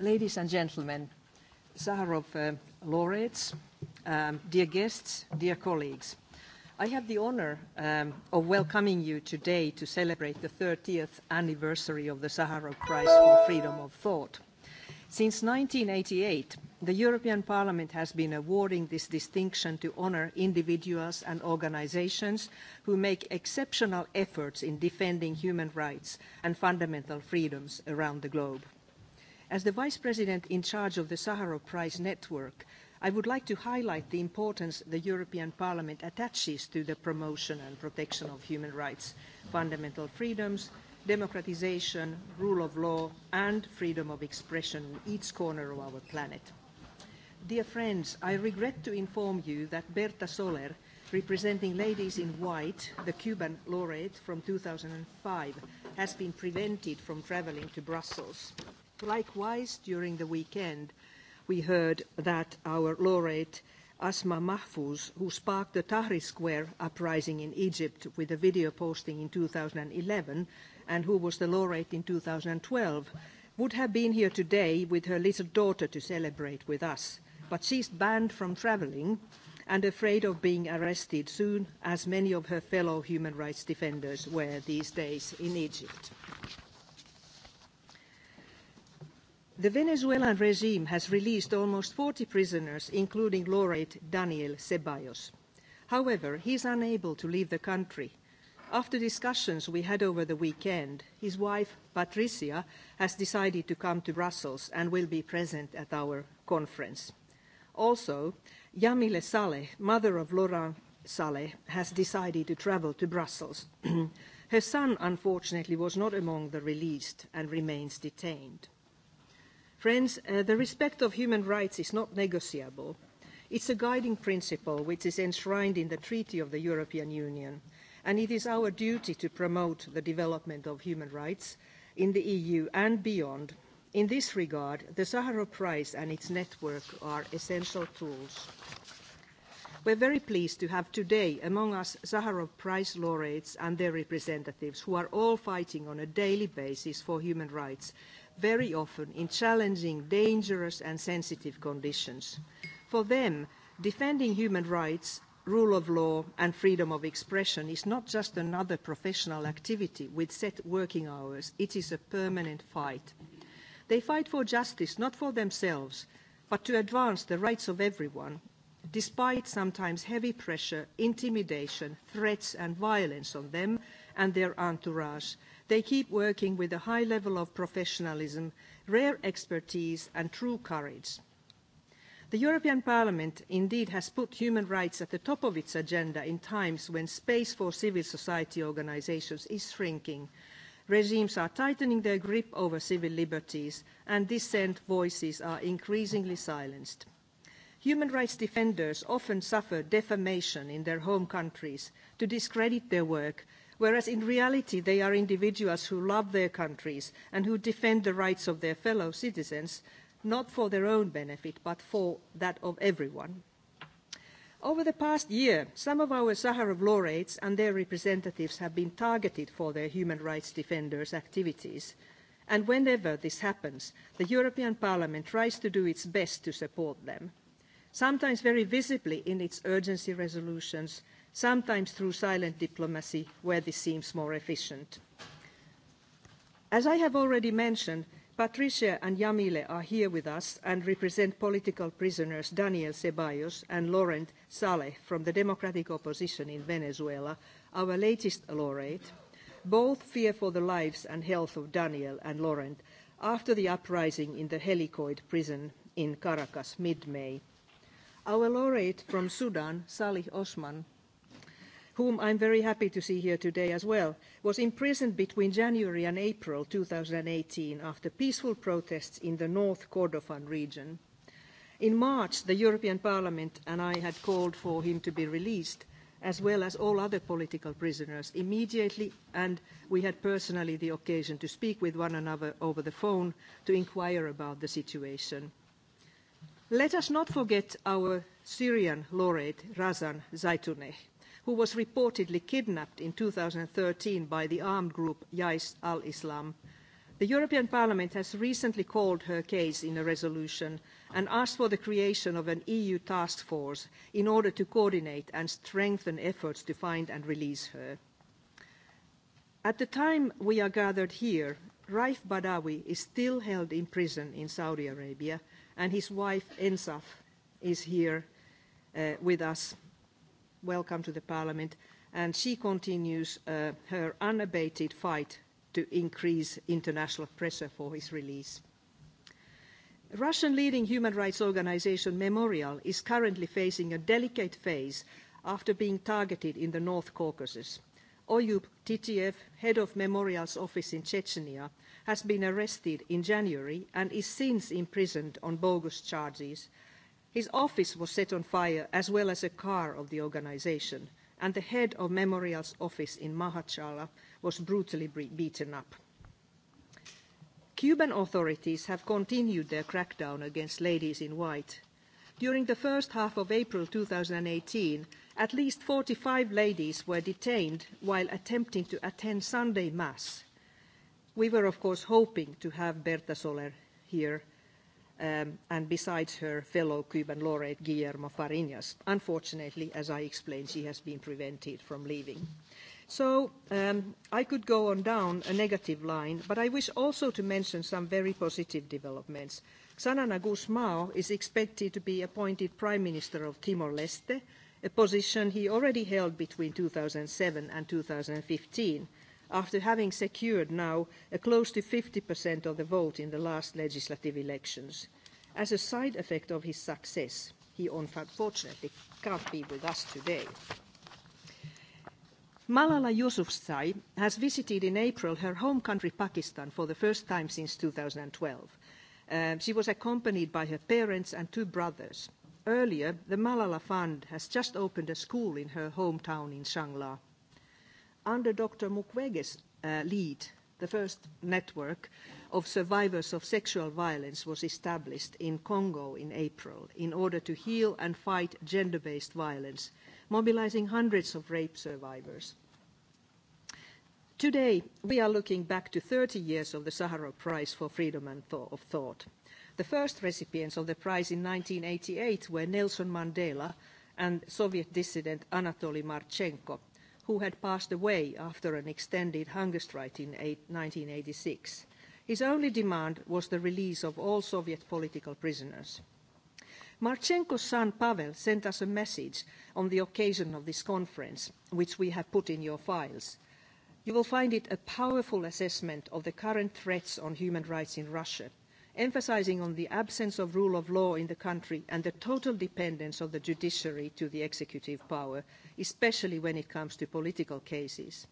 Ladies and gentlemen, Sakharov uh, laureates, um, dear guests, dear colleagues, I have the honor um, of welcoming you today to celebrate the 30th anniversary of the Sakharov Prize for Freedom of Thought. Since 1988, the European Parliament has been awarding this distinction to honor individuals and organizations who make exceptional efforts in defending human rights and fundamental freedoms around the globe. As the Vice President in charge of the Sakharov Prize Network, I would like to highlight the importance the European Parliament attaches to the promotion and protection of human rights, fundamental freedoms, democratization, rule of law, and freedom of expression in each corner of our planet. Dear friends, I regret to inform you that Berta Soler, representing Ladies in White, the Cuban laureate from 2005, has been prevented from traveling to Brussels. Likewise, during the weekend, we heard that our laureate Asma Mahfouz, who sparked the Tahrir Square uprising in Egypt with a video posting in 2011 and who was the laureate in 2012, would have been here today with her little daughter to celebrate with us. But she's banned from traveling and afraid of being arrested soon, as many of her fellow human rights defenders were these days in Egypt. The Venezuelan regime has released almost 40 prisoners, including laureate Daniel Ceballos. However, he is unable to leave the country. After discussions we had over the weekend, his wife, Patricia, has decided to come to Brussels and will be present at our conference. Also, Yamile Saleh, mother of Laurent Saleh, has decided to travel to Brussels. Her son, unfortunately, was not among the released and remains detained. Friends, uh, the respect of human rights is not negotiable. It's a guiding principle which is enshrined in the Treaty of the European Union, and it is our duty to promote the development of human rights in the EU and beyond. In this regard, the Sakharov Prize and its network are essential tools. We're very pleased to have today among us Sakharov Prize laureates and their representatives who are all fighting on a daily basis for human rights very often in challenging, dangerous, and sensitive conditions. For them, defending human rights, rule of law, and freedom of expression is not just another professional activity with set working hours, it is a permanent fight. They fight for justice, not for themselves, but to advance the rights of everyone, despite sometimes heavy pressure, intimidation, threats, and violence on them and their entourage. They keep working with a high level of professionalism, rare expertise, and true courage. The European Parliament indeed has put human rights at the top of its agenda in times when space for civil society organizations is shrinking, regimes are tightening their grip over civil liberties, and dissent voices are increasingly silenced. Human rights defenders often suffer defamation in their home countries to discredit their work whereas in reality they are individuals who love their countries and who defend the rights of their fellow citizens, not for their own benefit, but for that of everyone. Over the past year, some of our Sakharov laureates and their representatives have been targeted for their human rights defenders' activities. And whenever this happens, the European Parliament tries to do its best to support them, sometimes very visibly in its urgency resolutions, sometimes through silent diplomacy where this seems more efficient. As I have already mentioned, Patricia and Yamile are here with us and represent political prisoners Daniel Ceballos and Laurent Saleh from the Democratic Opposition in Venezuela, our latest laureate. Both fear for the lives and health of Daniel and Laurent after the uprising in the helicoid prison in Caracas mid-May. Our laureate from Sudan, Salih Osman, whom I'm very happy to see here today as well, was imprisoned between January and April 2018 after peaceful protests in the North Kordofan region. In March, the European Parliament and I had called for him to be released, as well as all other political prisoners, immediately, and we had personally the occasion to speak with one another over the phone to inquire about the situation. Let us not forget our Syrian laureate, Razan Zaitouneh who was reportedly kidnapped in 2013 by the armed group Yais al-Islam. The European Parliament has recently called her case in a resolution and asked for the creation of an EU task force in order to coordinate and strengthen efforts to find and release her. At the time we are gathered here, Raif Badawi is still held in prison in Saudi Arabia, and his wife Ensaf is here uh, with us welcome to the parliament, and she continues uh, her unabated fight to increase international pressure for his release. Russian leading human rights organization Memorial is currently facing a delicate phase after being targeted in the North Caucasus. Oyub Titiev, head of Memorial's office in Chechnya, has been arrested in January and is since imprisoned on bogus charges His office was set on fire, as well as a car of the organization, and the head of Memorial's office in Mahachala was brutally be beaten up. Cuban authorities have continued their crackdown against ladies in white. During the first half of April 2018, at least 45 ladies were detained while attempting to attend Sunday Mass. We were, of course, hoping to have Berta Soler here, Um, and besides her fellow Cuban laureate Guillermo Fariñas. Unfortunately, as I explained, she has been prevented from leaving. So um, I could go on down a negative line, but I wish also to mention some very positive developments. Sanana Guzmao is expected to be appointed Prime Minister of Timor-Leste, a position he already held between 2007 and 2015 after having secured now a close to 50% of the vote in the last legislative elections. As a side effect of his success, he unfortunately can't be with us today. Malala Yousafzai has visited in April her home country Pakistan for the first time since 2012. Um, she was accompanied by her parents and two brothers. Earlier, the Malala Fund has just opened a school in her hometown in Shangla, under Dr. Mukwege's uh, lead, the first network of survivors of sexual violence was established in Congo in April in order to heal and fight gender based violence, mobilizing hundreds of rape survivors. Today, we are looking back to 30 years of the Sahara Prize for Freedom and thought, of Thought. The first recipients of the prize in 1988 were Nelson Mandela and Soviet dissident Anatoly Marchenko who had passed away after an extended hunger strike in 1986. His only demand was the release of all Soviet political prisoners. Marchenko's son Pavel sent us a message on the occasion of this conference, which we have put in your files. You will find it a powerful assessment of the current threats on human rights in Russia, emphasizing on the absence of rule of law in the country and the total dependence of the judiciary to the executive power, especially when it comes to political cases.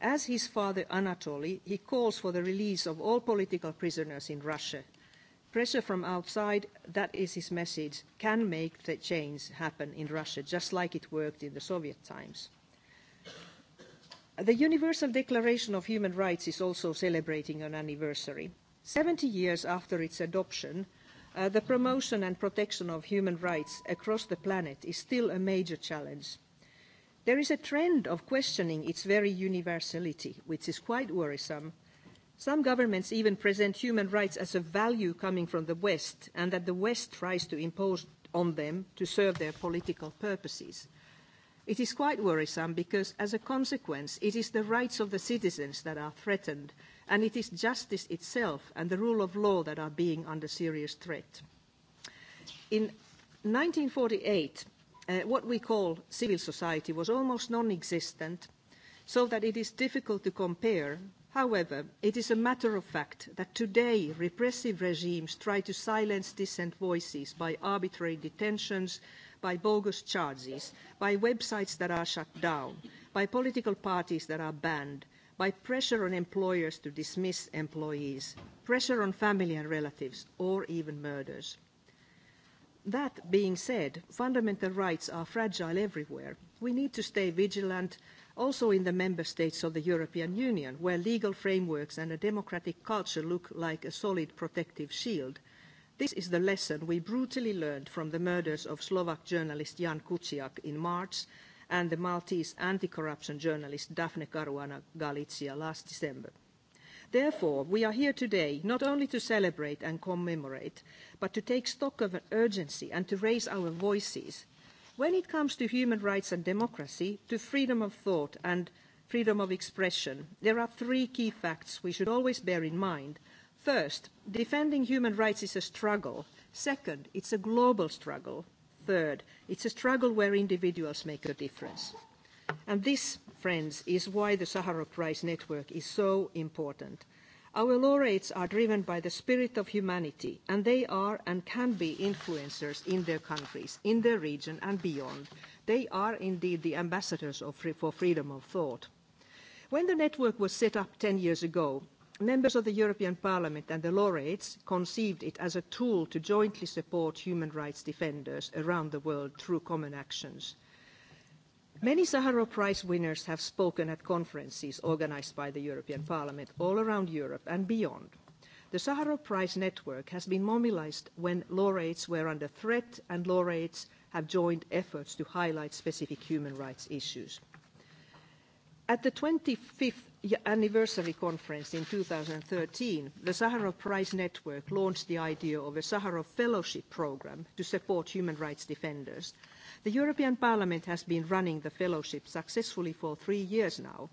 As his father Anatoly, he calls for the release of all political prisoners in Russia. Pressure from outside, that is his message, can make the change happen in Russia, just like it worked in the Soviet times. The Universal Declaration of Human Rights is also celebrating an anniversary. 70 years after its adoption, uh, the promotion and protection of human rights across the planet is still a major challenge. There is a trend of questioning its very universality, which is quite worrisome. Some governments even present human rights as a value coming from the West and that the West tries to impose on them to serve their political purposes. It is quite worrisome because, as a consequence, it is the rights of the citizens that are threatened and it is justice itself and the rule of law that are being under serious threat. In 1948, uh, what we call civil society was almost non-existent, so that it is difficult to compare. However, it is a matter of fact that today repressive regimes try to silence dissent voices by arbitrary detentions, by bogus charges, by websites that are shut down, by political parties that are banned, by pressure on employers to dismiss employees, pressure on family and relatives, or even murders. That being said, fundamental rights are fragile everywhere. We need to stay vigilant also in the member states of the European Union, where legal frameworks and a democratic culture look like a solid protective shield. This is the lesson we brutally learned from the murders of Slovak journalist Jan Kuciak in March and the Maltese anti-corruption journalist Daphne Caruana Galizia last December. Therefore, we are here today not only to celebrate and commemorate, but to take stock of an urgency and to raise our voices when it comes to human rights and democracy, to freedom of thought and freedom of expression, there are three key facts we should always bear in mind. First, defending human rights is a struggle. Second, it's a global struggle. Third, it's a struggle where individuals make a difference. And this, friends, is why the Sahara Prize Network is so important. Our laureates are driven by the spirit of humanity, and they are and can be influencers in their countries, in their region, and beyond. They are indeed the ambassadors of free, for freedom of thought. When the network was set up 10 years ago, members of the European Parliament and the laureates conceived it as a tool to jointly support human rights defenders around the world through common actions. Many Sahara Prize winners have spoken at conferences organized by the European Parliament all around Europe and beyond. The Sahara Prize network has been mobilized when laureates were under threat and laureates have joined efforts to highlight specific human rights issues. At the 25th anniversary conference in 2013, the Sakharov Prize Network launched the idea of a Sakharov Fellowship program to support human rights defenders. The European Parliament has been running the fellowship successfully for three years now,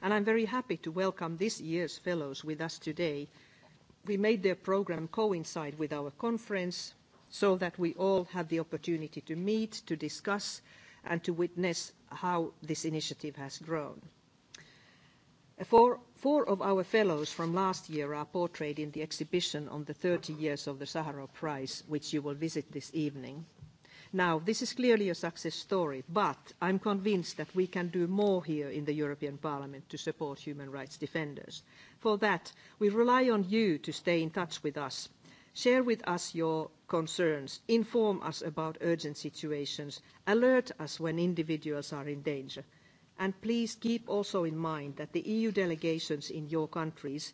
and I'm very happy to welcome this year's fellows with us today. We made their program coincide with our conference so that we all had the opportunity to meet, to discuss, and to witness how this initiative has grown. Four, four of our fellows from last year are portrayed in the exhibition on the 30 years of the Sahara Prize, which you will visit this evening. Now, this is clearly a success story, but I'm convinced that we can do more here in the European Parliament to support human rights defenders. For that, we rely on you to stay in touch with us, share with us your concerns, inform us about urgent situations, alert us when individuals are in danger, and please keep also in mind that the EU delegations in your countries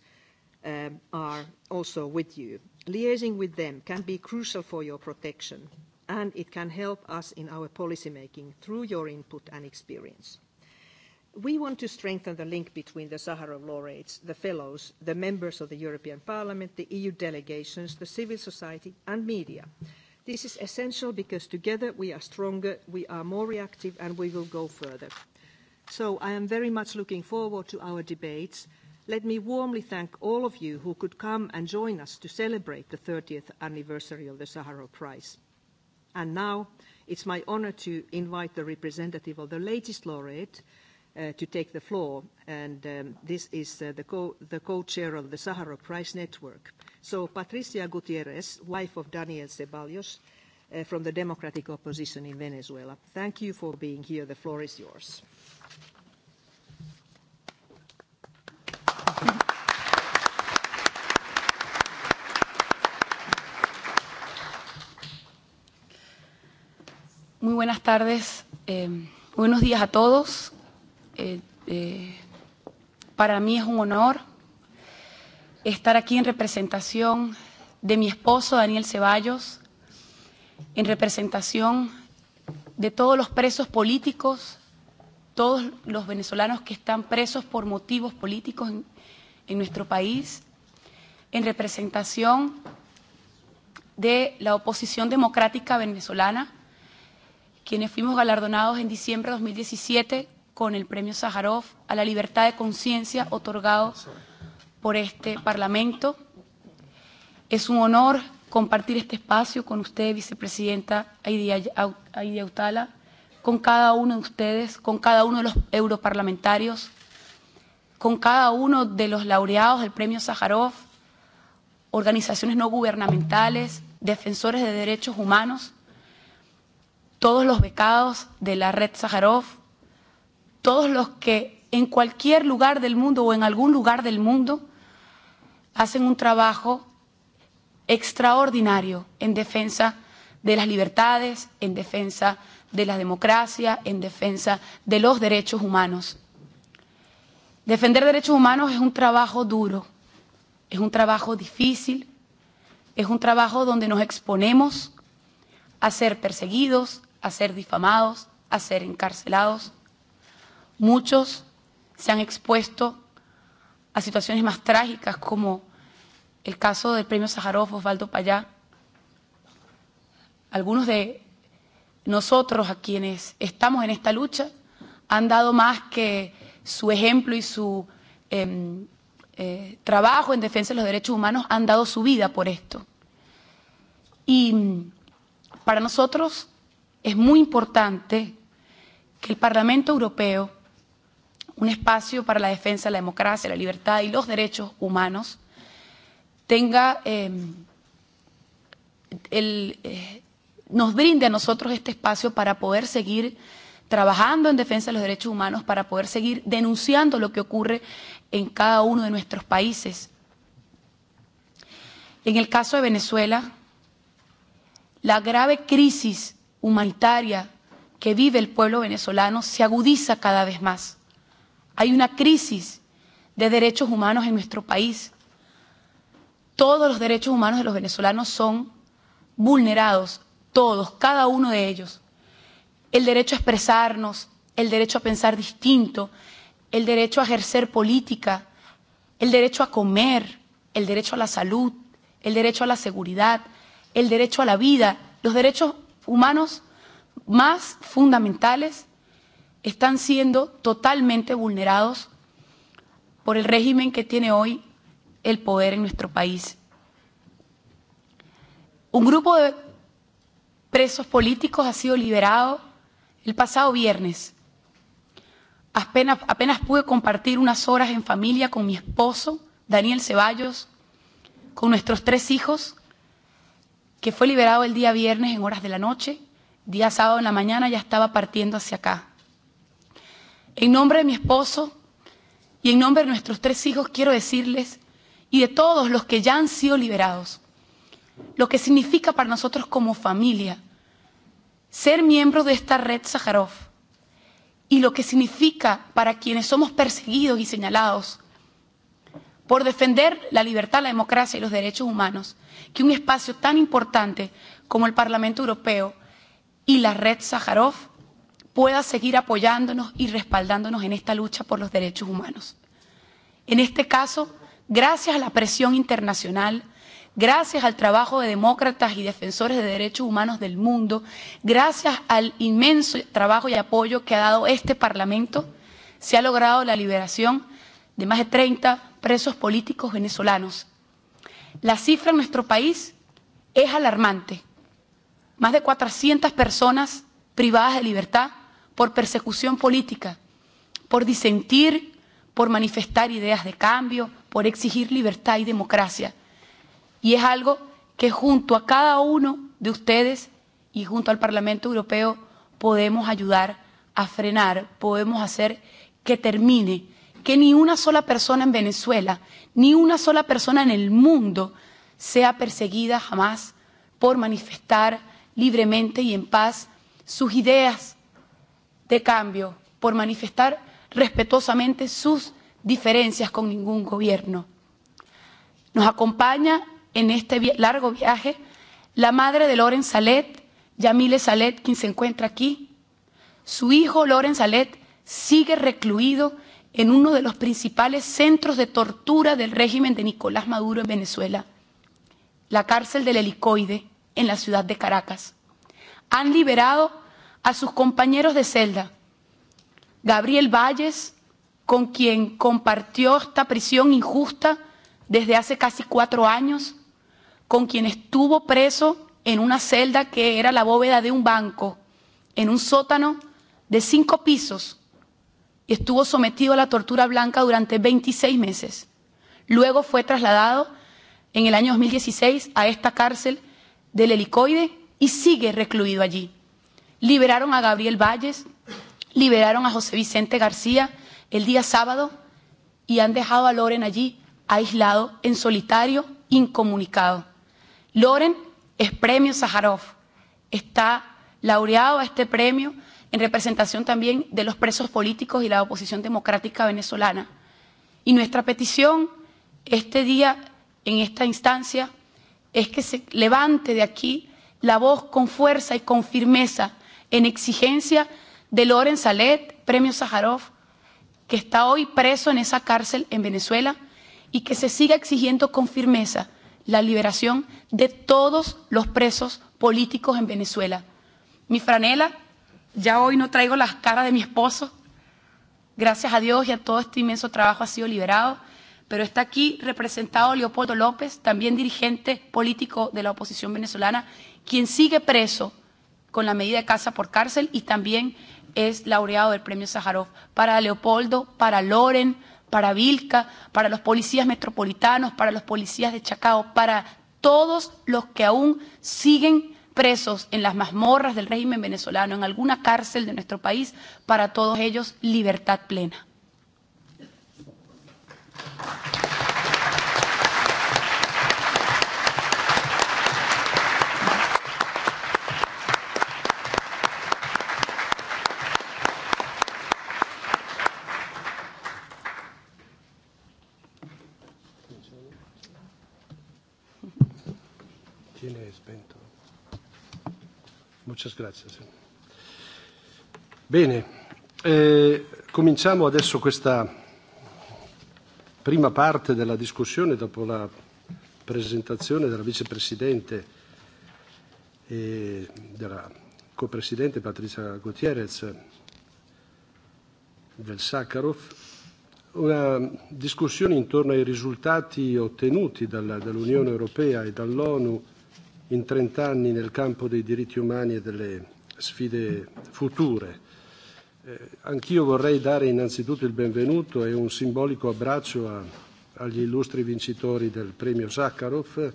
um, are also with you. Liaising with them can be crucial for your protection, and it can help us in our policymaking through your input and experience. We want to strengthen the link between the Sahara laureates, the fellows, the members of the European Parliament, the EU delegations, the civil society, and media. This is essential because together we are stronger, we are more reactive, and we will go further so I am very much looking forward to our debates. Let me warmly thank all of you who could come and join us to celebrate the 30th anniversary of the Sakharov Prize. And now it's my honor to invite the representative of the latest laureate uh, to take the floor, and um, this is uh, the co-chair of the Sakharov Prize Network. So Patricia Gutierrez, wife of Daniel Ceballos uh, from the Democratic Opposition in Venezuela, thank you for being here. The floor is yours. Muy buenas tardes, eh, buenos días a todos. Eh, eh, para mí es un honor estar aquí en representación de mi esposo Daniel Ceballos, en representación de todos los presos políticos, todos los venezolanos que están presos por motivos políticos en, en nuestro país, en representación de la oposición democrática venezolana quienes fuimos galardonados en diciembre de 2017 con el premio Sájarov a la libertad de conciencia otorgado por este Parlamento. Es un honor compartir este espacio con usted, vicepresidenta Aidia Autala, con cada uno de ustedes, con cada uno de los europarlamentarios, con cada uno de los laureados del premio Sájarov, organizaciones no gubernamentales, defensores de derechos humanos todos los becados de la red Sájarov, todos los que en cualquier lugar del mundo o en algún lugar del mundo hacen un trabajo extraordinario en defensa de las libertades, en defensa de la democracia, en defensa de los derechos humanos. Defender derechos humanos es un trabajo duro, es un trabajo difícil, es un trabajo donde nos exponemos a ser perseguidos, a ser difamados, a ser encarcelados. Muchos se han expuesto a situaciones más trágicas como el caso del premio Sájarov Osvaldo Payá. Algunos de nosotros a quienes estamos en esta lucha han dado más que su ejemplo y su eh, eh, trabajo en defensa de los derechos humanos, han dado su vida por esto. Y mm, para nosotros es muy importante que el Parlamento Europeo, un espacio para la defensa de la democracia, la libertad y los derechos humanos, tenga eh, el, eh, nos brinde a nosotros este espacio para poder seguir trabajando en defensa de los derechos humanos, para poder seguir denunciando lo que ocurre en cada uno de nuestros países. En el caso de Venezuela, la grave crisis humanitaria que vive el pueblo venezolano se agudiza cada vez más. Hay una crisis de derechos humanos en nuestro país. Todos los derechos humanos de los venezolanos son vulnerados, todos, cada uno de ellos. El derecho a expresarnos, el derecho a pensar distinto, el derecho a ejercer política, el derecho a comer, el derecho a la salud, el derecho a la seguridad, el derecho a la vida, los derechos humanos humanos más fundamentales están siendo totalmente vulnerados por el régimen que tiene hoy el poder en nuestro país. Un grupo de presos políticos ha sido liberado el pasado viernes. Apenas, apenas pude compartir unas horas en familia con mi esposo, Daniel Ceballos, con nuestros tres hijos, que fue liberado el día viernes en horas de la noche, día sábado en la mañana ya estaba partiendo hacia acá. En nombre de mi esposo y en nombre de nuestros tres hijos quiero decirles y de todos los que ya han sido liberados, lo que significa para nosotros como familia ser miembro de esta red Sajarov y lo que significa para quienes somos perseguidos y señalados por defender la libertad, la democracia y los derechos humanos que un espacio tan importante como el Parlamento Europeo y la Red Sájarov pueda seguir apoyándonos y respaldándonos en esta lucha por los derechos humanos. En este caso, gracias a la presión internacional, gracias al trabajo de demócratas y defensores de derechos humanos del mundo, gracias al inmenso trabajo y apoyo que ha dado este Parlamento, se ha logrado la liberación de más de 30 presos políticos venezolanos La cifra en nuestro país es alarmante. Más de 400 personas privadas de libertad por persecución política, por disentir, por manifestar ideas de cambio, por exigir libertad y democracia. Y es algo que junto a cada uno de ustedes y junto al Parlamento Europeo podemos ayudar a frenar, podemos hacer que termine que ni una sola persona en Venezuela, ni una sola persona en el mundo sea perseguida jamás por manifestar libremente y en paz sus ideas de cambio, por manifestar respetuosamente sus diferencias con ningún gobierno. Nos acompaña en este largo viaje la madre de Loren Salet, Yamile Salet, quien se encuentra aquí. Su hijo Loren Salet sigue recluido en uno de los principales centros de tortura del régimen de Nicolás Maduro en Venezuela, la cárcel del helicoide en la ciudad de Caracas. Han liberado a sus compañeros de celda, Gabriel Valles, con quien compartió esta prisión injusta desde hace casi cuatro años, con quien estuvo preso en una celda que era la bóveda de un banco, en un sótano de cinco pisos y estuvo sometido a la tortura blanca durante 26 meses. Luego fue trasladado en el año 2016 a esta cárcel del helicoide y sigue recluido allí. Liberaron a Gabriel Valles, liberaron a José Vicente García el día sábado y han dejado a Loren allí aislado, en solitario, incomunicado. Loren es premio Sájarov. Está laureado a este premio en representación también de los presos políticos y la oposición democrática venezolana. Y nuestra petición este día, en esta instancia, es que se levante de aquí la voz con fuerza y con firmeza en exigencia de Loren Salet, premio Sájarov, que está hoy preso en esa cárcel en Venezuela, y que se siga exigiendo con firmeza la liberación de todos los presos políticos en Venezuela. Mi franela ya hoy no traigo las caras de mi esposo. Gracias a Dios y a todo este inmenso trabajo ha sido liberado. Pero está aquí representado Leopoldo López, también dirigente político de la oposición venezolana, quien sigue preso con la medida de casa por cárcel y también es laureado del premio Sájarov. Para Leopoldo, para Loren, para Vilca, para los policías metropolitanos, para los policías de Chacao, para todos los que aún siguen preso presos en las mazmorras del régimen venezolano, en alguna cárcel de nuestro país, para todos ellos libertad plena. Tiene espento. Muchas gracias. Eh. Bene, eh, cominciamo adesso questa prima parte della discussione dopo la presentazione della vicepresidente e della copresidente Patrizia Gutierrez del Sakharov, una discussione intorno ai risultati ottenuti dalla, dall'Unione Europea e dall'ONU in 30 anni nel campo dei diritti umani e delle sfide future. Eh, anch'io vorrei dare innanzitutto il benvenuto e un simbolico abbraccio a, agli illustri vincitori del premio Sakharov,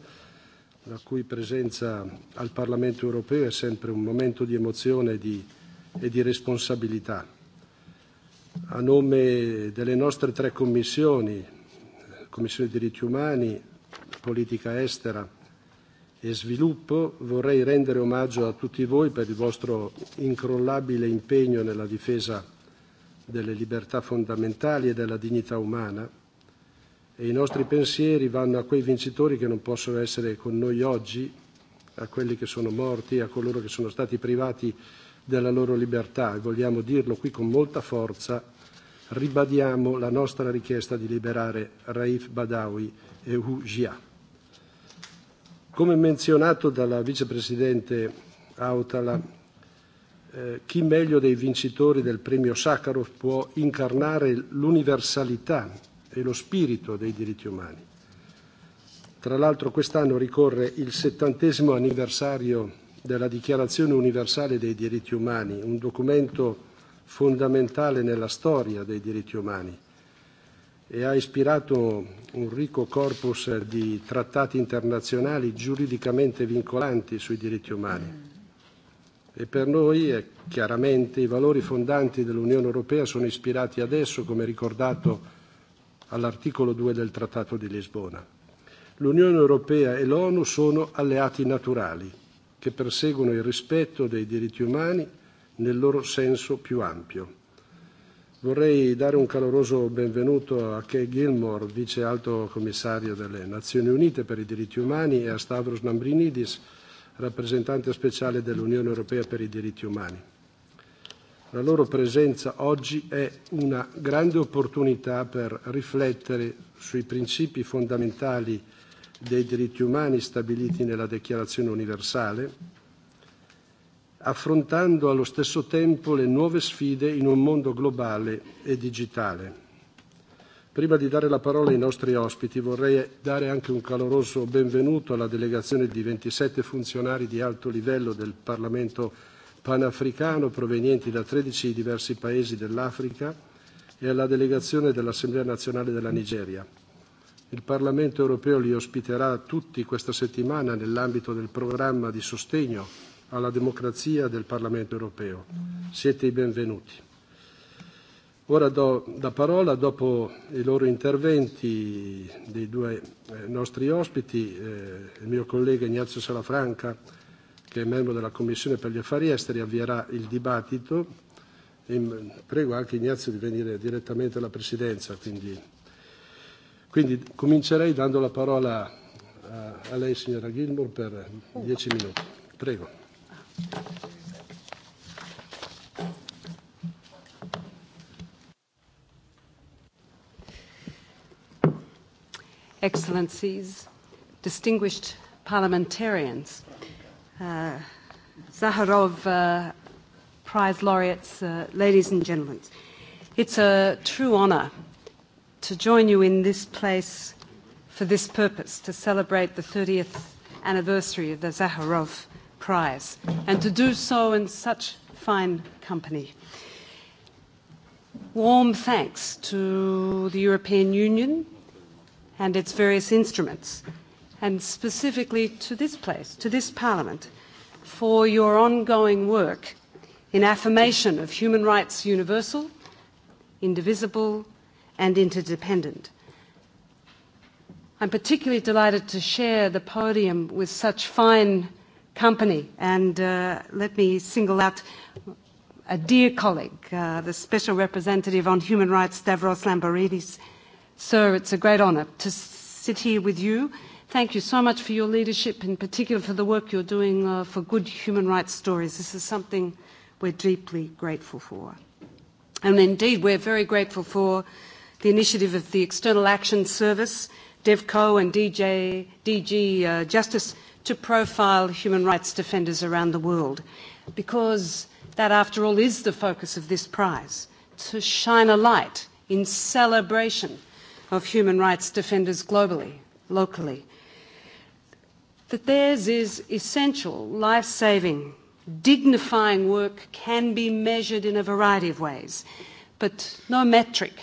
la cui presenza al Parlamento europeo è sempre un momento di emozione e di, e di responsabilità. A nome delle nostre tre commissioni, Commissione dei diritti umani, politica estera, e sviluppo, vorrei rendere omaggio a tutti voi per il vostro incrollabile impegno nella difesa delle libertà fondamentali e della dignità umana e i nostri pensieri vanno a quei vincitori che non possono essere con noi oggi, a quelli che sono morti, a coloro che sono stati privati della loro libertà e vogliamo dirlo qui con molta forza, ribadiamo la nostra richiesta di liberare Raif Badawi e Hu Jia. Come menzionato dalla vicepresidente Autala, eh, chi meglio dei vincitori del premio Sakharov può incarnare l'universalità e lo spirito dei diritti umani. Tra l'altro quest'anno ricorre il settantesimo anniversario della Dichiarazione universale dei diritti umani, un documento fondamentale nella storia dei diritti umani, e ha ispirato un ricco corpus di trattati internazionali giuridicamente vincolanti sui diritti umani. E per noi, è chiaramente, i valori fondanti dell'Unione Europea sono ispirati adesso, come ricordato all'articolo 2 del Trattato di Lisbona. L'Unione Europea e l'ONU sono alleati naturali che perseguono il rispetto dei diritti umani nel loro senso più ampio. Vorrei dare un caloroso benvenuto a Kay Gilmore, vice alto commissario delle Nazioni Unite per i diritti umani, e a Stavros Lambrinidis, rappresentante speciale dell'Unione Europea per i diritti umani. La loro presenza oggi è una grande opportunità per riflettere sui principi fondamentali dei diritti umani stabiliti nella Dichiarazione universale affrontando allo stesso tempo le nuove sfide in un mondo globale e digitale. Prima di dare la parola ai nostri ospiti vorrei dare anche un caloroso benvenuto alla delegazione di 27 funzionari di alto livello del Parlamento panafricano provenienti da 13 diversi paesi dell'Africa e alla delegazione dell'Assemblea nazionale della Nigeria. Il Parlamento europeo li ospiterà tutti questa settimana nell'ambito del programma di sostegno alla democrazia del Parlamento europeo. Siete i benvenuti. Ora do la parola, dopo i loro interventi, dei due eh, nostri ospiti, eh, il mio collega Ignazio Salafranca, che è membro della Commissione per gli Affari Esteri, avvierà il dibattito. E mm, prego anche Ignazio di venire direttamente alla Presidenza. Quindi, quindi comincerei dando la parola a, eh, a lei, signora Gilmour, per dieci minuti. Prego. Excellencies, distinguished parliamentarians, uh, Zaharov uh, Prize laureates, uh, ladies and gentlemen, it's a true honour to join you in this place for this purpose to celebrate the 30th anniversary of the Zaharov prize, and to do so in such fine company. Warm thanks to the European Union and its various instruments, and specifically to this place, to this Parliament, for your ongoing work in affirmation of human rights universal, indivisible, and interdependent. I'm particularly delighted to share the podium with such fine company. And uh, let me single out a dear colleague, uh, the Special Representative on Human Rights, Stavros Lamborides. Sir, it's a great honor to sit here with you. Thank you so much for your leadership, in particular for the work you're doing uh, for good human rights stories. This is something we're deeply grateful for. And indeed, we're very grateful for the initiative of the External Action Service, DEVCO, and DJ, DG uh, Justice to profile human rights defenders around the world because that, after all, is the focus of this prize to shine a light in celebration of human rights defenders globally, locally. That theirs is essential, life saving, dignifying work can be measured in a variety of ways, but no metric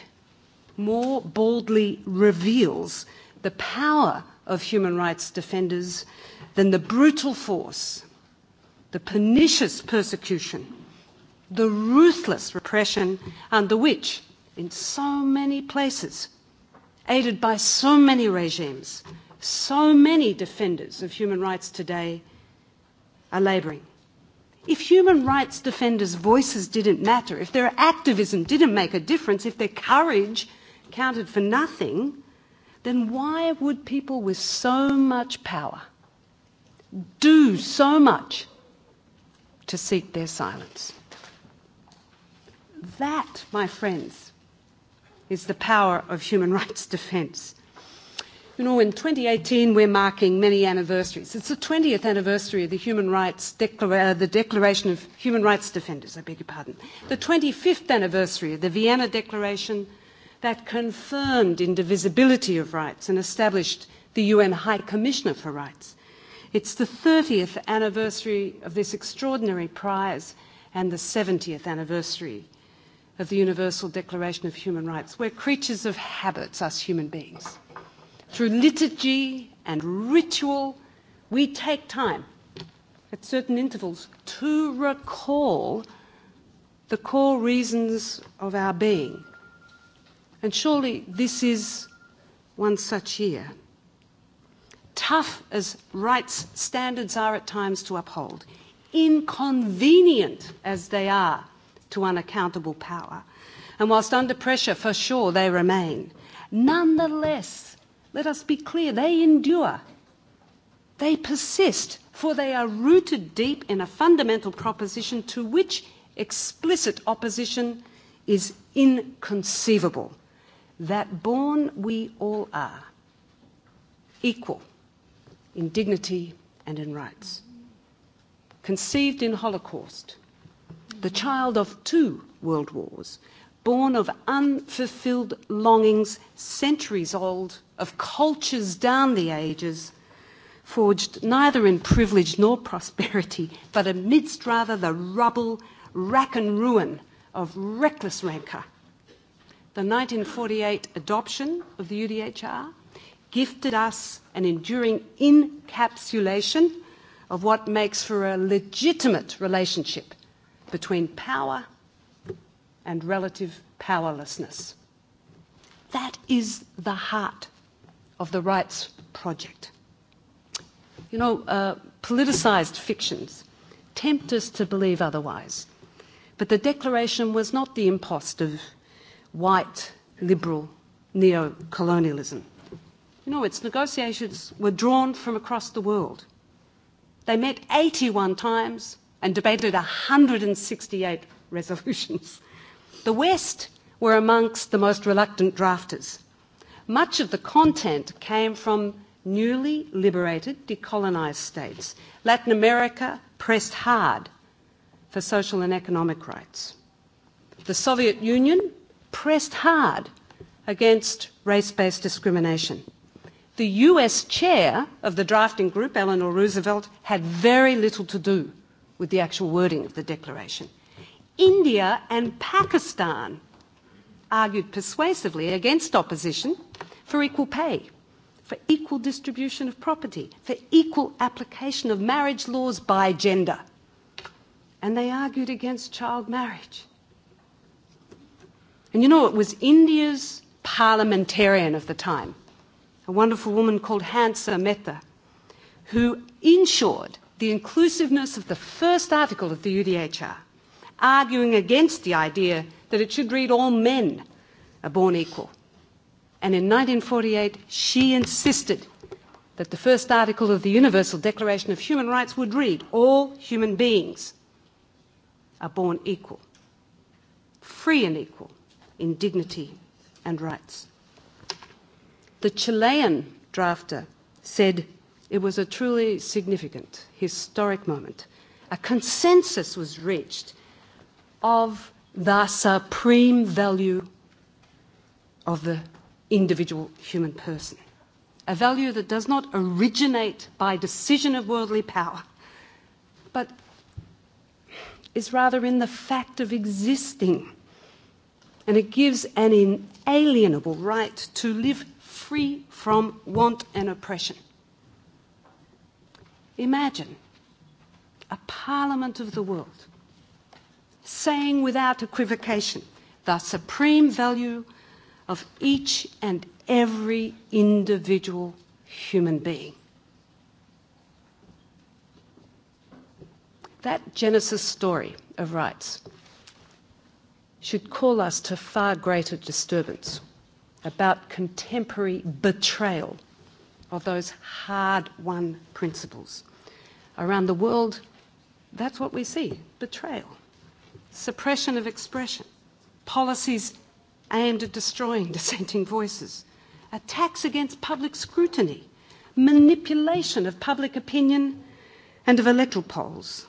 more boldly reveals the power of human rights defenders than the brutal force, the pernicious persecution, the ruthless repression, and the which, in so many places, aided by so many regimes, so many defenders of human rights today, are laboring. If human rights defenders' voices didn't matter, if their activism didn't make a difference, if their courage counted for nothing, then why would people with so much power do so much to seek their silence. That, my friends, is the power of human rights defence. You know, in 2018, we're marking many anniversaries. It's the 20th anniversary of the Human Rights Declara- uh, the Declaration of Human Rights Defenders, I beg your pardon. The 25th anniversary of the Vienna Declaration that confirmed indivisibility of rights and established the UN High Commissioner for Rights. It's the 30th anniversary of this extraordinary prize and the 70th anniversary of the Universal Declaration of Human Rights. We're creatures of habits, us human beings. Through liturgy and ritual, we take time at certain intervals to recall the core reasons of our being. And surely this is one such year tough as rights standards are at times to uphold, inconvenient as they are to unaccountable power, and whilst under pressure for sure they remain, nonetheless, let us be clear, they endure. They persist, for they are rooted deep in a fundamental proposition to which explicit opposition is inconceivable that born we all are equal in dignity and in rights. Conceived in Holocaust, the child of two world wars, born of unfulfilled longings centuries old, of cultures down the ages, forged neither in privilege nor prosperity, but amidst rather the rubble, rack and ruin of reckless rancor. The 1948 adoption of the UDHR gifted us an enduring encapsulation of what makes for a legitimate relationship between power and relative powerlessness. That is the heart of the rights project. You know, uh, politicized fictions tempt us to believe otherwise, but the Declaration was not the impost of white liberal neo colonialism. You know, its negotiations were drawn from across the world. They met 81 times and debated 168 resolutions. The West were amongst the most reluctant drafters. Much of the content came from newly liberated, decolonized states. Latin America pressed hard for social and economic rights. The Soviet Union pressed hard against race based discrimination the US chair of the drafting group, Eleanor Roosevelt, had very little to do with the actual wording of the declaration. India and Pakistan argued persuasively against opposition for equal pay, for equal distribution of property, for equal application of marriage laws by gender. And they argued against child marriage. And you know, it was India's parliamentarian of the time, a wonderful woman called Hansa Mehta, who ensured the inclusiveness of the first article of the UDHR, arguing against the idea that it should read all men are born equal. And in 1948, she insisted that the first article of the Universal Declaration of Human Rights would read all human beings are born equal, free and equal in dignity and rights the Chilean drafter said it was a truly significant historic moment. A consensus was reached of the supreme value of the individual human person. A value that does not originate by decision of worldly power, but is rather in the fact of existing. And it gives an inalienable right to live free from want and oppression. Imagine a parliament of the world saying without equivocation the supreme value of each and every individual human being. That Genesis story of rights should call us to far greater disturbance about contemporary betrayal of those hard won principles. Around the world, that's what we see betrayal, suppression of expression, policies aimed at destroying dissenting voices, attacks against public scrutiny, manipulation of public opinion and of electoral polls,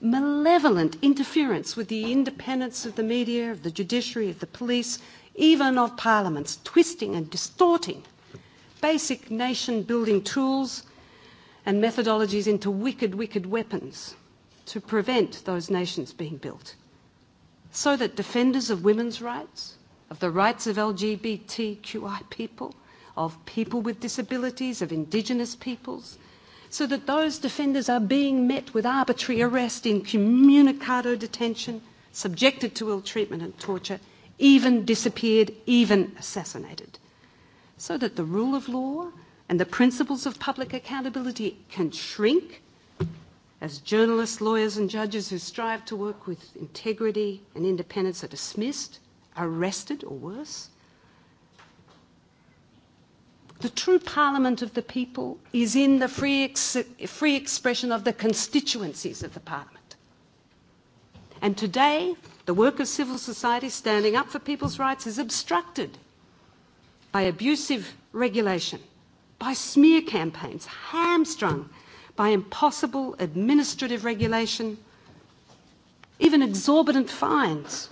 malevolent interference with the independence of the media, of the judiciary, of the police, even of parliaments, twisting and distorting basic nation building tools and methodologies into wicked, wicked weapons to prevent those nations being built. So that defenders of women's rights, of the rights of LGBTQI people, of people with disabilities, of indigenous peoples, so that those defenders are being met with arbitrary arrest, incommunicado detention, subjected to ill treatment and torture, even disappeared, even assassinated, so that the rule of law and the principles of public accountability can shrink as journalists, lawyers, and judges who strive to work with integrity and independence are dismissed, arrested, or worse. The true parliament of the people is in the free, ex- free expression of the constituencies of the parliament. And today, The work of civil society standing up for people's rights is obstructed by abusive regulation, by smear campaigns, hamstrung by impossible administrative regulation, even exorbitant fines,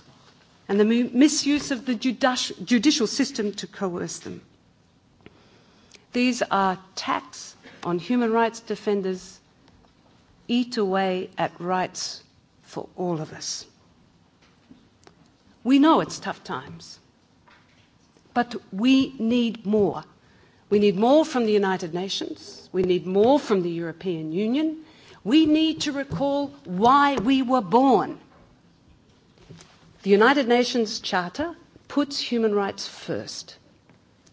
and the misuse of the judicial system to coerce them. These are attacks on human rights defenders eat away at rights for all of us. We know it's tough times. But we need more. We need more from the United Nations. We need more from the European Union. We need to recall why we were born. The United Nations Charter puts human rights first.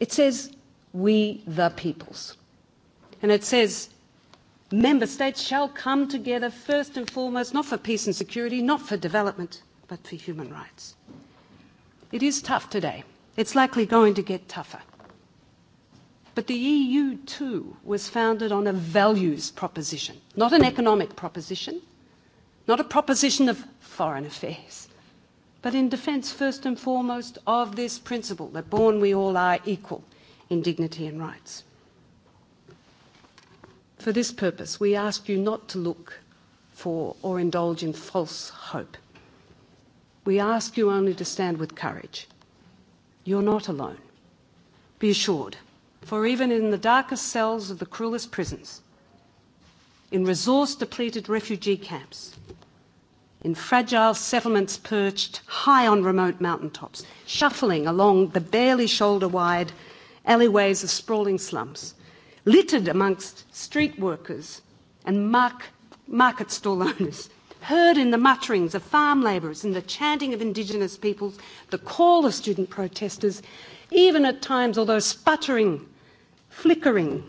It says, We the peoples. And it says, Member states shall come together first and foremost, not for peace and security, not for development, but for human rights. It is tough today. It's likely going to get tougher. But the EU too was founded on a values proposition, not an economic proposition, not a proposition of foreign affairs, but in defence first and foremost of this principle that born we all are equal in dignity and rights. For this purpose, we ask you not to look for or indulge in false hope. We ask you only to stand with courage. You're not alone. Be assured, for even in the darkest cells of the cruelest prisons, in resource depleted refugee camps, in fragile settlements perched high on remote mountaintops, shuffling along the barely shoulder wide alleyways of sprawling slums, littered amongst street workers and mark, market stall owners heard in the mutterings of farm labourers, in the chanting of Indigenous peoples, the call of student protesters, even at times, although sputtering, flickering,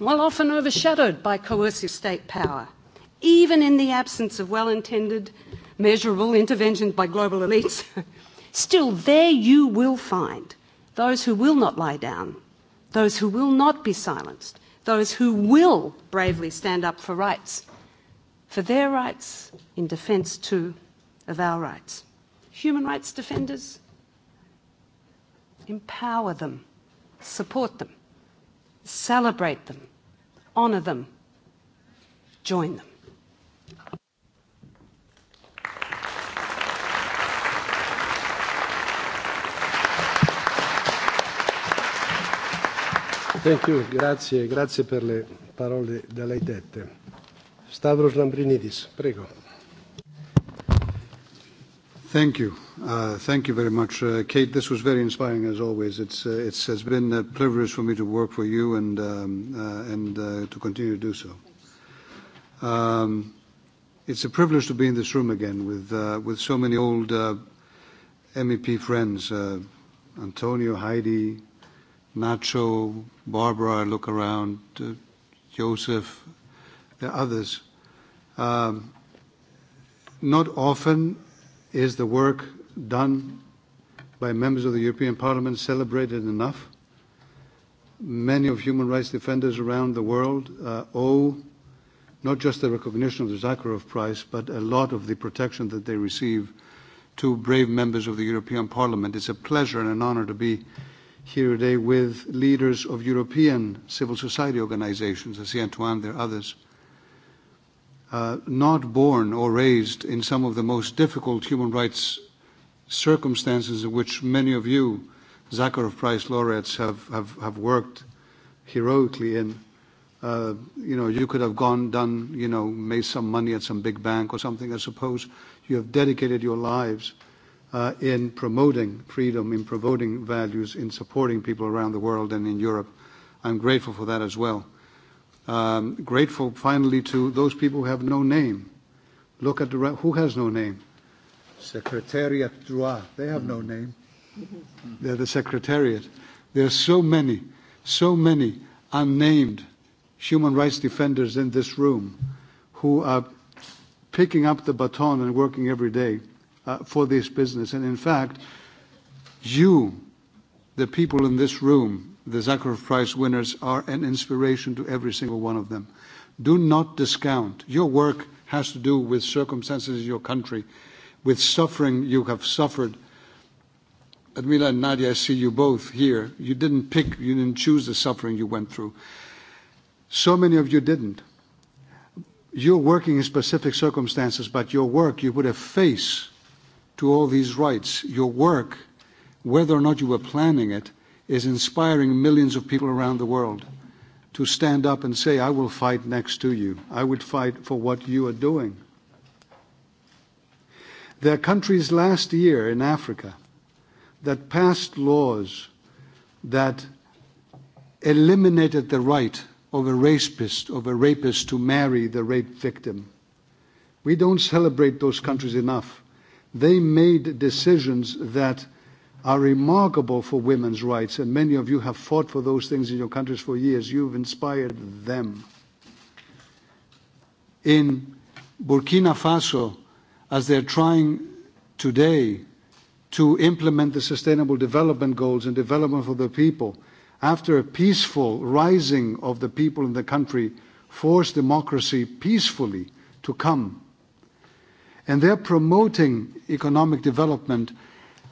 while often overshadowed by coercive state power, even in the absence of well intended, measurable interventions by global elites, still there you will find those who will not lie down, those who will not be silenced, those who will bravely stand up for rights for their rights in defence too of our rights. Human rights defenders, empower them, support them, celebrate them, honour them, join them. Thank you, grazie, grazie per le parole da lei dette. Stavros Lambrinidis, prego. Thank you. Uh, thank you very much, uh, Kate. This was very inspiring, as always. It's, uh, it's has been a uh, privilege for me to work for you and um, uh, and uh, to continue to do so. Um, it's a privilege to be in this room again with uh, with so many old uh, MEP friends, uh, Antonio, Heidi, Nacho, Barbara. I look around, uh, Joseph. There are others. Um, not often is the work done by members of the European Parliament celebrated enough. Many of human rights defenders around the world uh, owe not just the recognition of the Zakharov Prize, but a lot of the protection that they receive to brave members of the European Parliament. It's a pleasure and an honor to be here today with leaders of European civil society organizations, as Antoine, there are others. Uh, not born or raised in some of the most difficult human rights circumstances in which many of you, Zakharov Prize laureates, have, have, have worked heroically in. Uh, you know, you could have gone, done, you know, made some money at some big bank or something. I suppose you have dedicated your lives uh, in promoting freedom, in promoting values, in supporting people around the world and in Europe. I'm grateful for that as well um, grateful finally to those people who have no name. Look at the re- who has no name? Secretariat droit. They have no name. They're the secretariat. There are so many, so many unnamed human rights defenders in this room who are picking up the baton and working every day uh, for this business. And in fact, you, the people in this room, the Sakharov Prize winners are an inspiration to every single one of them. Do not discount. Your work has to do with circumstances in your country, with suffering you have suffered. Admila and Nadia, I see you both here. You didn't pick, you didn't choose the suffering you went through. So many of you didn't. You're working in specific circumstances, but your work, you put a face to all these rights. Your work, whether or not you were planning it, is inspiring millions of people around the world to stand up and say, I will fight next to you. I would fight for what you are doing. There are countries last year in Africa that passed laws that eliminated the right of a rapist, of a rapist to marry the rape victim. We don't celebrate those countries enough. They made decisions that are remarkable for women's rights, and many of you have fought for those things in your countries for years. You've inspired them. In Burkina Faso, as they're trying today to implement the Sustainable Development Goals and development for the people, after a peaceful rising of the people in the country, force democracy peacefully to come. And they're promoting economic development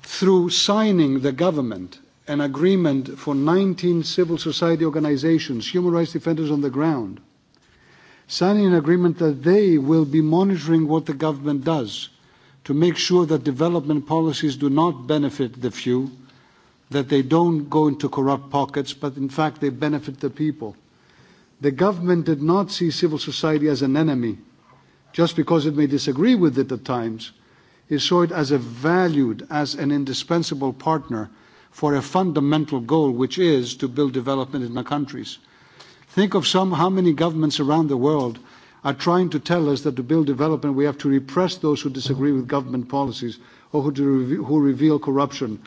through signing the government an agreement for 19 civil society organizations, human rights defenders on the ground, signing an agreement that they will be monitoring what the government does to make sure that development policies do not benefit the few, that they don't go into corrupt pockets, but in fact they benefit the people. The government did not see civil society as an enemy just because it may disagree with it at times is saw it as a valued, as an indispensable partner for a fundamental goal, which is to build development in the countries. Think of some, how many governments around the world are trying to tell us that to build development, we have to repress those who disagree with government policies or who, do, who reveal corruption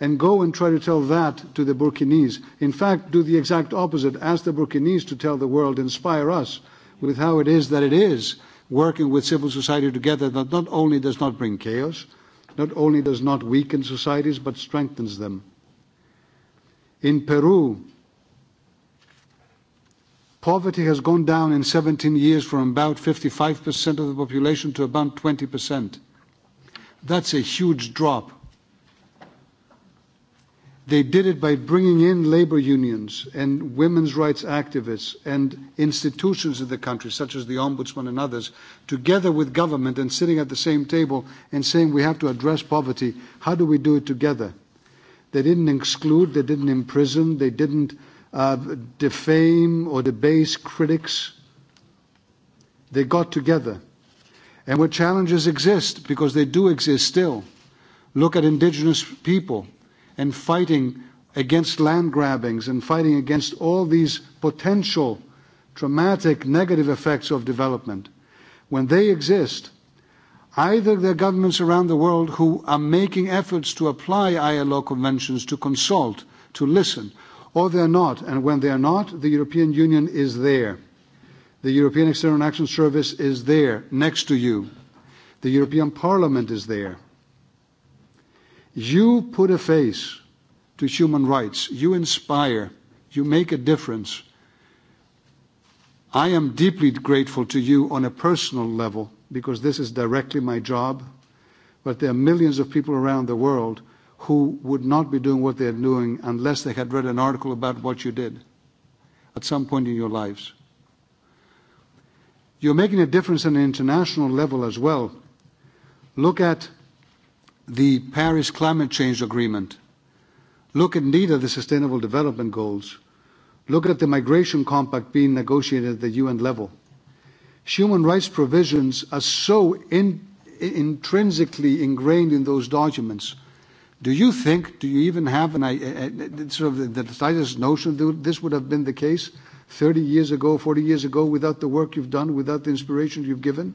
and go and try to tell that to the Burkinese. In fact, do the exact opposite. Ask the Burkinese to tell the world, inspire us with how it is that it is working with civil society together that not only does not bring chaos, not only does not weaken societies, but strengthens them. In Peru, poverty has gone down in 17 years from about 55% of the population to about 20%. That's a huge drop they did it by bringing in labor unions and women's rights activists and institutions in the country, such as the Ombudsman and others, together with government and sitting at the same table and saying we have to address poverty. How do we do it together? They didn't exclude, they didn't imprison, they didn't uh, defame or debase critics. They got together. And where challenges exist, because they do exist still, look at indigenous people and fighting against land grabbings and fighting against all these potential traumatic negative effects of development, when they exist, either the governments around the world who are making efforts to apply ILO conventions, to consult, to listen, or they're not. And when they're not, the European Union is there. The European External Action Service is there next to you. The European Parliament is there. You put a face to human rights. You inspire. You make a difference. I am deeply grateful to you on a personal level because this is directly my job. But there are millions of people around the world who would not be doing what they're doing unless they had read an article about what you did at some point in your lives. You're making a difference on an international level as well. Look at the Paris Climate Change Agreement, look indeed at the Sustainable Development Goals, look at the migration compact being negotiated at the UN level. Human rights provisions are so in, intrinsically ingrained in those documents. Do you think, do you even have an, a, a, a, sort of the, the slightest notion that this would have been the case 30 years ago, 40 years ago, without the work you've done, without the inspiration you've given?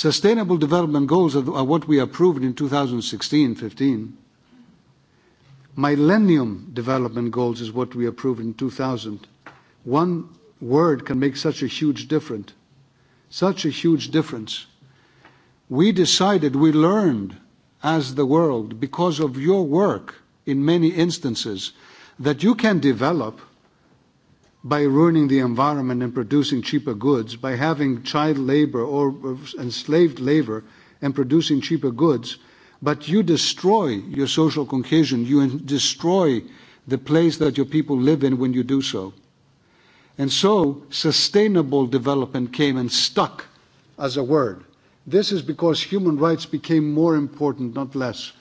Sustainable Development Goals are what we approved in 2016, 2015. Millennium Development Goals is what we approved in 2000. One word can make such a huge difference. Such a huge difference. We decided, we learned as the world, because of your work in many instances, that you can develop by ruining the environment and producing cheaper goods, by having child labor or enslaved labor and producing cheaper goods, but you destroy your social cohesion, you destroy the place that your people live in when you do so. And so sustainable development came and stuck as a word. This is because human rights became more important, not less.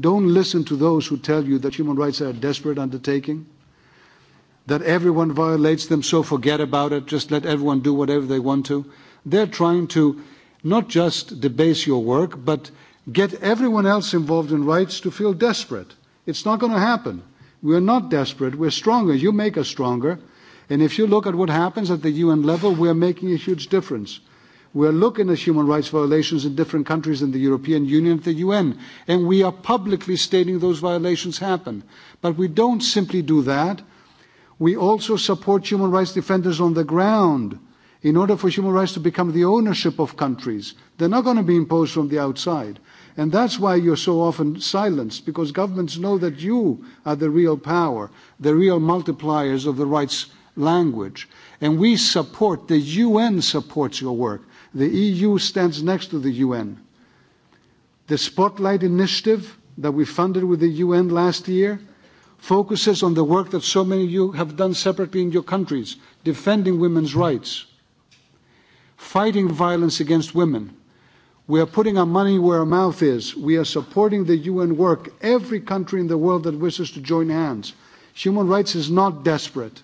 Don't listen to those who tell you that human rights are a desperate undertaking that everyone violates them, so forget about it, just let everyone do whatever they want to. They're trying to not just debase your work, but get everyone else involved in rights to feel desperate. It's not going to happen. We're not desperate, we're stronger. You make us stronger. And if you look at what happens at the UN level, we're making a huge difference. We're looking at human rights violations in different countries in the European Union, the UN, and we are publicly stating those violations happen. But we don't simply do that. We also support human rights defenders on the ground in order for human rights to become the ownership of countries. They're not going to be imposed from the outside. And that's why you're so often silenced, because governments know that you are the real power, the real multipliers of the rights language. And we support, the UN supports your work. The EU stands next to the UN. The Spotlight Initiative that we funded with the UN last year, focuses on the work that so many of you have done separately in your countries, defending women's rights, fighting violence against women. We are putting our money where our mouth is. We are supporting the UN work, every country in the world that wishes to join hands. Human rights is not desperate.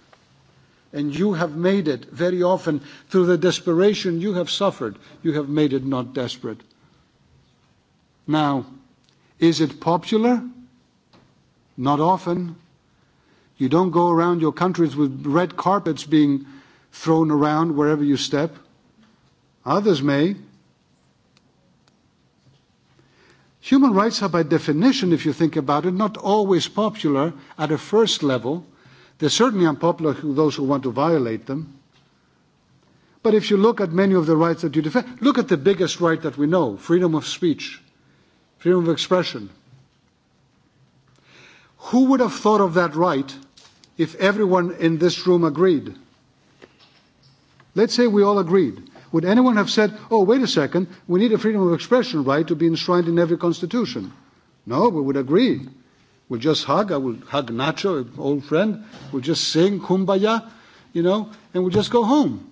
And you have made it very often through the desperation you have suffered, you have made it not desperate. Now, is it popular? not often. You don't go around your countries with red carpets being thrown around wherever you step. Others may. Human rights are, by definition, if you think about it, not always popular at a first level. They're certainly unpopular to those who want to violate them. But if you look at many of the rights that you defend, look at the biggest right that we know freedom of speech, freedom of expression. Who would have thought of that right if everyone in this room agreed? Let's say we all agreed. Would anyone have said, oh, wait a second, we need a freedom of expression right to be enshrined in every constitution? No, we would agree. We'll just hug, I will hug Nacho, an old friend. We'll just sing kumbaya, you know, and we'll just go home.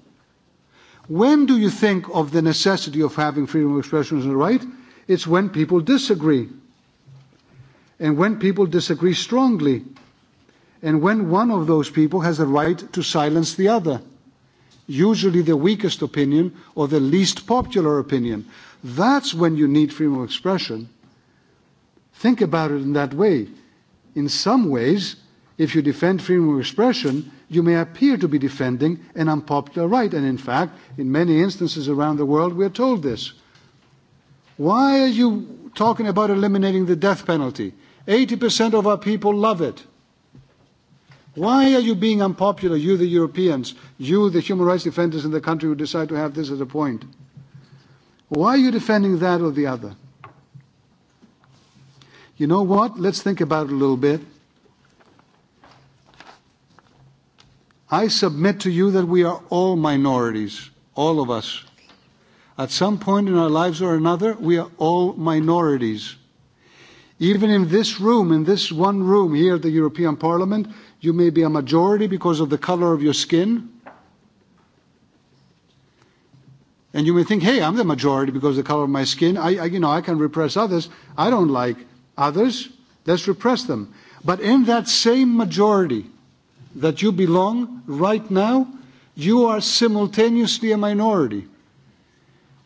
When do you think of the necessity of having freedom of expression as a right? It's when people disagree and when people disagree strongly, and when one of those people has the right to silence the other, usually the weakest opinion or the least popular opinion. That's when you need freedom of expression. Think about it in that way. In some ways, if you defend freedom of expression, you may appear to be defending an unpopular right. And in fact, in many instances around the world, we are told this. Why are you talking about eliminating the death penalty? 80% of our people love it. Why are you being unpopular, you the Europeans, you the human rights defenders in the country who decide to have this as a point? Why are you defending that or the other? You know what? Let's think about it a little bit. I submit to you that we are all minorities, all of us. At some point in our lives or another, we are all minorities. Even in this room, in this one room here at the European Parliament, you may be a majority because of the color of your skin. And you may think, hey, I'm the majority because of the color of my skin. I, I, you know, I can repress others. I don't like others. Let's repress them. But in that same majority that you belong right now, you are simultaneously a minority.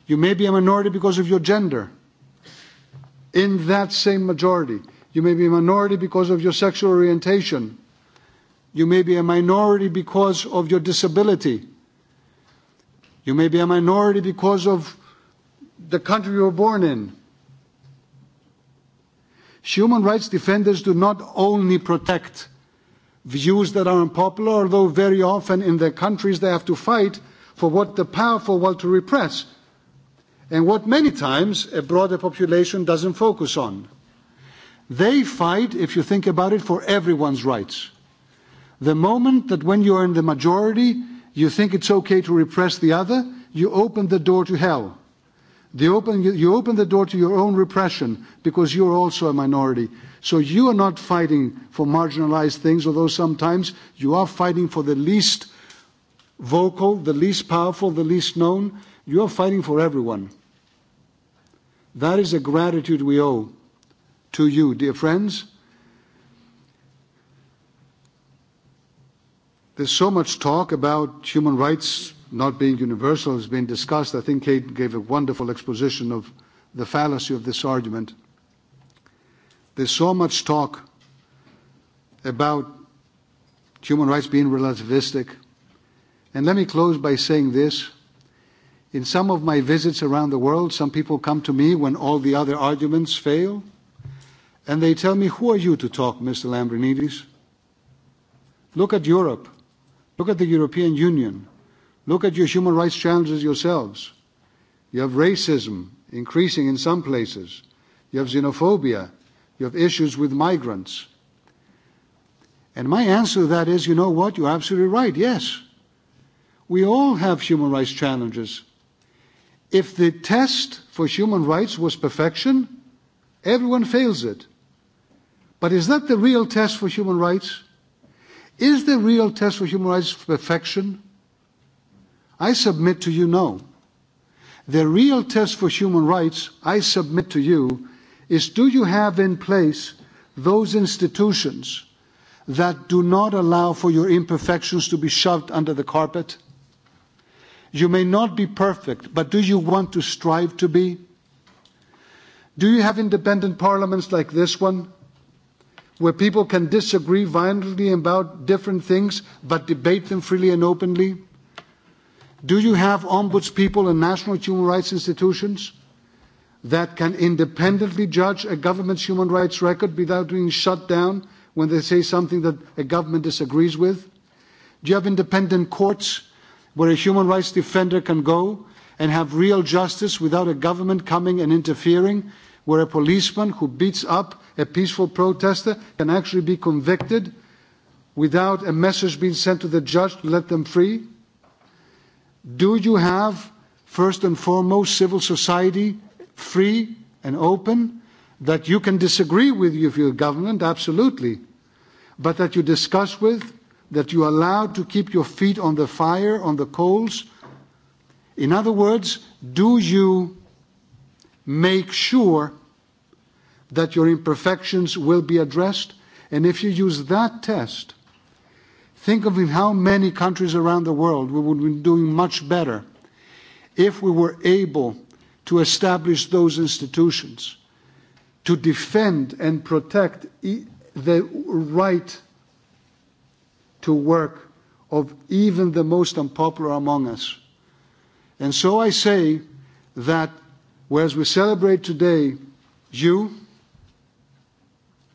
You may be a minority because of your gender in that same majority. You may be a minority because of your sexual orientation. You may be a minority because of your disability. You may be a minority because of the country you were born in. Human rights defenders do not only protect views that are unpopular, although very often in their countries they have to fight for what the powerful want to repress and what many times a broader population doesn't focus on. They fight, if you think about it, for everyone's rights. The moment that when you are in the majority, you think it's okay to repress the other, you open the door to hell. The open, you, you open the door to your own repression because you're also a minority. So you are not fighting for marginalized things, although sometimes you are fighting for the least vocal, the least powerful, the least known. You are fighting for everyone. That is a gratitude we owe to you, dear friends. There's so much talk about human rights not being universal, it's been discussed. I think Kate gave a wonderful exposition of the fallacy of this argument. There's so much talk about human rights being relativistic. And let me close by saying this. In some of my visits around the world, some people come to me when all the other arguments fail, and they tell me, Who are you to talk, Mr. Lambrinidis? Look at Europe. Look at the European Union. Look at your human rights challenges yourselves. You have racism increasing in some places. You have xenophobia. You have issues with migrants. And my answer to that is you know what? You're absolutely right. Yes. We all have human rights challenges. If the test for human rights was perfection, everyone fails it. But is that the real test for human rights? Is the real test for human rights perfection? I submit to you no. The real test for human rights, I submit to you, is do you have in place those institutions that do not allow for your imperfections to be shoved under the carpet? You may not be perfect, but do you want to strive to be? Do you have independent parliaments like this one, where people can disagree violently about different things, but debate them freely and openly? Do you have ombudspeople and national human rights institutions that can independently judge a government's human rights record without being shut down when they say something that a government disagrees with? Do you have independent courts? where a human rights defender can go and have real justice without a government coming and interfering, where a policeman who beats up a peaceful protester can actually be convicted without a message being sent to the judge to let them free? Do you have, first and foremost, civil society free and open? That you can disagree with your government, absolutely, but that you discuss with, that you allow to keep your feet on the fire, on the coals? In other words, do you make sure that your imperfections will be addressed? And if you use that test, think of how many countries around the world we would be doing much better if we were able to establish those institutions to defend and protect e, the right to work of even the most unpopular among us. And so I say that whereas we celebrate today you,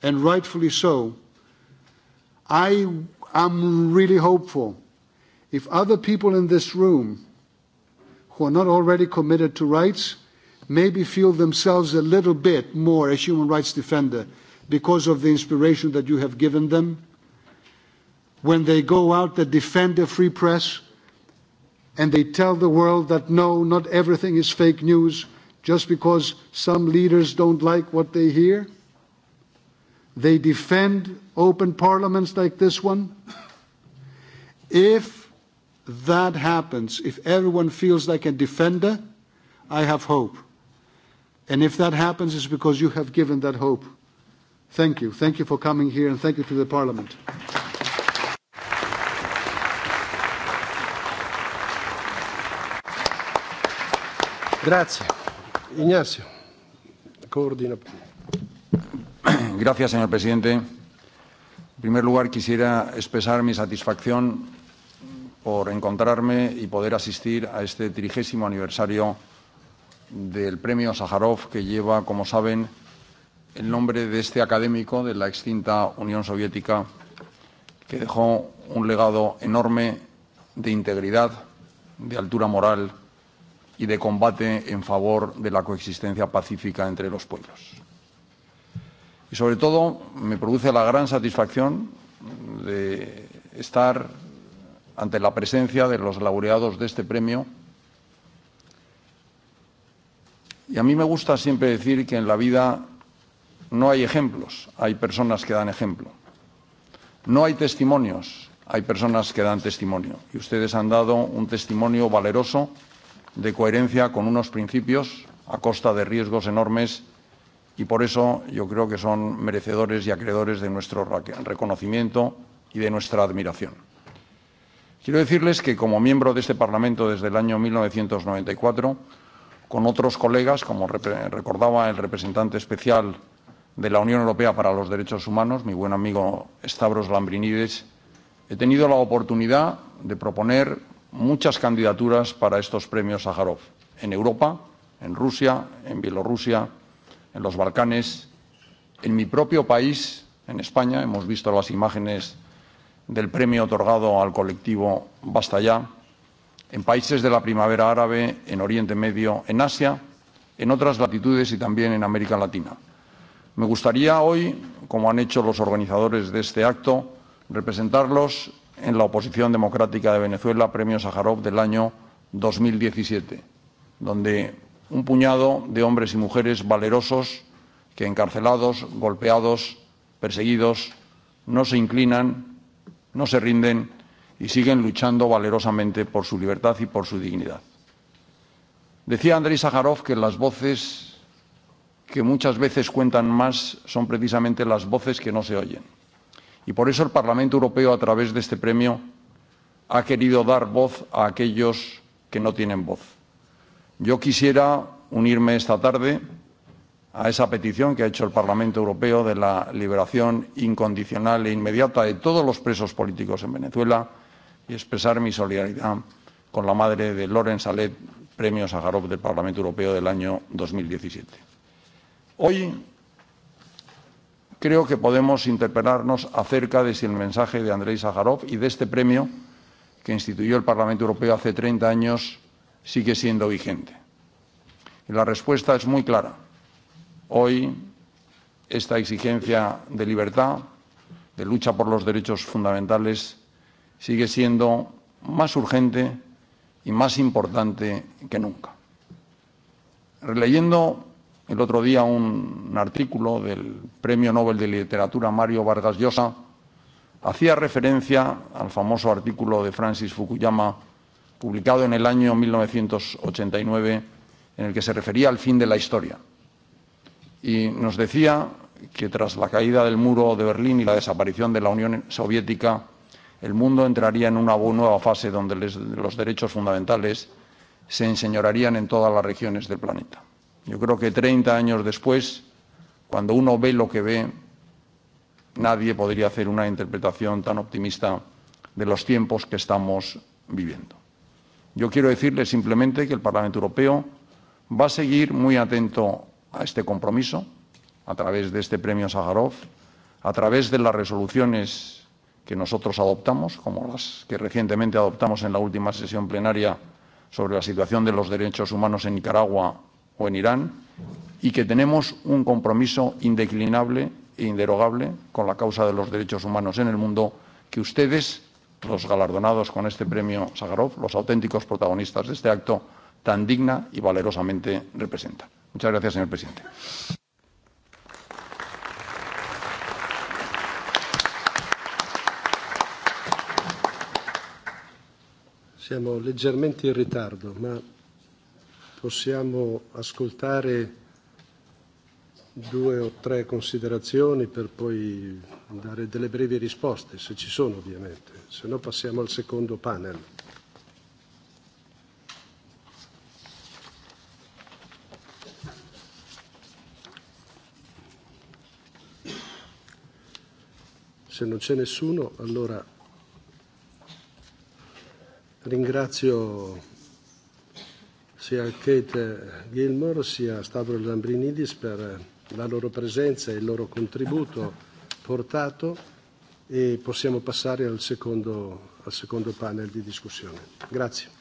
and rightfully so, I am really hopeful if other people in this room who are not already committed to rights maybe feel themselves a little bit more as human rights defender because of the inspiration that you have given them when they go out that defend a free press and they tell the world that no, not everything is fake news just because some leaders don't like what they hear. They defend open parliaments like this one. If that happens, if everyone feels like a defender, I have hope. And if that happens, it's because you have given that hope. Thank you. Thank you for coming here and thank you to the Parliament. Thank you. Grazie. Ignacio, coordina. Gracias, señor presidente. En primer lugar, quisiera expresar mi satisfacción por encontrarme y poder asistir a este trigésimo aniversario del premio Sájarov, que lleva, como saben, el nombre de este académico de la extinta Unión Soviética, que dejó un legado enorme de integridad, de altura moral y de combate en favor de la coexistencia pacífica entre los pueblos. Y sobre todo me produce la gran satisfacción de estar ante la presencia de los laureados de este premio. Y a mí me gusta siempre decir que en la vida no hay ejemplos, hay personas que dan ejemplo. No hay testimonios, hay personas que dan testimonio. Y ustedes han dado un testimonio valeroso de coherencia con unos principios a costa de riesgos enormes y por eso yo creo que son merecedores y acreedores de nuestro reconocimiento y de nuestra admiración. Quiero decirles que como miembro de este Parlamento desde el año 1994, con otros colegas, como recordaba el representante especial de la Unión Europea para los Derechos Humanos, mi buen amigo Stavros Lambrinides, he tenido la oportunidad de proponer muchas candidaturas para estos premios Sájarov en Europa, en Rusia, en Bielorrusia, en los Balcanes, en mi propio país, en España. Hemos visto las imágenes del premio otorgado al colectivo Basta Ya, en países de la primavera árabe, en Oriente Medio, en Asia, en otras latitudes y también en América Latina. Me gustaría hoy, como han hecho los organizadores de este acto, representarlos en la oposición democrática de Venezuela, Premio Sájarov del año 2017, donde un puñado de hombres y mujeres valerosos que encarcelados, golpeados, perseguidos, no se inclinan, no se rinden y siguen luchando valerosamente por su libertad y por su dignidad. Decía Andrei Sájarov que las voces que muchas veces cuentan más son precisamente las voces que no se oyen. Y por eso el Parlamento Europeo, a través de este premio, ha querido dar voz a aquellos que no tienen voz. Yo quisiera unirme esta tarde a esa petición que ha hecho el Parlamento Europeo de la liberación incondicional e inmediata de todos los presos políticos en Venezuela y expresar mi solidaridad con la madre de Lorenz Alet, premio Sájarov del Parlamento Europeo del año 2017. Hoy creo que podemos interpelarnos acerca de si el mensaje de Andrei Sájarov y de este premio que instituyó el Parlamento Europeo hace 30 años sigue siendo vigente. Y la respuesta es muy clara. Hoy esta exigencia de libertad, de lucha por los derechos fundamentales, sigue siendo más urgente y más importante que nunca. Releyendo El otro día un artículo del Premio Nobel de Literatura Mario Vargas Llosa hacía referencia al famoso artículo de Francis Fukuyama publicado en el año 1989 en el que se refería al fin de la historia. Y nos decía que tras la caída del muro de Berlín y la desaparición de la Unión Soviética, el mundo entraría en una nueva fase donde les, los derechos fundamentales se enseñorarían en todas las regiones del planeta. Yo creo que 30 años después, cuando uno ve lo que ve, nadie podría hacer una interpretación tan optimista de los tiempos que estamos viviendo. Yo quiero decirle simplemente que el Parlamento Europeo va a seguir muy atento a este compromiso a través de este premio Sájarov, a través de las resoluciones que nosotros adoptamos, como las que recientemente adoptamos en la última sesión plenaria sobre la situación de los derechos humanos en Nicaragua o en Irán y que tenemos un compromiso indeclinable e inderogable con la causa de los derechos humanos en el mundo que ustedes, los galardonados con este premio Sakharov, los auténticos protagonistas de este acto, tan digna y valerosamente representan. Muchas gracias, señor presidente. Siamo leggermente in ritardo, ma possiamo ascoltare due o tre considerazioni per poi dare delle brevi risposte, se ci sono ovviamente, se no passiamo al secondo panel. Se non c'è nessuno, allora ringrazio sia Kate Gilmore sia Stavro Lambrinidis per la loro presenza e il loro contributo portato e possiamo passare al secondo, al secondo panel di discussione. Grazie.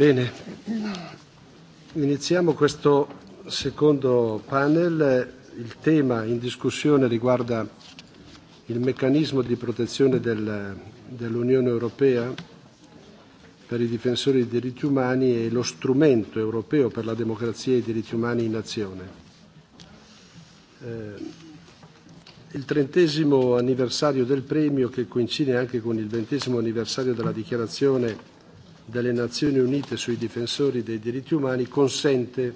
Bene, iniziamo questo secondo panel. Il tema in discussione riguarda il meccanismo di protezione del, dell'Unione Europea per i difensori dei diritti umani e lo strumento europeo per la democrazia e i diritti umani in azione. Eh, il trentesimo anniversario del premio, che coincide anche con il ventesimo anniversario della dichiarazione delle Nazioni Unite sui difensori dei diritti umani consente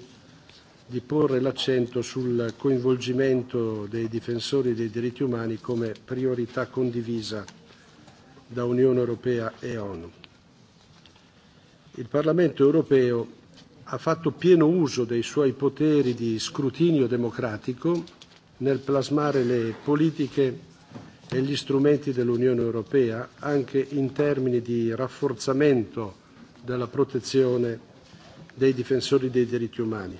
di porre l'accento sul coinvolgimento dei difensori dei diritti umani come priorità condivisa da Unione Europea e ONU. Il Parlamento europeo ha fatto pieno uso dei suoi poteri di scrutinio democratico nel plasmare le politiche e gli strumenti dell'Unione Europea anche in termini di rafforzamento dalla protezione dei difensori dei diritti umani.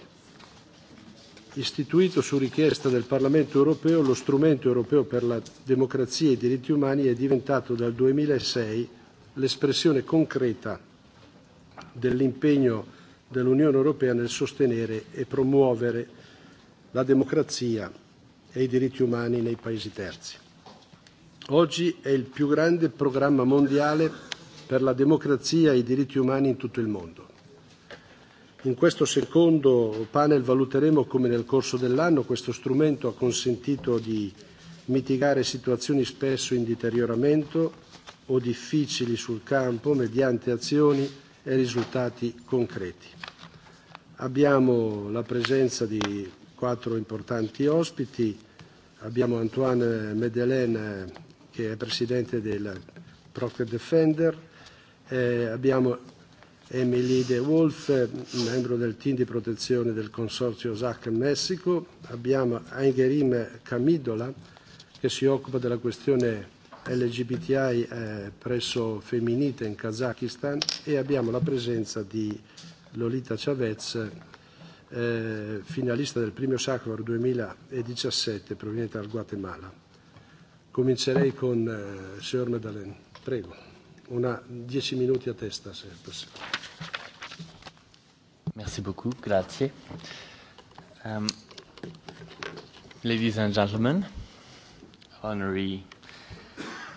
Istituito su richiesta del Parlamento europeo, lo strumento europeo per la democrazia e i diritti umani è diventato dal 2006 l'espressione concreta dell'impegno dell'Unione europea nel sostenere e promuovere la democrazia e i diritti umani nei paesi terzi. Oggi è il più grande programma mondiale per la democrazia e i diritti umani in tutto il mondo. In questo secondo panel valuteremo come nel corso dell'anno questo strumento ha consentito di mitigare situazioni spesso in deterioramento o difficili sul campo mediante azioni e risultati concreti. Abbiamo la presenza di quattro importanti ospiti. Abbiamo Antoine Medelaine, che è presidente del Procter Defender, eh, Eh, abbiamo Emily De Wolf, membro del team di protezione del consorzio ZAC Messico. Abbiamo Angerim Camidola, che si occupa della questione LGBTI eh, presso Feminite in Kazakistan. E abbiamo la presenza di Lolita Chavez, eh, finalista del Premio Sacro 2017, proveniente dal Guatemala. Comincerei con il eh, signor Medalen. Prego. On a 10 minuti a testa, se è possibile. Merci beaucoup, grazie. Um, ladies and gentlemen, honorary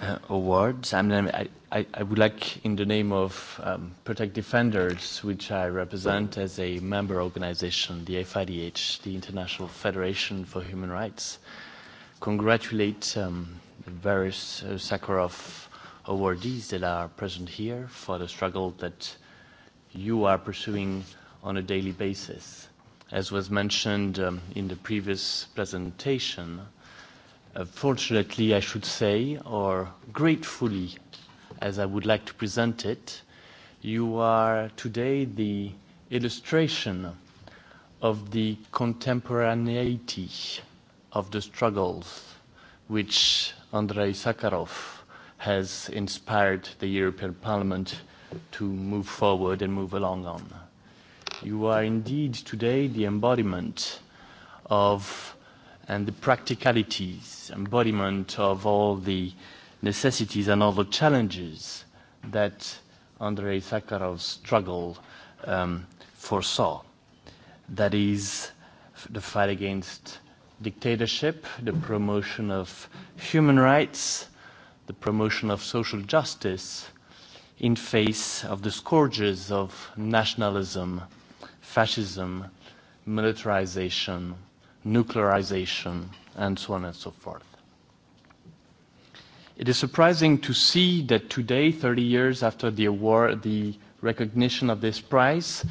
uh, awards, I'm, I, I would like, in the name of um, Protect Defenders, which I represent as a member organization, the FIDH, the International Federation for Human Rights, congratulate um, the various uh, Sakharov awardees that are present here for the struggle that you are pursuing on a daily basis. As was mentioned um, in the previous presentation, uh, fortunately, I should say, or gratefully, as I would like to present it, you are today the illustration of the contemporaneity of the struggles which Andrei Sakharov has inspired the European Parliament to move forward and move along on. You are indeed today the embodiment of and the practicalities, embodiment of all the necessities and all the challenges that Andrei Sakharov's struggle um, foresaw. That is the fight against dictatorship, the promotion of human rights, the promotion of social justice in face of the scourges of nationalism, fascism, militarization, nuclearization, and so on and so forth. It is surprising to see that today, 30 years after the award, the recognition of this prize,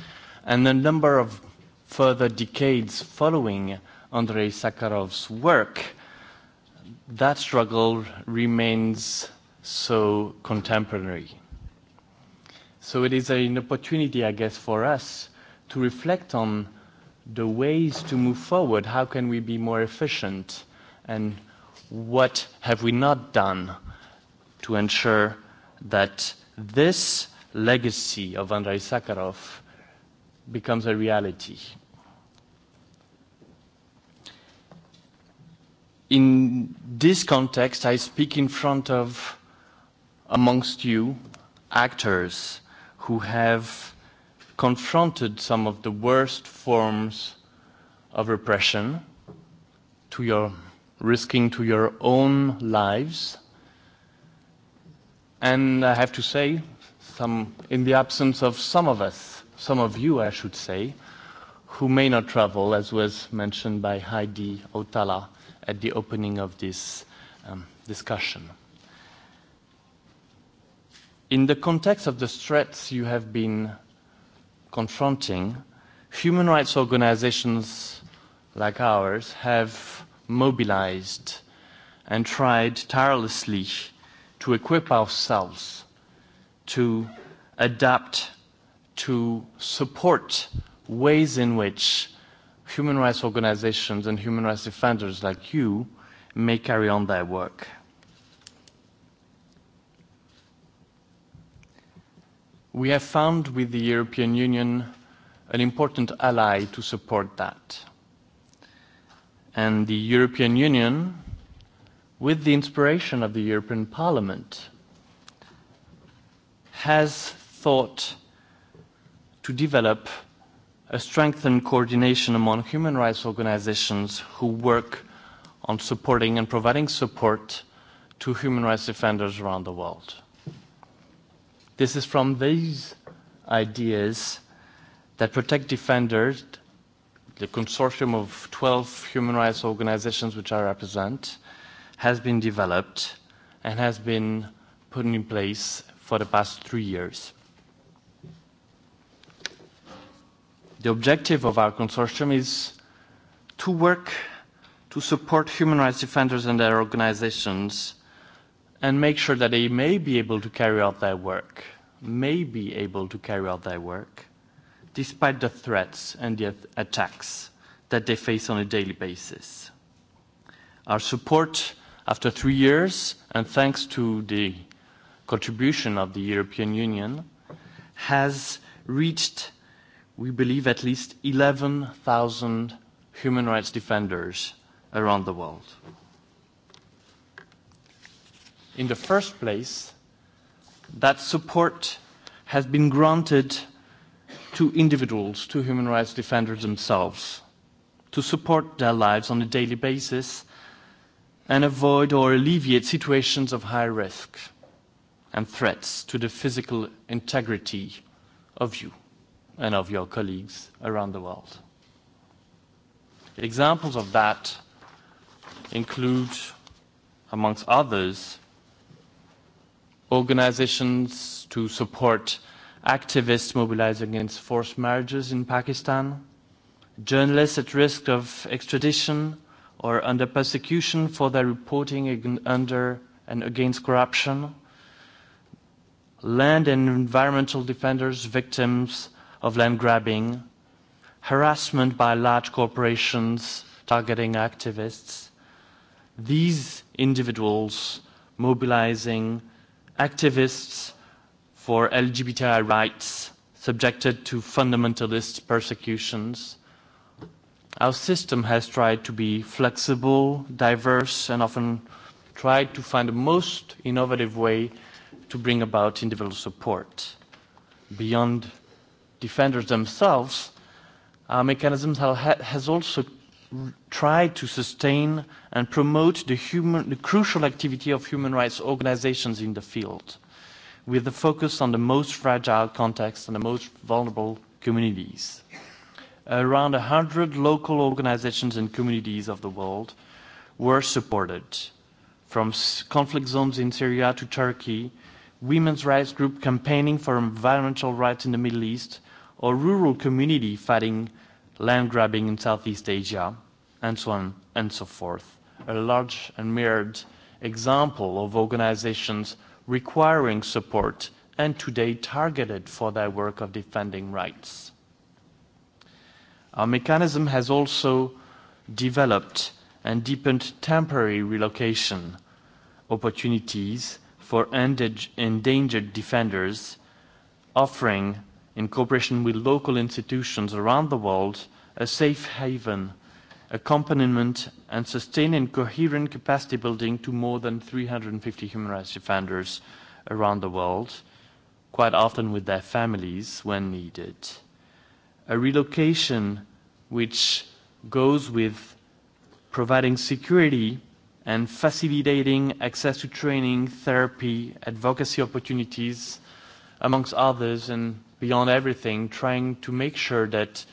and a number of further decades following Andrei Sakharov's work, that struggle remains so contemporary. So it is an opportunity, I guess, for us to reflect on the ways to move forward. How can we be more efficient? And what have we not done to ensure that this legacy of Andrei Sakharov becomes a reality? in this context, I speak in front of amongst you actors who have confronted some of the worst forms of repression to your risking to your own lives. And I have to say, some, in the absence of some of us, some of you, I should say, who may not travel, as was mentioned by Heidi Otala, uh, at the opening of this um, discussion. In the context of the threats you have been confronting, human rights organizations like ours have mobilized and tried tirelessly to equip ourselves to adapt to support ways in which human rights organizations and human rights defenders like you may carry on their work. We have found with the European Union an important ally to support that. And the European Union, with the inspiration of the European Parliament, has thought to develop a strengthened coordination among human rights organizations who work on supporting and providing support to human rights defenders around the world. This is from these ideas that Protect Defenders, the consortium of 12 human rights organizations which I represent, has been developed and has been put in place for the past three years. The objective of our consortium is to work to support human rights defenders and their organizations and make sure that they may be able to carry out their work, may be able to carry out their work, despite the threats and the attacks that they face on a daily basis. Our support after three years, and thanks to the contribution of the European Union, has reached we believe at least 11,000 human rights defenders around the world. In the first place, that support has been granted to individuals, to human rights defenders themselves, to support their lives on a daily basis and avoid or alleviate situations of high risk and threats to the physical integrity of you and of your colleagues around the world. Examples of that include, amongst others, organizations to support activists mobilizing against forced marriages in Pakistan, journalists at risk of extradition or under persecution for their reporting under and against corruption, land and environmental defenders, victims of land grabbing, harassment by large corporations targeting activists. These individuals mobilizing activists for LGBTI rights subjected to fundamentalist persecutions. Our system has tried to be flexible, diverse, and often tried to find the most innovative way to bring about individual support beyond defenders themselves are uh, mechanisms that has also tried to sustain and promote the, human, the crucial activity of human rights organizations in the field, with a focus on the most fragile context and the most vulnerable communities. Around 100 local organizations and communities of the world were supported. From conflict zones in Syria to Turkey, women's rights groups campaigning for environmental rights in the Middle East, or rural community fighting land grabbing in Southeast Asia, and so on and so forth. A large and mirrored example of organizations requiring support and today targeted for their work of defending rights. Our mechanism has also developed and deepened temporary relocation opportunities for endangered defenders, offering in cooperation with local institutions around the world, a safe haven, accompaniment, and sustaining coherent capacity building to more than 350 human rights defenders around the world, quite often with their families when needed. A relocation which goes with providing security and facilitating access to training, therapy, advocacy opportunities, amongst others, and beyond everything, trying to make sure that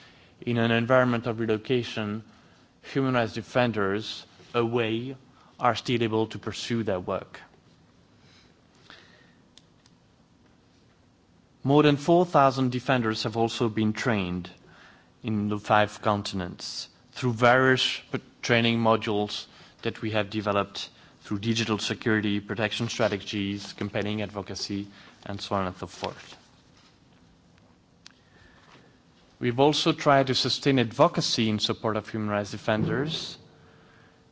in an environment of relocation, human rights defenders away are still able to pursue their work. More than 4,000 defenders have also been trained in the five continents through various training modules that we have developed through digital security, protection strategies, campaigning advocacy, and so on and so forth. We've also tried to sustain advocacy in support of human rights defenders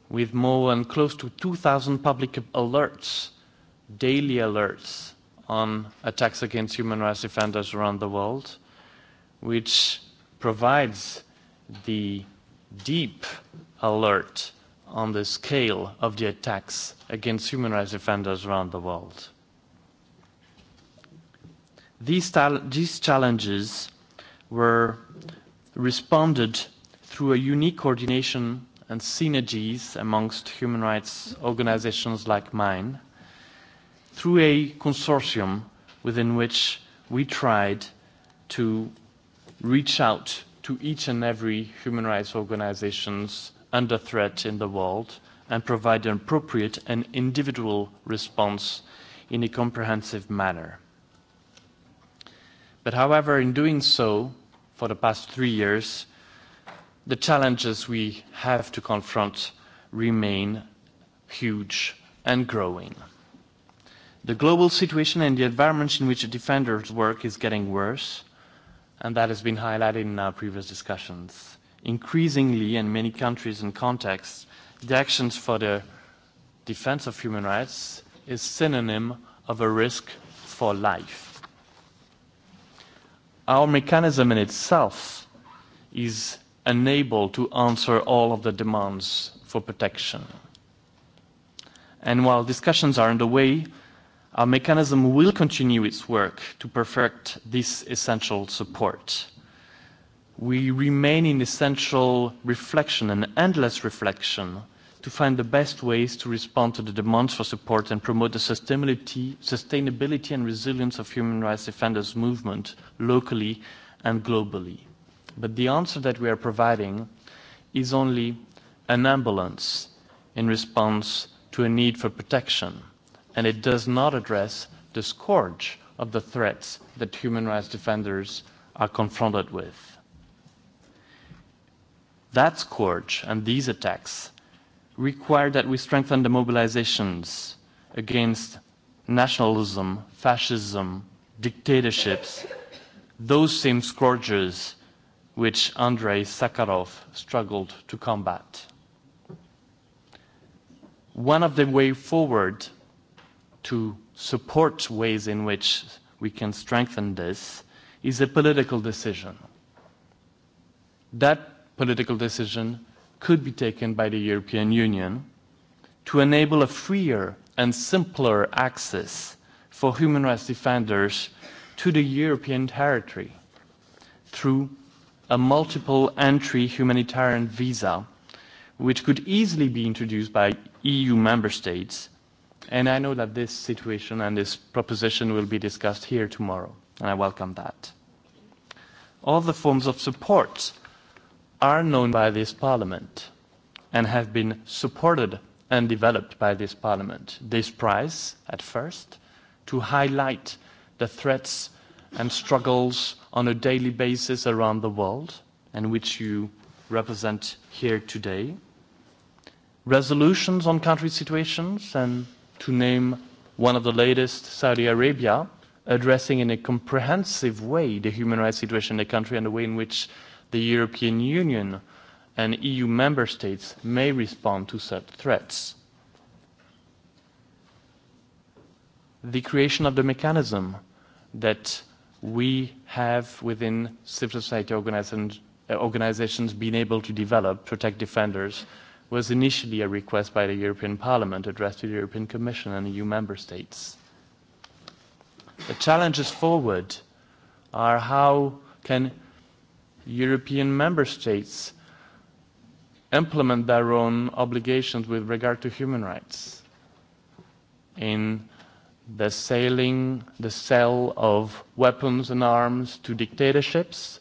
with more than close to 2,000 public alerts, daily alerts, on attacks against human rights defenders around the world, which provides the deep alert on the scale of the attacks against human rights defenders around the world. These, these challenges were responded through a unique coordination and synergies amongst human rights organizations like mine, through a consortium within which we tried to reach out to each and every human rights organization under threat in the world and provide an appropriate and individual response in a comprehensive manner. But however, in doing so, for the past three years, the challenges we have to confront remain huge and growing. The global situation and the environment in which defenders work is getting worse, and that has been highlighted in our previous discussions. Increasingly, in many countries and contexts, the actions for the defense of human rights is synonym of a risk for life our mechanism in itself is unable to answer all of the demands for protection. And while discussions are underway, our mechanism will continue its work to perfect this essential support. We remain in essential reflection, an endless reflection, to find the best ways to respond to the demands for support and promote the sustainability, sustainability and resilience of human rights defenders movement locally and globally. But the answer that we are providing is only an ambulance in response to a need for protection. And it does not address the scourge of the threats that human rights defenders are confronted with. That scourge and these attacks require that we strengthen the mobilizations against nationalism, fascism, dictatorships, those same scourges which Andrei Sakharov struggled to combat. One of the ways forward to support ways in which we can strengthen this is a political decision. That political decision could be taken by the European Union to enable a freer and simpler access for human rights defenders to the European territory through a multiple entry humanitarian visa, which could easily be introduced by EU member states. And I know that this situation and this proposition will be discussed here tomorrow, and I welcome that. All the forms of support are known by this parliament and have been supported and developed by this parliament. This prize, at first, to highlight the threats and struggles on a daily basis around the world and which you represent here today. Resolutions on country situations and to name one of the latest, Saudi Arabia, addressing in a comprehensive way the human rights situation in the country and the way in which the European Union and EU member states may respond to such threats. The creation of the mechanism that we have within civil society uh, organizations been able to develop, protect defenders, was initially a request by the European Parliament addressed to the European Commission and EU member states. The challenges forward are how can European member states implement their own obligations with regard to human rights in the sailing, the sale of weapons and arms to dictatorships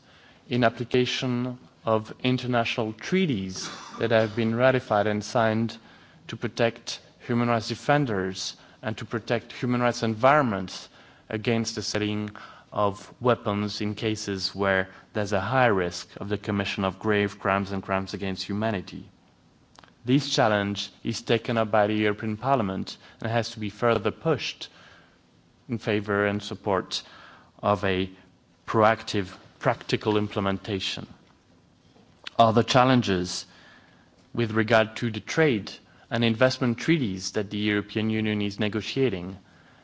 in application of international treaties that have been ratified and signed to protect human rights defenders and to protect human rights environments against the setting of weapons in cases where there's a high risk of the commission of grave crimes and crimes against humanity. This challenge is taken up by the European Parliament and has to be further pushed in favor and support of a proactive, practical implementation. Other challenges with regard to the trade and investment treaties that the European Union is negotiating,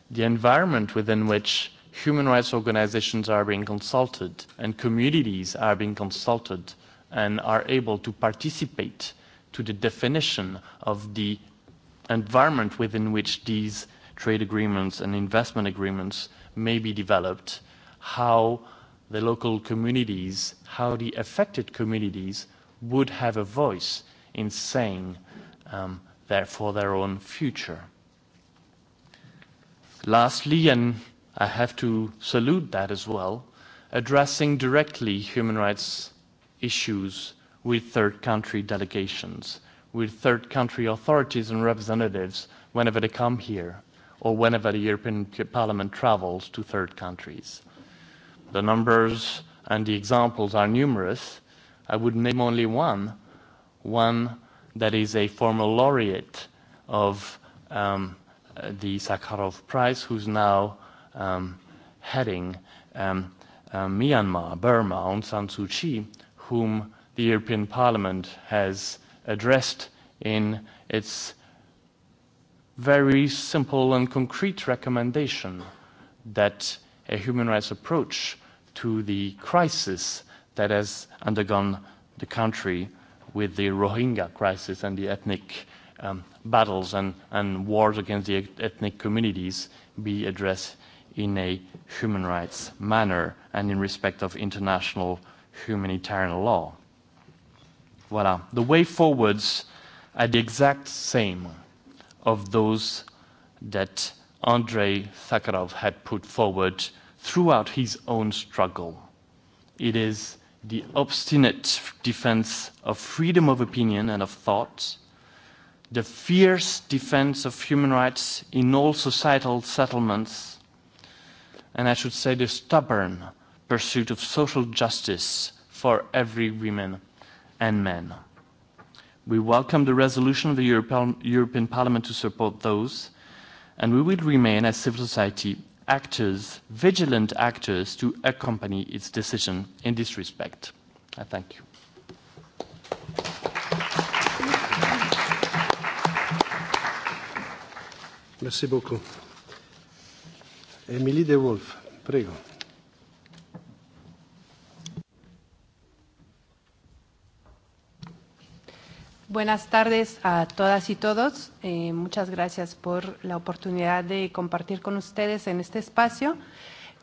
the environment within which human rights organizations are being consulted and communities are being consulted and are able to participate to the definition of the environment within which these trade agreements and investment agreements may be developed, how the local communities, how the affected communities would have a voice in saying um, that for their own future. Lastly, and I have to salute that as well, addressing directly human rights issues with third country delegations, with third country authorities and representatives whenever they come here or whenever the European Parliament travels to third countries. The numbers and the examples are numerous. I would name only one, one that is a former laureate of um, the Sakharov Prize, who's now uh, um, heading um, uh, Myanmar, Burma, Aung San Suu Kyi, whom the European Parliament has addressed in its very simple and concrete recommendation that a human rights approach to the crisis that has undergone the country with the Rohingya crisis and the ethnic um, battles and, and wars against the ethnic communities be addressed in a human rights manner and in respect of international humanitarian law. Voilà. The way forwards are the exact same of those that Andrei Sakharov had put forward throughout his own struggle. It is the obstinate defense of freedom of opinion and of thought, the fierce defense of human rights in all societal settlements, and I should say the stubborn pursuit of social justice for every woman and man. We welcome the resolution of the European Parliament to support those, and we will remain as civil society actors, vigilant actors, to accompany its decision in this respect. I thank you. Merci beaucoup. Emily De Wolf, prego. Buenas tardes a todas y todos. Eh, muchas gracias por la oportunidad de compartir con ustedes en este espacio.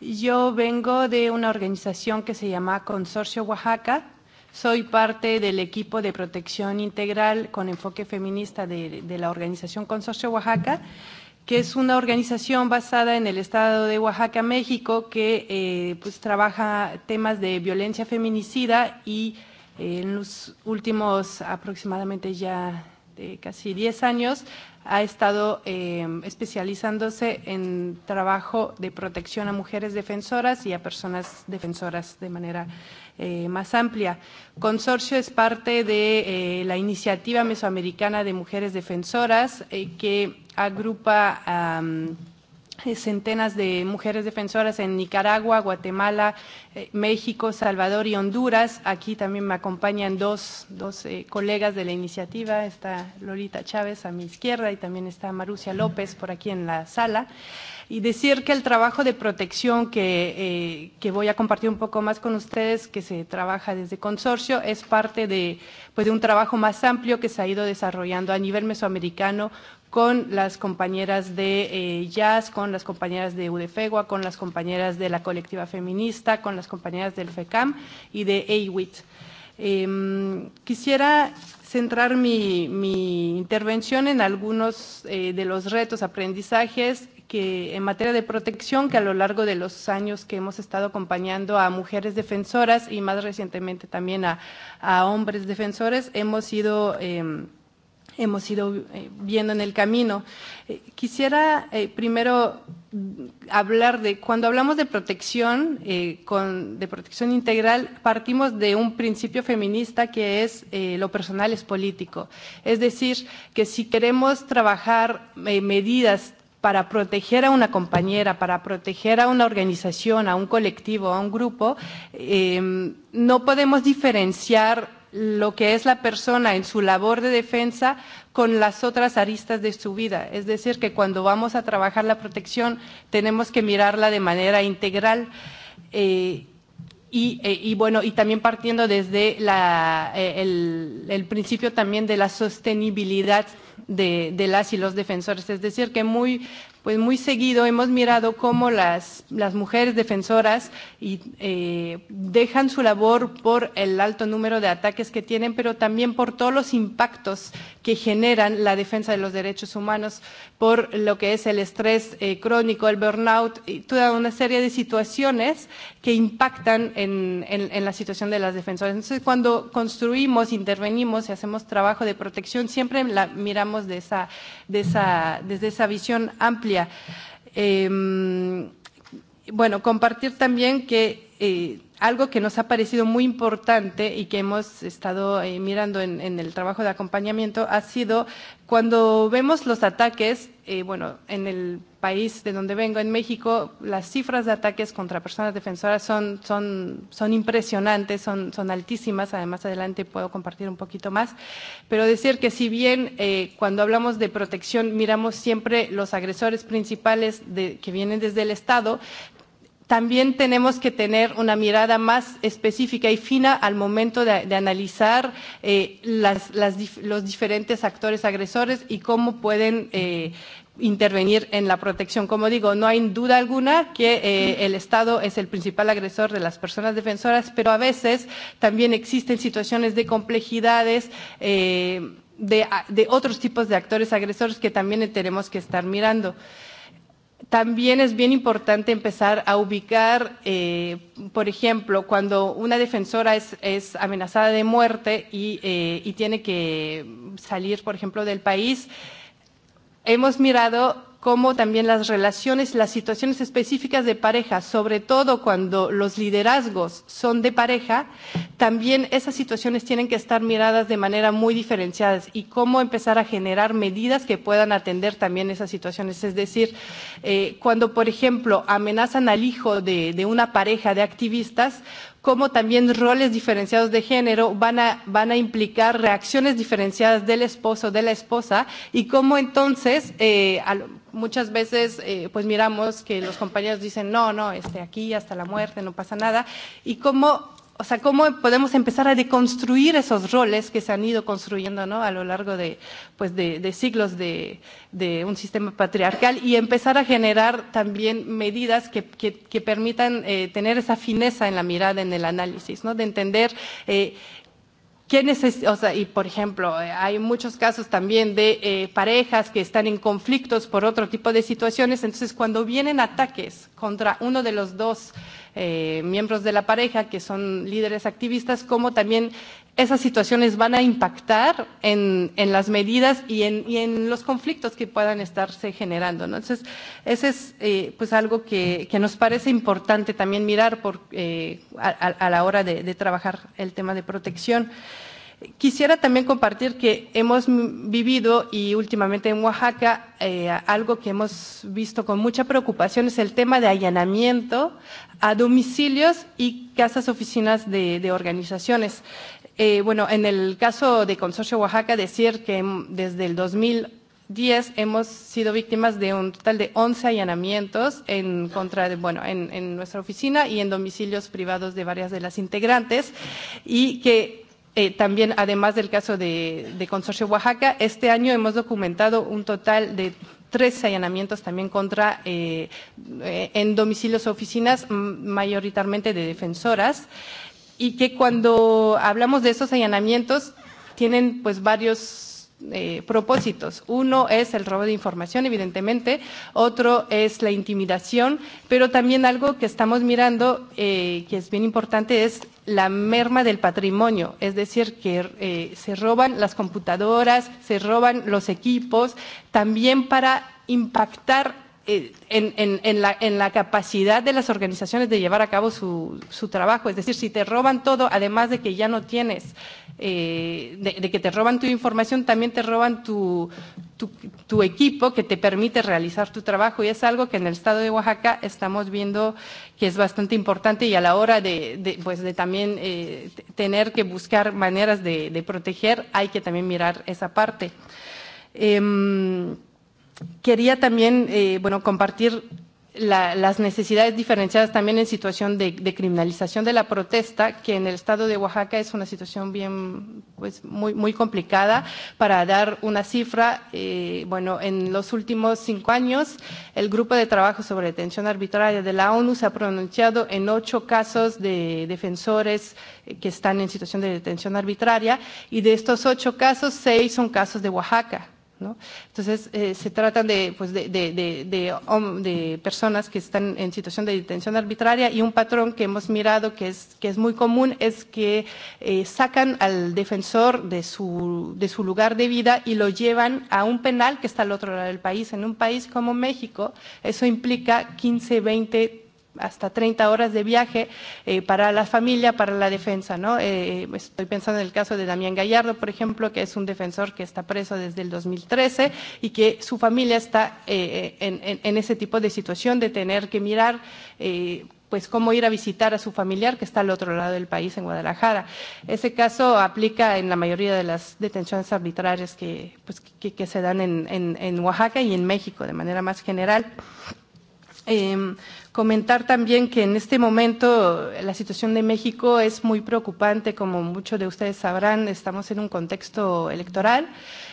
Yo vengo de una organización que se llama Consorcio Oaxaca. Soy parte del equipo de protección integral con enfoque feminista de, de la organización Consorcio Oaxaca. Mm -hmm que es una organización basada en el estado de Oaxaca, México, que eh, pues trabaja temas de violencia feminicida y eh, en los últimos aproximadamente ya de casi 10 años, ha estado eh, especializándose en trabajo de protección a mujeres defensoras y a personas defensoras de manera eh, más amplia. Consorcio es parte de eh, la Iniciativa Mesoamericana de Mujeres Defensoras, eh, que agrupa a. Um, centenas de mujeres defensoras en Nicaragua, Guatemala, eh, México, Salvador y Honduras. Aquí también me acompañan dos, dos eh, colegas de la iniciativa. Está Lolita Chávez a mi izquierda y también está Marucia López por aquí en la sala. Y decir que el trabajo de protección que, eh, que voy a compartir un poco más con ustedes, que se trabaja desde consorcio, es parte de, pues, de un trabajo más amplio que se ha ido desarrollando a nivel mesoamericano con las compañeras de eh, Jazz, con las compañeras de UDFEGUA, con las compañeras de la colectiva feminista, con las compañeras del FECAM y de AWIT. Eh, quisiera centrar mi, mi intervención en algunos eh, de los retos, aprendizajes que en materia de protección que a lo largo de los años que hemos estado acompañando a mujeres defensoras y más recientemente también a, a hombres defensores hemos ido eh, hemos ido eh, viendo en el camino. Eh, quisiera eh, primero hablar de, cuando hablamos de protección, eh, con, de protección integral, partimos de un principio feminista que es eh, lo personal es político. Es decir, que si queremos trabajar eh, medidas para proteger a una compañera, para proteger a una organización, a un colectivo, a un grupo, eh, no podemos diferenciar lo que es la persona en su labor de defensa con las otras aristas de su vida. Es decir, que cuando vamos a trabajar la protección tenemos que mirarla de manera integral. Eh, y, eh, y bueno, y también partiendo desde la, eh, el, el principio también de la sostenibilidad de, de las y los defensores. Es decir, que muy pues muy seguido hemos mirado cómo las, las mujeres defensoras y, eh, dejan su labor por el alto número de ataques que tienen, pero también por todos los impactos que generan la defensa de los derechos humanos, por lo que es el estrés eh, crónico, el burnout, y toda una serie de situaciones que impactan en, en, en la situación de las defensoras. Entonces, cuando construimos, intervenimos y hacemos trabajo de protección, siempre la miramos de esa, de esa, desde esa visión amplia familia. Eh, bueno, compartir también que eh, algo que nos ha parecido muy importante y que hemos estado eh, mirando en, en el trabajo de acompañamiento ha sido cuando vemos los ataques, eh, bueno, en el país de donde vengo, en México, las cifras de ataques contra personas defensoras son, son, son impresionantes, son, son altísimas. Además, adelante puedo compartir un poquito más. Pero decir que si bien eh, cuando hablamos de protección miramos siempre los agresores principales de, que vienen desde el Estado, también tenemos que tener una mirada más específica y fina al momento de, de analizar eh, las, las dif los diferentes actores agresores y cómo pueden eh, intervenir en la protección. Como digo, no hay duda alguna que eh, el Estado es el principal agresor de las personas defensoras, pero a veces también existen situaciones de complejidades. Eh, de, de otros tipos de actores agresores que también tenemos que estar mirando. Eh, también es bien importante empezar a ubicar, eh, por ejemplo, cuando una defensora es, es amenazada de muerte y, eh, y tiene que salir, por ejemplo, del país, hemos mirado cómo también las relaciones, las situaciones específicas de pareja, sobre todo cuando los liderazgos son de pareja, también esas situaciones tienen que estar miradas de manera muy diferenciada y cómo empezar a generar medidas que puedan atender también esas situaciones. Es decir, eh, cuando, por ejemplo, amenazan al hijo de, de una pareja de activistas, cómo también roles diferenciados de género van a, van a implicar reacciones diferenciadas del esposo, de la esposa, y cómo entonces, eh, muchas veces eh, pues miramos que los compañeros dicen no no este aquí hasta la muerte no pasa nada y cómo o sea cómo podemos empezar a deconstruir esos roles que se han ido construyendo no a lo largo de pues de, de siglos de, de un sistema patriarcal y empezar a generar también medidas que, que, que permitan eh, tener esa fineza en la mirada en el análisis no de entender eh, ¿Qué neces o sea, y por ejemplo, eh, hay muchos casos también de eh, parejas que están en conflictos por otro tipo de situaciones. Entonces, cuando vienen ataques contra uno de los dos eh, miembros de la pareja, que son líderes activistas, como también esas situaciones van a impactar en, en las medidas y en, y en los conflictos que puedan estarse generando. ¿no? Entonces, ese es eh, pues algo que, que nos parece importante también mirar por, eh, a, a la hora de, de trabajar el tema de protección. Quisiera también compartir que hemos vivido y últimamente en Oaxaca eh, algo que hemos visto con mucha preocupación es el tema de allanamiento a domicilios y casas oficinas de, de organizaciones. Eh, bueno, en el caso de Consorcio Oaxaca, decir que desde el 2010 hemos sido víctimas de un total de 11 allanamientos en contra de, bueno, en, en nuestra oficina y en domicilios privados de varias de las integrantes y que eh, también, además del caso de, de Consorcio Oaxaca, este año hemos documentado un total de 13 allanamientos también contra eh, eh, en domicilios o oficinas, mayoritariamente de defensoras. Eh, y que cuando hablamos de esos allanamientos tienen pues varios eh, propósitos. Uno es el robo de información, evidentemente, otro es la intimidación, pero también algo que estamos mirando, eh, que es bien importante, es la merma del patrimonio, es decir, que eh, se roban las computadoras, se roban los equipos, también para impactar Eh, en, en, en, la, en la capacidad de las organizaciones de llevar a cabo su, su trabajo. Es decir, si te roban todo, además de que ya no tienes, eh, de, de que te roban tu información, también te roban tu, tu, tu equipo que te permite realizar tu trabajo. Y es algo que en el estado de Oaxaca estamos viendo que es bastante importante y a la hora de, de, pues de también eh, tener que buscar maneras de, de proteger, hay que también mirar esa parte. Eh, quería también eh, bueno, compartir la, las necesidades diferenciadas también en situación de, de criminalización de la protesta, que en el estado de Oaxaca es una situación bien, pues muy, muy complicada. Para dar una cifra, eh, bueno, en los últimos cinco años, el Grupo de Trabajo sobre Detención Arbitraria de la ONU se ha pronunciado en ocho casos de defensores eh, que están en situación de detención arbitraria, y de estos ocho casos, seis son casos de Oaxaca. ¿no? Entonces, eh, se tratan de, pues de, de, de, de, de personas que están en situación de detención arbitraria y un patrón que hemos mirado que es, que es muy común es que eh, sacan al defensor de su, de su lugar de vida y lo llevan a un penal que está al otro lado del país. En un país como México, eso implica 15, 20, 30 hasta 30 horas de viaje eh, para la familia, para la defensa. ¿no? Eh, eh, estoy pensando en el caso de Damián Gallardo, por ejemplo, que es un defensor que está preso desde el 2013 y que su familia está eh, eh, en, en, en ese tipo de situación de tener que mirar eh, pues cómo ir a visitar a su familiar que está al otro lado del país, en Guadalajara. Ese caso aplica en la mayoría de las detenciones arbitrarias que, pues, que, que se dan en, en, en Oaxaca y en México de manera más general. Eh, comentar también que en este momento la situación de México es muy preocupante, como muchos de ustedes sabrán, estamos en un contexto electoral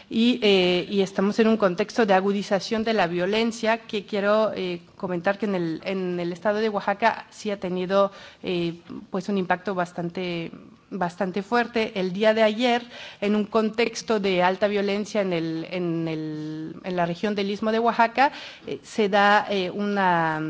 y, eh, y estamos en un contexto de agudización de la violencia, que quiero eh, comentar que en el, en el estado de Oaxaca sí ha tenido eh, pues un impacto bastante bastante fuerte el día de ayer en un contexto de alta violencia en, el, en, el, en la región del istmo de oaxaca eh, se da eh, una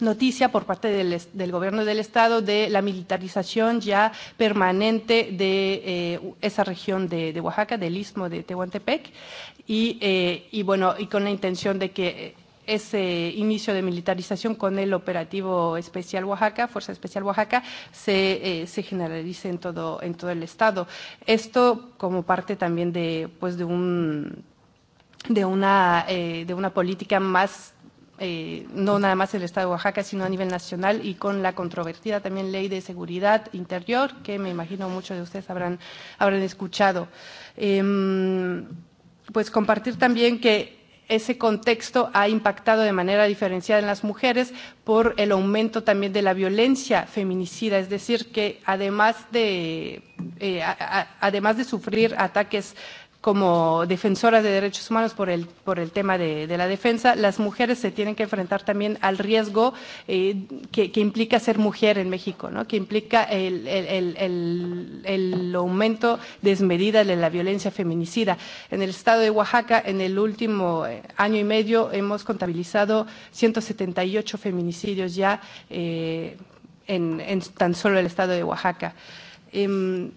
noticia por parte del, del gobierno del estado de la militarización ya permanente de eh, esa región de, de Oaxaca, del istmo de Tehuantepec, y, eh, y bueno, y con la intención de que ese inicio de militarización con el operativo especial Oaxaca, Fuerza Especial Oaxaca, se, eh, se generalice en todo, en todo el estado. Esto como parte también de, pues de, un, de, una, eh, de una política más eh, no nada más el Estado de Oaxaca, sino a nivel nacional y con la controvertida también ley de seguridad interior, que me imagino muchos de ustedes habrán, habrán escuchado. Eh, pues compartir también que ese contexto ha impactado de manera diferenciada en las mujeres por el aumento también de la violencia feminicida, es decir, que además de, eh, a, a, además de sufrir ataques como defensoras de derechos humanos por el, por el tema de, de la defensa, las mujeres se tienen que enfrentar también al riesgo eh, que, que implica ser mujer en México, ¿no? que implica el, el, el, el aumento desmedida de la violencia feminicida. En el estado de Oaxaca, en el último eh, año y medio, hemos contabilizado 178 feminicidios ya eh, en, en tan solo el estado de Oaxaca. Eh,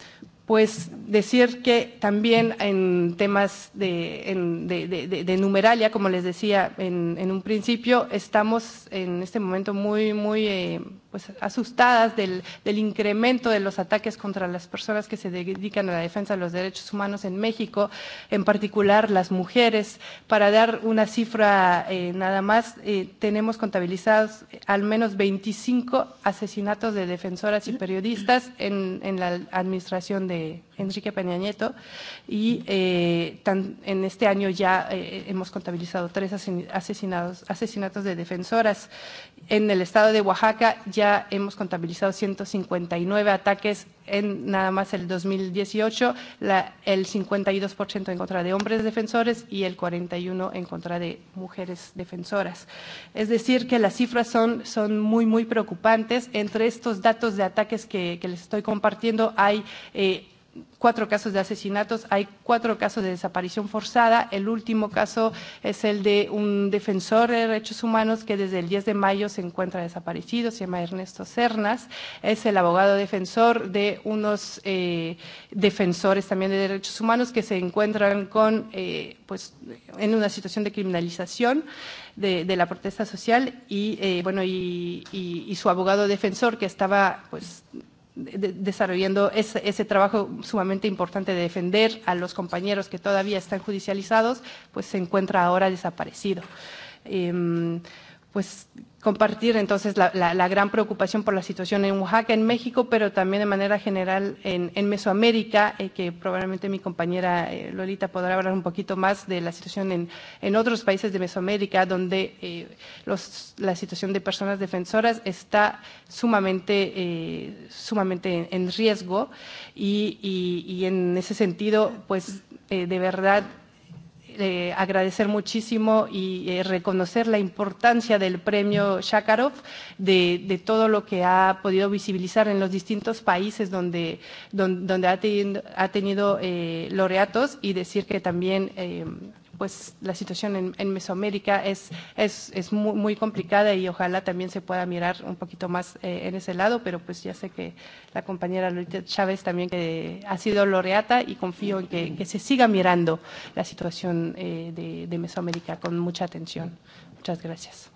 pues decir que también en temas de, en, de, de, de, de numeralia, como les decía en, en un principio, estamos en este momento muy, muy eh, pues asustadas del, del incremento de los ataques contra las personas que se dedican a la defensa de los derechos humanos en México, en particular las mujeres. Para dar una cifra eh, nada más, eh, tenemos contabilizados eh, al menos 25 asesinatos de defensoras y periodistas en, en la administración de, Eh, Enrique Peña Nieto y eh, tan, en este año ya eh, hemos contabilizado tres asesinados, asesinatos de defensoras. En el estado de Oaxaca ya hemos contabilizado 159 ataques en nada más el 2018, la, el 52% en contra de hombres defensores y el 41% en contra de mujeres defensoras. Es decir, que las cifras son, son muy, muy preocupantes. Entre estos datos de ataques que, que les estoy compartiendo hay... Eh, cuatro casos de asesinatos, hay cuatro casos de desaparición forzada. El último caso es el de un defensor de derechos humanos que desde el 10 de mayo se encuentra desaparecido, se llama Ernesto Cernas. Es el abogado defensor de unos eh, defensores también de derechos humanos que se encuentran con, eh, pues, en una situación de criminalización. De, de la protesta social y eh, bueno y, y, y su abogado defensor que estaba pues de, desarrollando ese, ese trabajo sumamente importante de defender a los compañeros que todavía están judicializados, pues se encuentra ahora desaparecido. Eh, pues compartir entonces la, la, la gran preocupación por la situación en Oaxaca, en México, pero también de manera general en, en Mesoamérica, eh, que probablemente mi compañera eh, Lolita podrá hablar un poquito más de la situación en, en otros países de Mesoamérica, donde eh, los, la situación de personas defensoras está sumamente, eh, sumamente en, en riesgo y, y, y en ese sentido, pues eh, de verdad eh, agradecer muchísimo y eh, reconocer la importancia del premio Shakarov, de, de todo lo que ha podido visibilizar en los distintos países donde, donde, donde ha tenido, ha tenido eh, laureatos y decir que también. Eh, pues la situación en, en Mesoamérica es, es, es muy, muy complicada y ojalá también se pueda mirar un poquito más eh, en ese lado, pero pues ya sé que la compañera Lolita Chávez también que ha sido laureata y confío en que, que se siga mirando la situación eh, de, de Mesoamérica con mucha atención. Muchas gracias.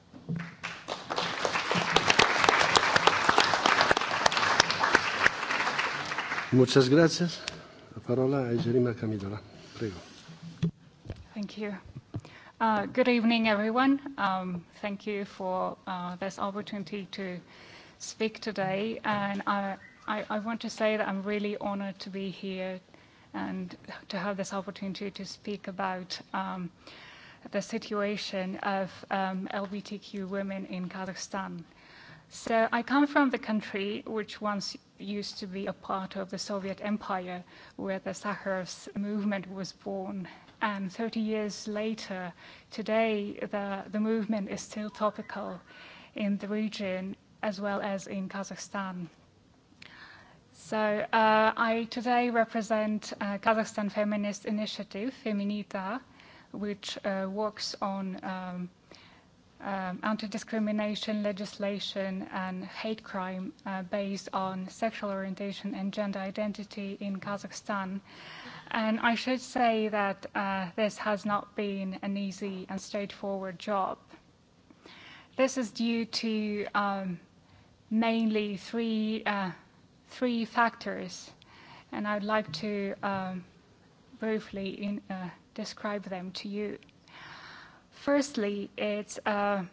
Muchas gracias. La palabra a Jerima Camidola. Prego. Thank you. Uh, good evening, everyone. Um, thank you for uh, this opportunity to speak today. I want to say that I'm really honored to be here and to have this opportunity to speak about um, the situation of um, LGBTQ women in Kazakhstan. I come from the country which once used to be a part of the Soviet Empire, where the Sakharov movement was born and 30 years later, today the, the movement is still topical in the region as well as in Kazakhstan. So uh, I today represent uh, Kazakhstan Feminist Initiative, Feminita, which uh, works on um, um, anti-discrimination legislation and hate crime uh, based on sexual orientation and gender identity in Kazakhstan. Uh, And I should say that uh, this has not been an easy and straightforward job. This is due to um, mainly three, uh, three factors, and I'd like to um, briefly in, uh, describe them to you. Firstly, it's a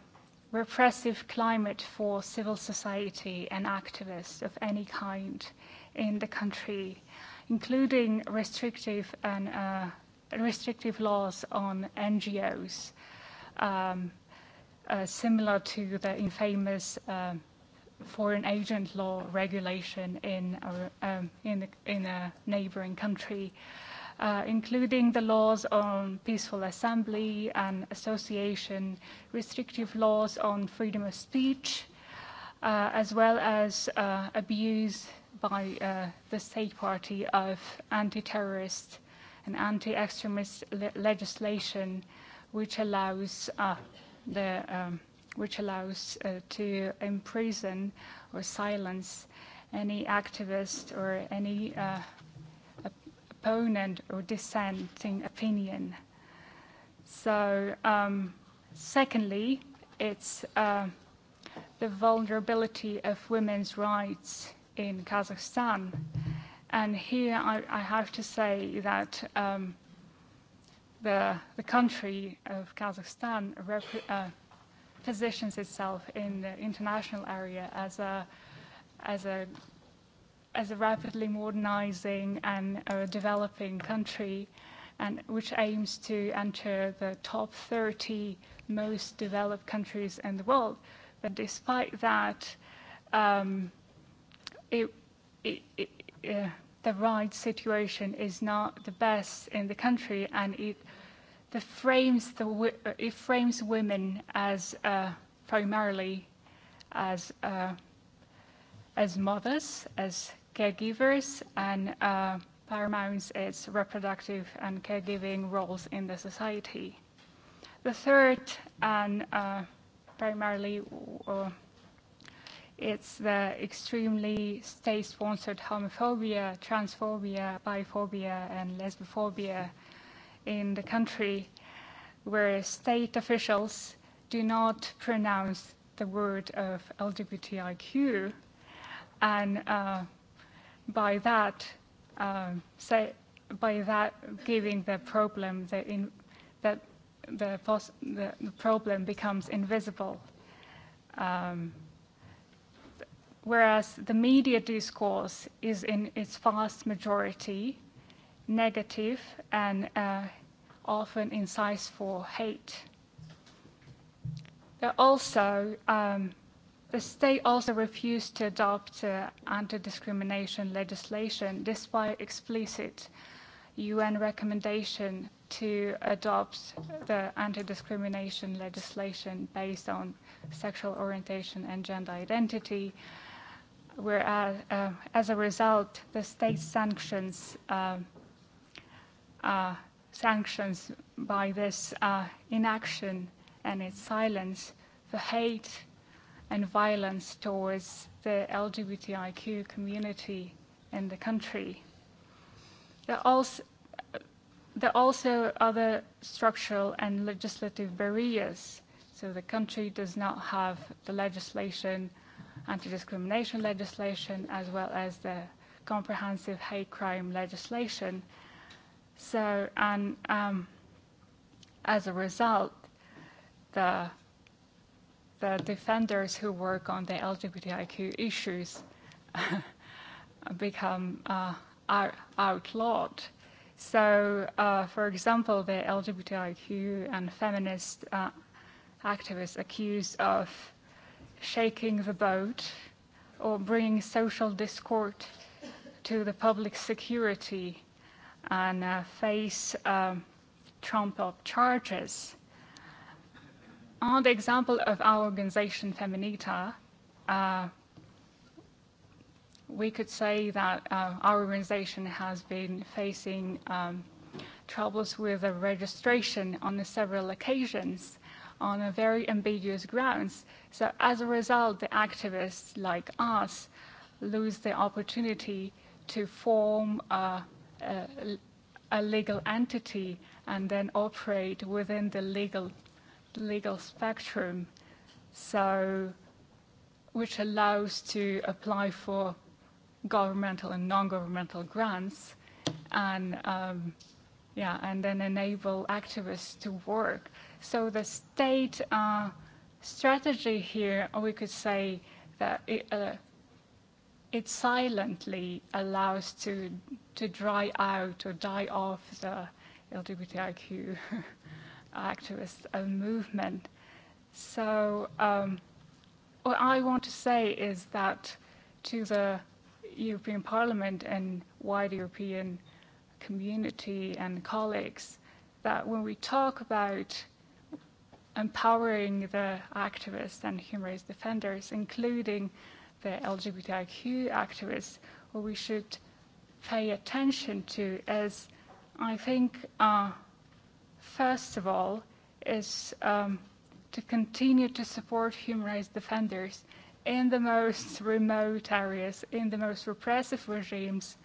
repressive climate for civil society and activists of any kind in the country including restrictive and uh, restrictive laws on NGOs, um, uh, similar to the infamous uh, foreign agent law regulation in a, uh, um, in, in a neighboring country. Uh, including the laws on peaceful assembly and association, restrictive laws on freedom of speech, uh, as well as uh, abuse by uh, the state party of anti-terrorist and anti-extremist le- legislation, which allows uh, the um, which allows uh, to imprison or silence any activist or any uh, op- opponent or dissenting opinion. So, um, secondly, it's uh, the vulnerability of women's rights in Kazakhstan. And here I, I have to say that um, the, the country of Kazakhstan rep- uh, positions itself in the international area as a, as a, as a rapidly modernizing and uh, developing country, and which aims to enter the top 30 most developed countries in the world. But despite that, um, the ride situation is not the best in the country and it the frames the it frames women as uh, primarily as uh, as mothers as caregivers and uh, paramounts its reproductive and caregiving roles in the society the third and uh, primarily uh, it's the extremely state-sponsored homophobia, transphobia, biphobia, and lesbophobia in the country, where state officials do not pronounce the word of LGBTIQ, and uh, by that, um, say, by that giving the problem the in, that the, pos- the, the problem becomes invisible. Um, whereas the media discourse is in its vast majority negative and uh, often incites for hate. But also, um, the state also refused to adopt uh, anti-discrimination legislation despite explicit UN recommendation to adopt the anti-discrimination legislation based on sexual orientation and gender identity. Uh, where, uh, uh, as a result, the state sanctions uh, sanctions by this inaction and its silence, the hate and violence towards the LGBTIQ community in the country. There are also other structural and legislative barriers, so the country does not have the legislation anti-discrimination legislation as well as the comprehensive hate crime legislation. So, and um, as a result, the the defenders who work on the LGBTIQ issues become uh, out, outlawed. So, uh, for example, the LGBTIQ and feminist uh, activists accused of shaking the boat or bringing social discord to the public security and uh, face uh, Trump up charges. On the example of our organization, Feminita, uh, we could say that uh, our organization has been facing um, troubles with a registration on several occasions on a very ambiguous grounds. So as a result, the activists like us lose the opportunity to form a, a, a legal entity and then operate within the legal legal spectrum. So which allows to apply for governmental and non-governmental grants and um, yeah, and then enable activists to work. The state uh, strategy here, we could say that it, uh, it silently allows to to dry out or die off the LGBTIQ activist uh, movement. So um, what I want to say is that to the European Parliament and wide European community and colleagues, that when we talk about empowering the activists and human rights defenders, including the LGBTIQ activists, what we should pay attention to is, I think, uh, first of all, is um, to continue to support human rights defenders in the most remote areas, in the most repressive regimes,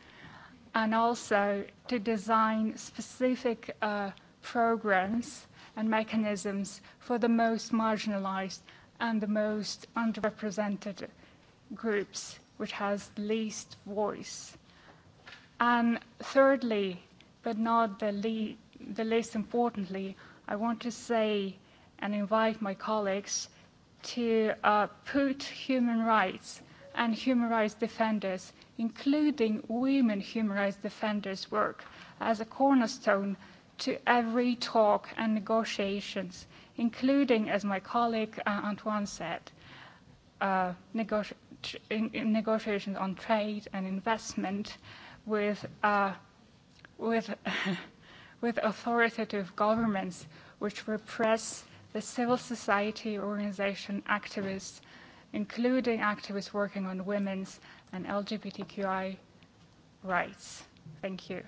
and also to design specific uh, programs and mechanisms for the most marginalized and the most underrepresented groups, which has the least voice. And thirdly, but not the, le- the least importantly, I want to say and invite my colleagues to uh, put human rights and human rights defenders, including women human rights defenders' work, as a cornerstone to every talk and negotiations, including, as my colleague uh, Antoine said, uh, negoti- in, in negotiations on trade and investment with, uh, with, with authoritative governments which repress the civil society organization activists, including activists working on women's and LGBTQI rights. Thank you.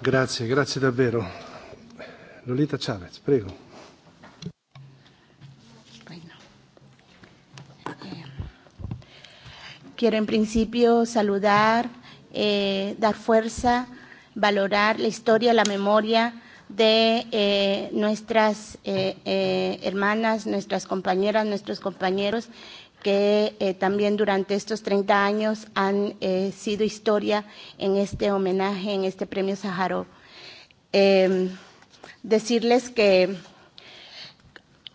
Grazie, grazie davvero. Lolita Chavez, prego. Quiero en principio saludar, eh, dar fuerza, valorar la historia, la memoria de eh, nuestras eh, eh, hermanas, nuestras compañeras, nuestros compañeros que eh, también durante estos 30 años han eh, sido historia en este homenaje, en este premio Saharo. Eh, decirles que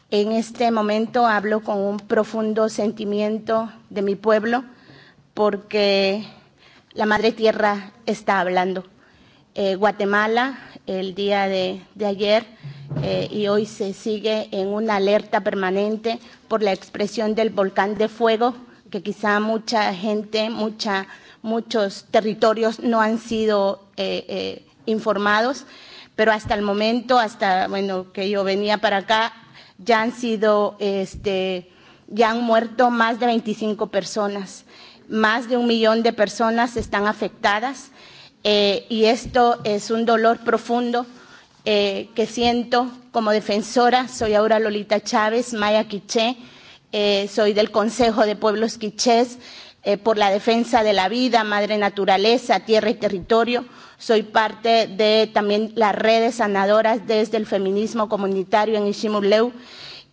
en este momento hablo con un profundo sentimiento de mi pueblo porque la Madre Tierra está hablando. Eh, Guatemala, el día de, de ayer, uh -huh eh, y hoy se sigue en una alerta permanente por la expresión del volcán de fuego, que quizá mucha gente, mucha, muchos territorios no han sido eh, eh, informados, pero hasta el momento, hasta bueno, que yo venía para acá, ya han sido este, ya han muerto más de 25 personas, más de un millón de personas están afectadas eh, y esto es un dolor profundo eh, que siento como defensora. Soy ahora Lolita Chávez, Maya Quiché, eh, soy del Consejo de Pueblos Quichés eh, por la defensa de la vida, madre naturaleza, tierra y territorio. Soy parte de también las redes sanadoras desde el feminismo comunitario en Ishimuleu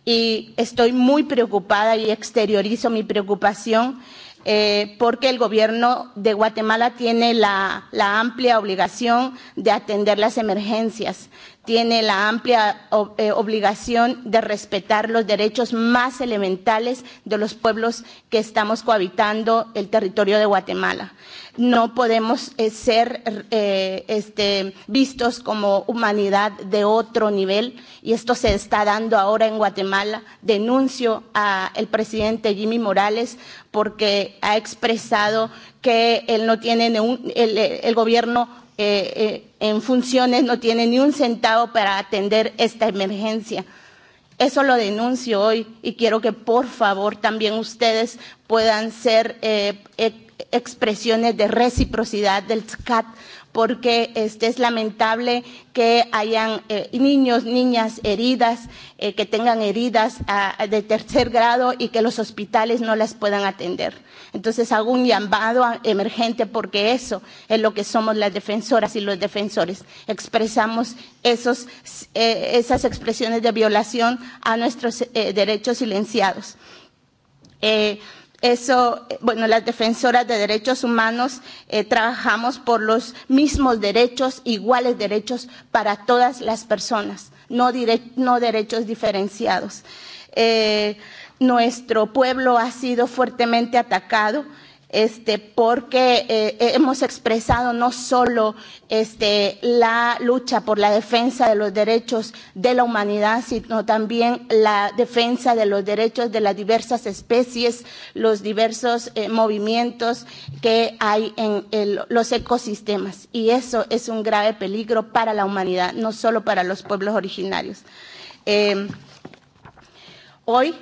y estoy muy preocupada y exteriorizo mi preocupación eh, porque el gobierno de Guatemala tiene la, la amplia obligación de atender las emergencias tiene la amplia ob eh, obligación de respetar los derechos más elementales de los pueblos que estamos cohabitando el territorio de Guatemala. No podemos eh, ser eh, este, vistos como humanidad de otro nivel y esto se está dando ahora en Guatemala. Denuncio al presidente Jimmy Morales porque ha expresado que él no tiene ningún, el, el gobierno eh, eh, en funciones no tiene ni un centavo para atender esta emergencia. Eso lo denuncio hoy y quiero que por favor también ustedes puedan ser eh, eh, expresiones de reciprocidad del SCAT porque este, es lamentable que hayan eh, niños, niñas heridas, eh, que tengan heridas a, ah, a de tercer grado y que los hospitales no las puedan atender. Entonces hago un llamado emergente porque eso es lo que somos las defensoras y los defensores. Expresamos esos, eh, esas expresiones de violación a nuestros eh, derechos silenciados. Eh, eso, eh, bueno, las defensoras de derechos humanos eh, trabajamos por los mismos derechos, iguales derechos para todas las personas, no, dire no derechos diferenciados. Eh, nuestro pueblo ha sido fuertemente atacado este, porque eh, eh, hemos expresado no solo este, la lucha por la defensa de los derechos de la humanidad, sino también la defensa de los derechos de las diversas especies, los diversos eh, movimientos que hay en el, los ecosistemas. Y eso es un grave peligro para la humanidad, no solo para los pueblos originarios. Eh, Hoy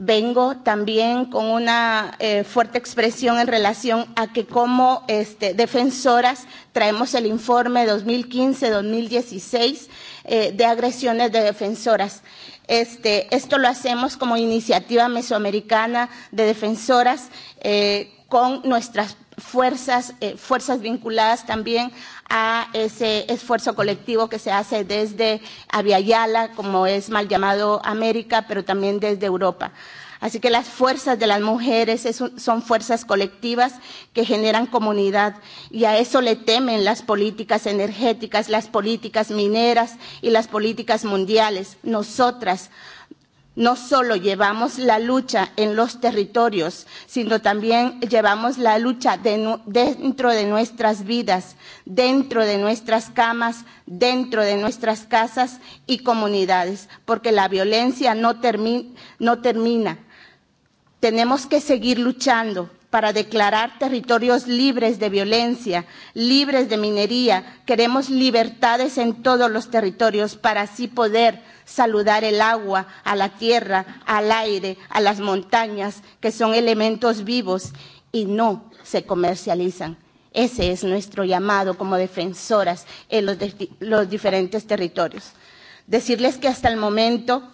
vengo también con una eh, fuerte expresión en relación a que como este, defensoras traemos el informe 2015-2016 eh, de agresiones de defensoras. Este, esto lo hacemos como iniciativa mesoamericana de defensoras eh, con nuestras fuerzas, eh, fuerzas vinculadas también a ese esfuerzo colectivo que se hace desde Aviala, como es mal llamado América, pero también desde Europa. Así que las fuerzas de las mujeres son fuerzas colectivas que generan comunidad y a eso le temen las políticas energéticas, las políticas mineras y las políticas mundiales. Nosotras, No solo llevamos la lucha en los territorios, sino también llevamos la lucha de, dentro de nuestras vidas, dentro de nuestras camas, dentro de nuestras casas y comunidades, porque la violencia no, termi no termina. Tenemos que seguir luchando para declarar territorios libres de violencia, libres de minería. Queremos libertades en todos los territorios para así poder saludar el agua, a la tierra, al aire, a las montañas, que son elementos vivos y no se comercializan. Ese es nuestro llamado como defensoras en los, de los diferentes territorios. Decirles que hasta el momento,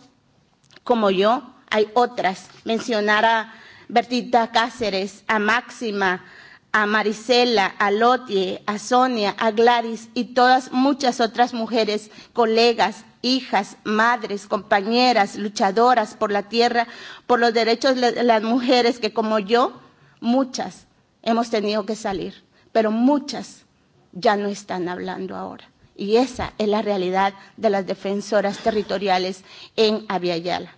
como yo, hay otras. Mencionar a, Bertita Cáceres, a Máxima, a Marisela, a Lotie, a Sonia, a Gladys y todas muchas otras mujeres, colegas, hijas, madres, compañeras, luchadoras por la tierra, por los derechos de las mujeres que como yo, muchas hemos tenido que salir, pero muchas ya no están hablando ahora. Y esa es la realidad de las defensoras territoriales en Aviala.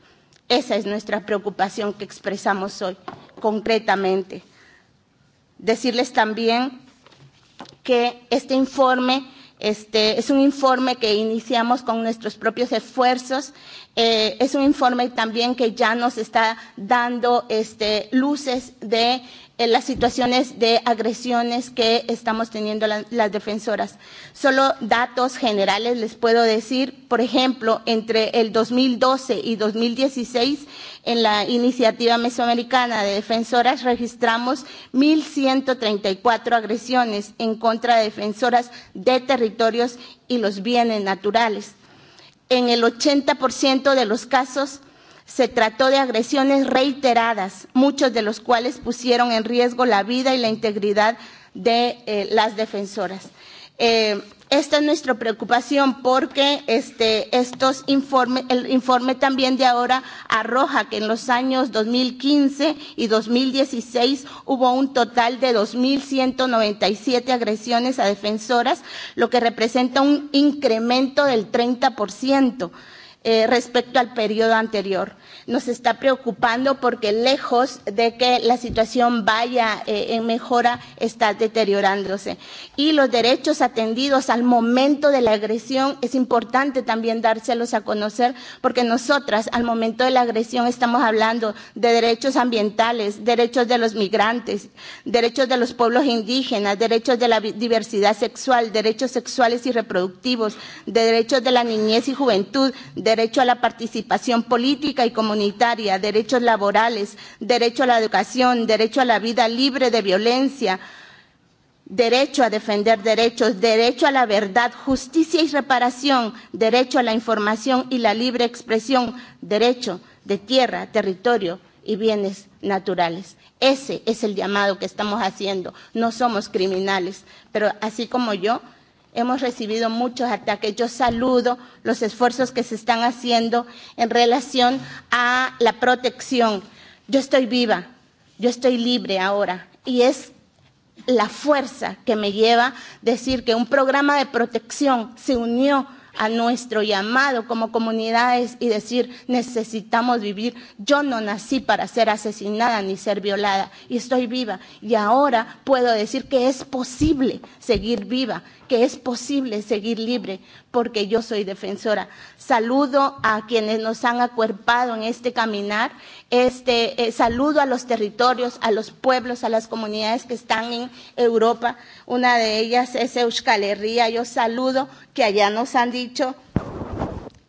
Esa es nuestra preocupación que expresamos hoy concretamente. Decirles también que este informe este, es un informe que iniciamos con nuestros propios esfuerzos, eh, es un informe también que ya nos está dando este, luces de en las situaciones de agresiones que estamos teniendo la, las defensoras. Solo datos generales les puedo decir, por ejemplo, entre el 2012 y 2016, en la iniciativa mesoamericana de defensoras registramos 1.134 agresiones en contra de defensoras de territorios y los bienes naturales. En el 80% de los casos, Se trató de agresiones reiteradas, muchos de los cuales pusieron en riesgo la vida y la integridad de eh, las defensoras. Eh, esta es nuestra preocupación porque este, estos informe, el informe también de ahora arroja que en los años 2015 y 2016 hubo un total de 2.197 agresiones a defensoras, lo que representa un incremento del 30 por ciento eh, respecto al periodo anterior. Nos está preocupando porque lejos de que la situación vaya eh, en mejora, está deteriorándose. Y los derechos atendidos al momento de la agresión es importante también dárselos a conocer porque nosotras al momento de la agresión estamos hablando de derechos ambientales, derechos de los migrantes, derechos de los pueblos indígenas, derechos de la diversidad sexual, derechos sexuales y reproductivos, de derechos de la niñez y juventud, de derecho a la participación política y comunitaria, derechos laborales, derecho a la educación, derecho a la vida libre de violencia, derecho a defender derechos, derecho a la verdad, justicia y reparación, derecho a la información y la libre expresión, derecho de tierra, territorio y bienes naturales. Ese es el llamado que estamos haciendo. No somos criminales, pero así como yo, Hemos recibido muchos ataques. Yo saludo los esfuerzos que se están haciendo en relación a la protección. Yo estoy viva, yo estoy libre ahora y es la fuerza que me lleva decir que un programa de protección se unió a nuestro llamado como comunidades y decir necesitamos vivir. Yo no nací para ser asesinada ni ser violada y estoy viva y ahora puedo decir que es posible seguir viva que es posible seguir libre porque yo soy defensora. Saludo a quienes nos han acuerpado en este caminar, este, eh, saludo a los territorios, a los pueblos, a las comunidades que están en Europa. Una de ellas es Euskal Herria. Yo saludo que allá nos han dicho,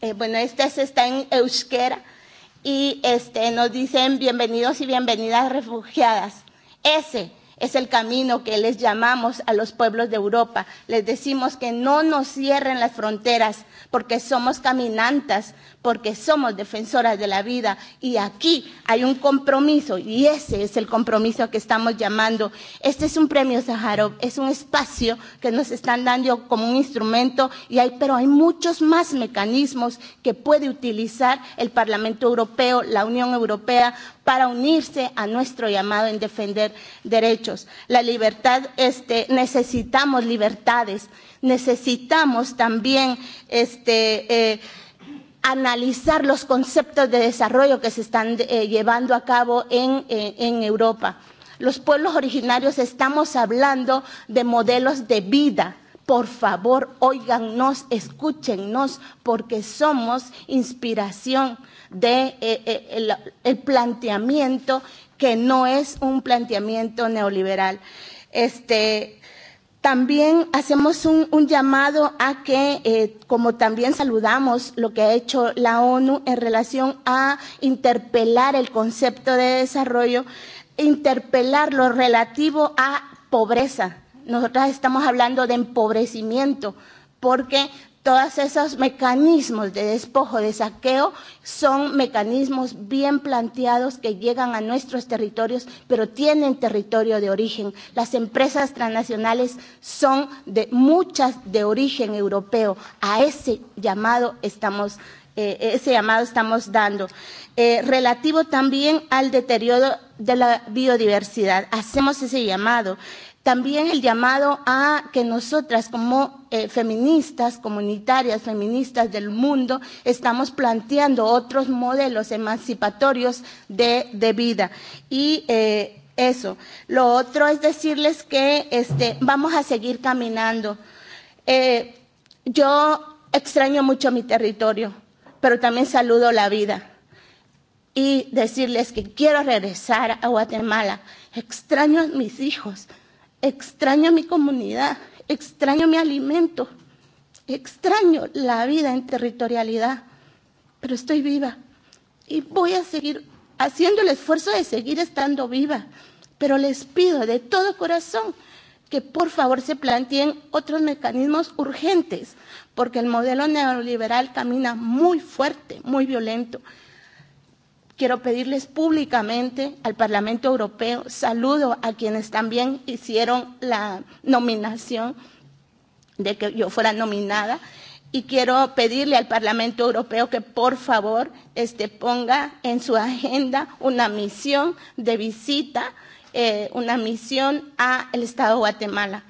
eh, bueno, este está en Euskera y este, nos dicen bienvenidos y bienvenidas refugiadas. Ese, Es el camino que les llamamos a los pueblos de Europa. Les decimos que no nos cierren las fronteras porque somos caminantas, porque somos defensoras de la vida y aquí hay un compromiso y ese es el compromiso que estamos llamando. Este es un premio Sájarov, es un espacio que nos están dando como un instrumento, y hay, pero hay muchos más mecanismos que puede utilizar el Parlamento Europeo, la Unión Europea, para unirse a nuestro llamado en defender derechos. La libertad, este, necesitamos libertades, necesitamos también este, eh, analizar los conceptos de desarrollo que se están eh, llevando a cabo en, eh, en Europa. Los pueblos originarios estamos hablando de modelos de vida. Por favor, óigannos, escúchennos, porque somos inspiración del de, eh, eh, el, el planteamiento que no es un planteamiento neoliberal. Este, también hacemos un, un llamado a que, eh, como también saludamos lo que ha hecho la ONU en relación a interpelar el concepto de desarrollo, interpelar lo relativo a pobreza. Nosotras estamos hablando de empobrecimiento, porque todos esos mecanismos de despojo, de saqueo, son mecanismos bien planteados que llegan a nuestros territorios, pero tienen territorio de origen. Las empresas transnacionales son de muchas de origen europeo. A ese llamado estamos, eh, ese llamado estamos dando. Eh, relativo también al deterioro de la biodiversidad. Hacemos ese llamado también el llamado a que nosotras como eh, feministas, comunitarias, feministas del mundo, estamos planteando otros modelos emancipatorios de, de vida. Y eh, eso, lo otro es decirles que este, vamos a seguir caminando. Eh, yo extraño mucho mi territorio, pero también saludo la vida. Y decirles que quiero regresar a Guatemala. Extraño a mis hijos, extraño a mi comunidad, extraño mi alimento, extraño la vida en territorialidad, pero estoy viva y voy a seguir haciendo el esfuerzo de seguir estando viva. Pero les pido de todo corazón que por favor se planteen otros mecanismos urgentes, porque el modelo neoliberal camina muy fuerte, muy violento. Quiero pedirles públicamente al Parlamento Europeo, saludo a quienes también hicieron la nominación de que yo fuera nominada, y quiero pedirle al Parlamento Europeo que por favor este, ponga en su agenda una misión de visita, eh, una misión al Estado de Guatemala.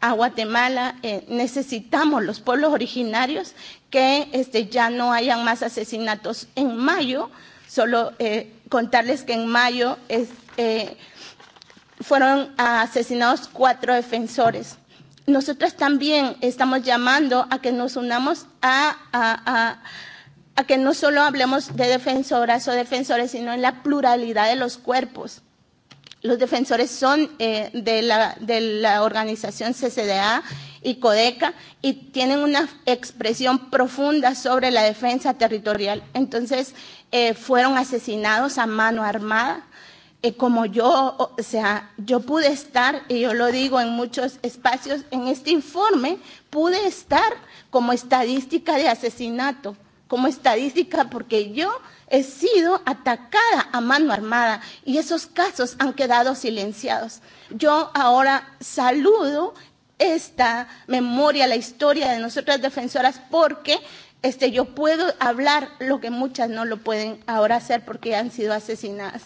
A Guatemala eh, necesitamos los pueblos originarios que este, ya no hayan más asesinatos. En mayo solo eh, contarles que en mayo es, eh, fueron asesinados cuatro defensores. Nosotras también estamos llamando a que nos unamos a, a, a, a que no solo hablemos de defensoras o defensores, sino en la pluralidad de los cuerpos. Los defensores son eh, de, la, de la organización CCDA y CODECA y tienen una expresión profunda sobre la defensa territorial. Entonces, eh, fueron asesinados a mano armada. Eh, como yo, o sea, yo pude estar, y yo lo digo en muchos espacios, en este informe pude estar como estadística de asesinato, como estadística porque yo he sido atacada a mano armada y esos casos han quedado silenciados. Yo ahora saludo esta memoria, la historia de nosotras defensoras, porque este, yo puedo hablar lo que muchas no lo pueden ahora hacer porque han sido asesinadas.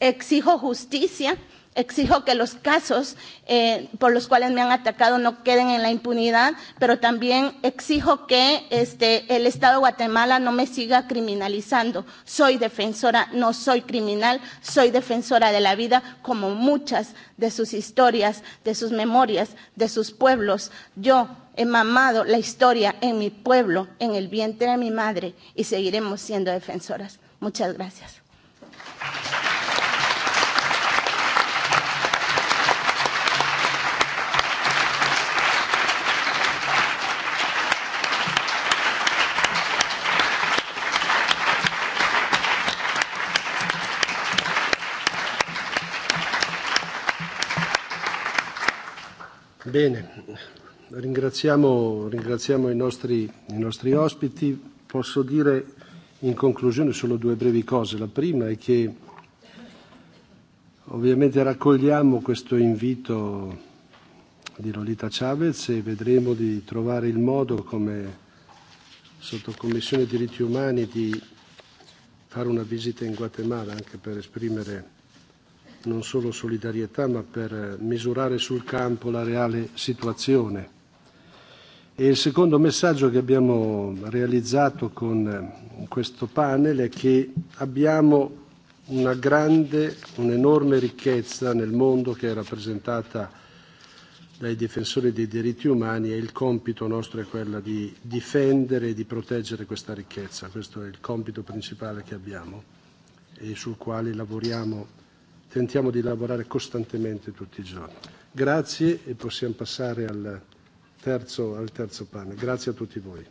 Exijo justicia, exijo que los casos eh, por los cuales me han atacado no queden en la impunidad, pero también exijo que este, el Estado de Guatemala no me siga criminalizando. Soy defensora, no soy criminal, soy defensora de la vida, como muchas de sus historias, de sus memorias, de sus pueblos. Yo he mamado la historia en mi pueblo, en el vientre de mi madre, y seguiremos siendo defensoras. Muchas gracias. Thank you. Bene, ringraziamo, ringraziamo i, nostri, i nostri ospiti. Posso dire in conclusione solo due brevi cose. La prima è che ovviamente raccogliamo questo invito di Lolita Chavez e vedremo di trovare il modo come sottocommissione diritti umani di fare una visita in Guatemala anche per esprimere non solo solidarietà, ma per misurare sul campo la reale situazione. E il secondo messaggio che abbiamo realizzato con eh, questo panel è che abbiamo una grande, un'enorme ricchezza nel mondo che è rappresentata dai difensori dei diritti umani e il compito nostro è quello di difendere e di proteggere questa ricchezza. Questo è il compito principale che abbiamo e sul quale lavoriamo tentiamo di lavorare costantemente tutti i giorni. Grazie e possiamo passare al terzo, al terzo panel. Grazie a tutti voi.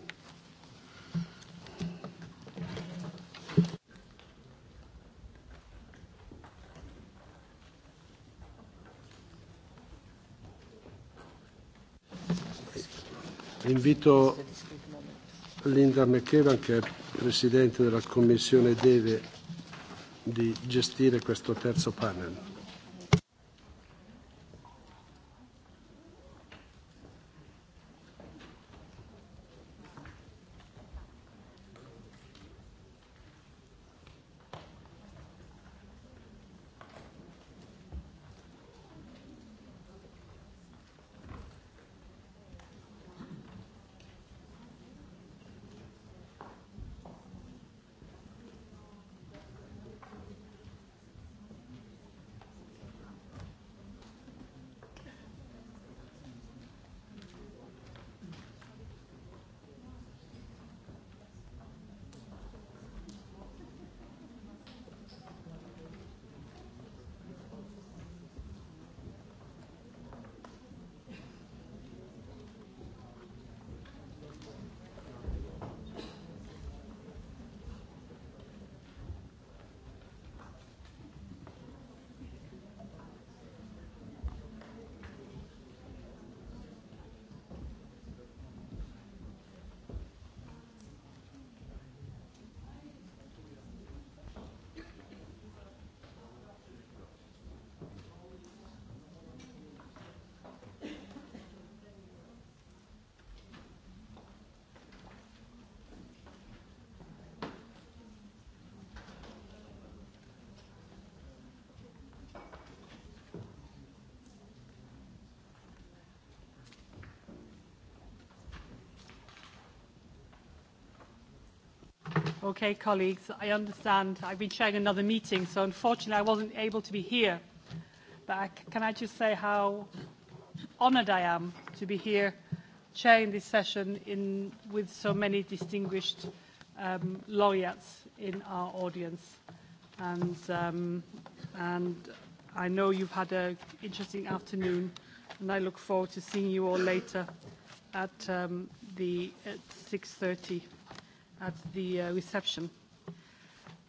Invito Linda McKevan, che è Presidente della Commissione Deve di gestire questo terzo panel. Okay, colleagues, I understand I've been chairing another meeting, so unfortunately I wasn't able to be here. But I, can I just say how honoured I am to be here chairing this session in, with so many distinguished um, laureates in our audience. And, um, and I know you've had an interesting afternoon, and I look forward to seeing you all later at, um, at 6.30 at the uh, reception.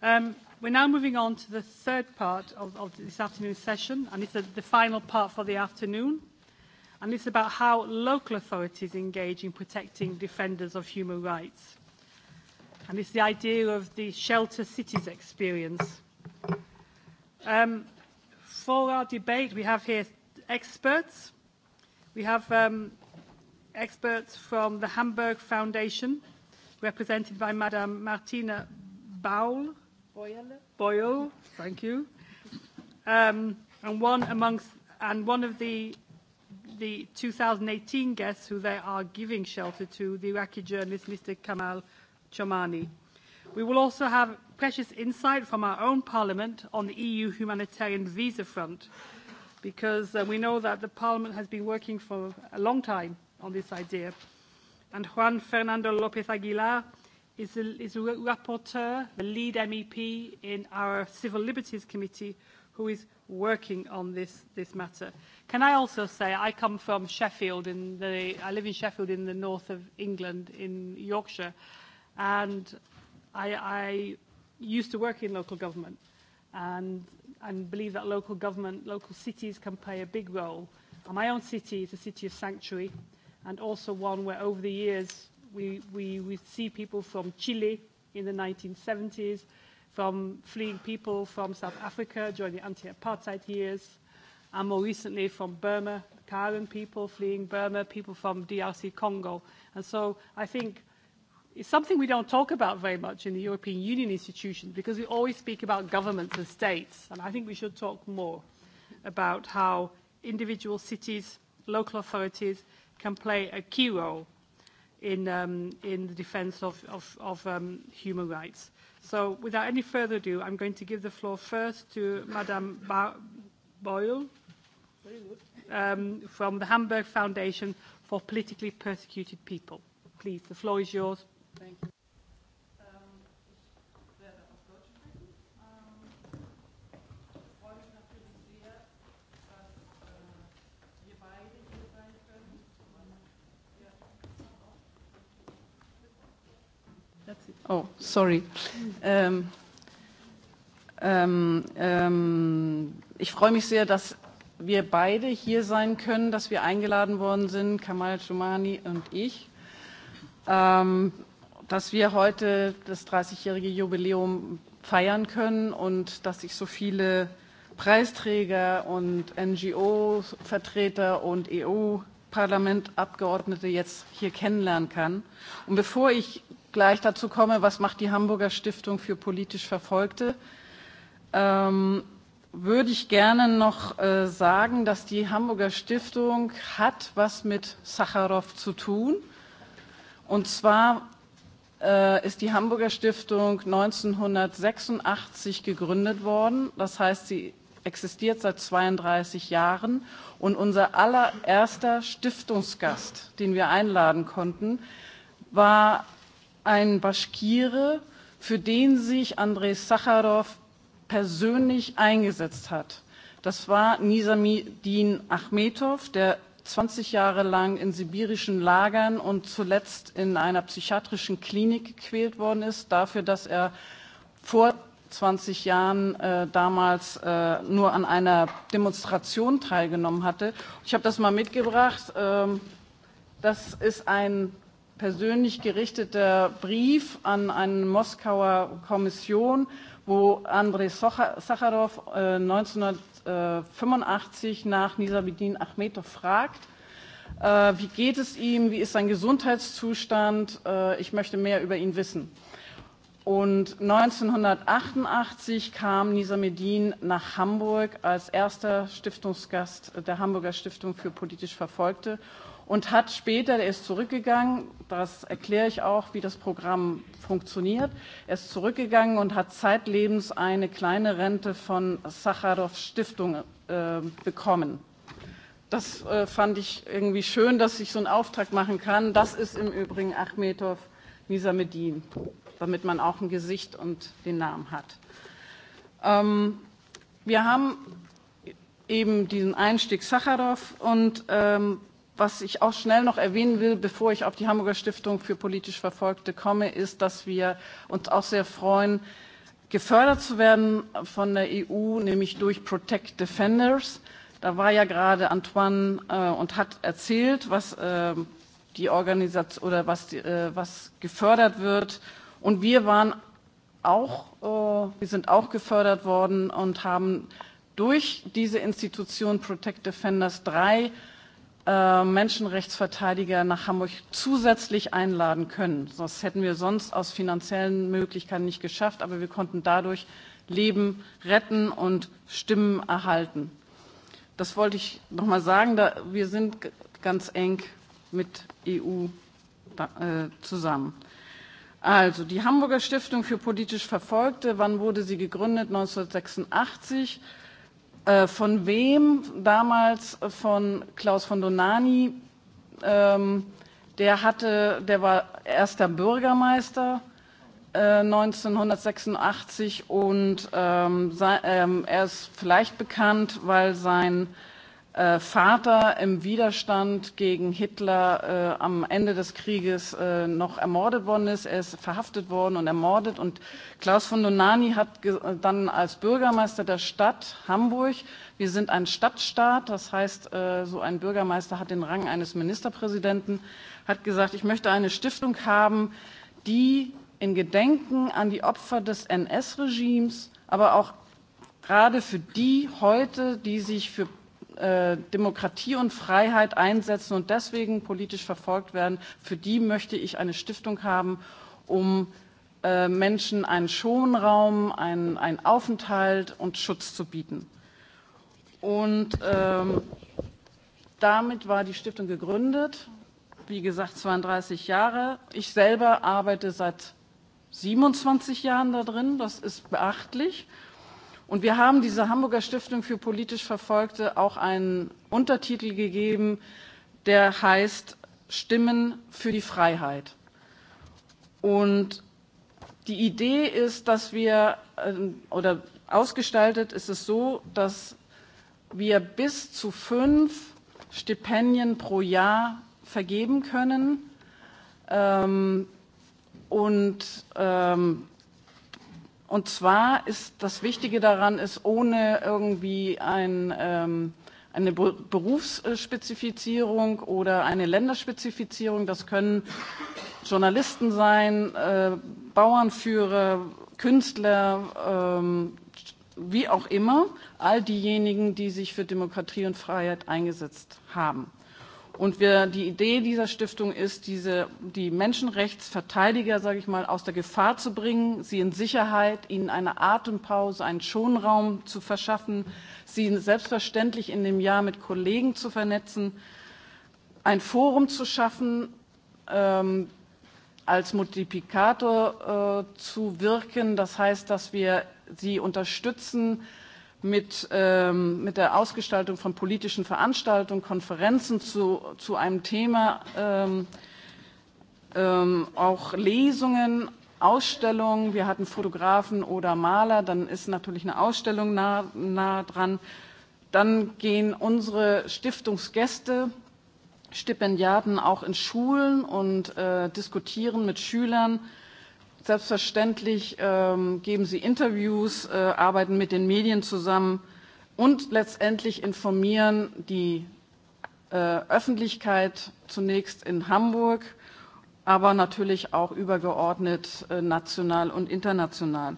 Um, we're now moving on to the third part of, of this afternoon's session, and it's a, the final part for the afternoon. And it's about how local authorities engage in protecting defenders of human rights. And it's the idea of the shelter cities experience. Um, for our debate, we have here experts. We have um, experts from the Hamburg Foundation, represented by Madame Martina Boyle. Boyle, thank you. Um, and one amongst, and one of the, the 2018 guests who they are giving shelter to, the Iraqi journalist Mr. Kamal Chomani. We will also have precious insight from our own parliament on the EU humanitarian visa front, because uh, we know that the parliament has been working for a long time on this idea and Juan Fernando López Aguilar is the, is the rapporteur, the lead MEP in our Civil Liberties Committee, who is working on this, this matter. Can I also say I come from Sheffield, in the, I live in Sheffield in the north of England, in Yorkshire, and I, I used to work in local government and, and believe that local government, local cities can play a big role. My own city is a city of sanctuary and also one where over the years we, we, we see people from Chile in the 1970s, from fleeing people from South Africa during the anti apartheid years, and more recently from Burma, Karen people fleeing Burma, people from DRC Congo. And so I think it's something we don't talk about very much in the European Union institutions because we always speak about governments and states. And I think we should talk more about how individual cities, local authorities, can play a key role in um, in the defence of of, of um, human rights. So, without any further ado, I'm going to give the floor first to Madame ba- Boyle um, from the Hamburg Foundation for Politically Persecuted People. Please, the floor is yours. Thank you. Oh, sorry. Ähm, ähm, ähm, ich freue mich sehr, dass wir beide hier sein können, dass wir eingeladen worden sind, Kamal Schumani und ich, ähm, dass wir heute das 30-jährige Jubiläum feiern können und dass sich so viele Preisträger und NGO-Vertreter und EU-Parlamentabgeordnete jetzt hier kennenlernen kann. Und bevor ich gleich dazu komme, was macht die Hamburger Stiftung für politisch Verfolgte, ähm, würde ich gerne noch äh, sagen, dass die Hamburger Stiftung hat was mit Sacharow zu tun. Und zwar äh, ist die Hamburger Stiftung 1986 gegründet worden. Das heißt, sie existiert seit 32 Jahren. Und unser allererster Stiftungsgast, den wir einladen konnten, war ein Bashkire, für den sich Andrei Sacharow persönlich eingesetzt hat. Das war Nizamidin Akhmetov, der 20 Jahre lang in sibirischen Lagern und zuletzt in einer psychiatrischen Klinik gequält worden ist, dafür, dass er vor 20 Jahren äh, damals äh, nur an einer Demonstration teilgenommen hatte. Ich habe das mal mitgebracht. Ähm, das ist ein persönlich gerichteter Brief an eine Moskauer Kommission, wo Andrei Sacharow 1985 äh, nach Nisabedin Ahmedov fragt, äh, wie geht es ihm, wie ist sein Gesundheitszustand, äh, ich möchte mehr über ihn wissen. Und 1988 kam Nisamedin nach Hamburg als erster Stiftungsgast der Hamburger Stiftung für politisch Verfolgte und hat später, er ist zurückgegangen, das erkläre ich auch, wie das Programm funktioniert, er ist zurückgegangen und hat zeitlebens eine kleine Rente von Sacharow Stiftung äh, bekommen. Das äh, fand ich irgendwie schön, dass ich so einen Auftrag machen kann. Das ist im Übrigen Achmetow Nisamedin, damit man auch ein Gesicht und den Namen hat. Ähm, wir haben eben diesen Einstieg Sacharow und ähm, Was ich auch schnell noch erwähnen will, bevor ich auf die Hamburger Stiftung für politisch Verfolgte komme, ist, dass wir uns auch sehr freuen, gefördert zu werden von der EU, nämlich durch Protect Defenders. Da war ja gerade Antoine äh, und hat erzählt, was äh, die Organisation oder was, die, äh, was gefördert wird. Und wir waren auch, äh, wir sind auch gefördert worden und haben durch diese Institution Protect Defenders drei Äh, Menschenrechtsverteidiger nach Hamburg zusätzlich einladen können. Das hätten wir sonst aus finanziellen Möglichkeiten nicht geschafft, aber wir konnten dadurch Leben retten und Stimmen erhalten. Das wollte ich nochmal sagen. Da wir sind ganz eng mit EU da, äh, zusammen. Also, die Hamburger Stiftung für politisch Verfolgte, wann wurde sie gegründet? 1986. Äh, von wem damals? Von Klaus von Donani. Ähm, der hatte, der war erster Bürgermeister äh, 1986 und ähm, sei, ähm, er ist vielleicht bekannt, weil sein äh, äh, Vater im Widerstand gegen Hitler äh, am Ende des Krieges äh, noch ermordet worden ist. Er ist verhaftet worden und ermordet. Und Klaus von Donani hat dann als Bürgermeister der Stadt Hamburg, wir sind ein Stadtstaat, das heißt, äh, so ein Bürgermeister hat den Rang eines Ministerpräsidenten, hat gesagt, ich möchte eine Stiftung haben, die in Gedenken an die Opfer des NS-Regimes, aber auch gerade für die heute, die sich für Äh, Demokratie und Freiheit einsetzen und deswegen politisch verfolgt werden, für die möchte ich eine Stiftung haben, um äh, Menschen einen Schonraum, einen, einen Aufenthalt und Schutz zu bieten. Und ähm, damit war die Stiftung gegründet, wie gesagt, 32 Jahre. Ich selber arbeite seit 27 Jahren da drin, das ist beachtlich. Und wir haben dieser Hamburger Stiftung für politisch Verfolgte auch einen Untertitel gegeben, der heißt Stimmen für die Freiheit. Und die Idee ist, dass wir, äh, oder ausgestaltet ist es so, dass wir bis zu fünf Stipendien pro Jahr vergeben können. Ähm, und ähm, Und zwar ist das Wichtige daran, ist ohne irgendwie ein, ähm, eine Berufsspezifizierung oder eine Länderspezifizierung, das können Journalisten sein, äh, Bauernführer, Künstler, ähm, wie auch immer, all diejenigen, die sich für Demokratie und Freiheit eingesetzt haben. Und wir, die Idee dieser Stiftung ist, diese, die Menschenrechtsverteidiger, sage ich mal, aus der Gefahr zu bringen, sie in Sicherheit, ihnen eine Atempause, einen Schonraum zu verschaffen, sie selbstverständlich in dem Jahr mit Kollegen zu vernetzen, ein Forum zu schaffen, ähm, als Multiplikator äh, zu wirken. Das heißt, dass wir sie unterstützen, äh, mit, ähm, mit der Ausgestaltung von politischen Veranstaltungen, Konferenzen zu, zu einem Thema, ähm, ähm, auch Lesungen, Ausstellungen. Wir hatten Fotografen oder Maler, dann ist natürlich eine Ausstellung nah, nah dran. Dann gehen unsere Stiftungsgäste, Stipendiaten auch in Schulen und äh, diskutieren mit Schülern. Selbstverständlich ähm, geben sie Interviews, äh, arbeiten mit den Medien zusammen und letztendlich informieren die äh, Öffentlichkeit zunächst in Hamburg, aber natürlich auch übergeordnet äh, national und international.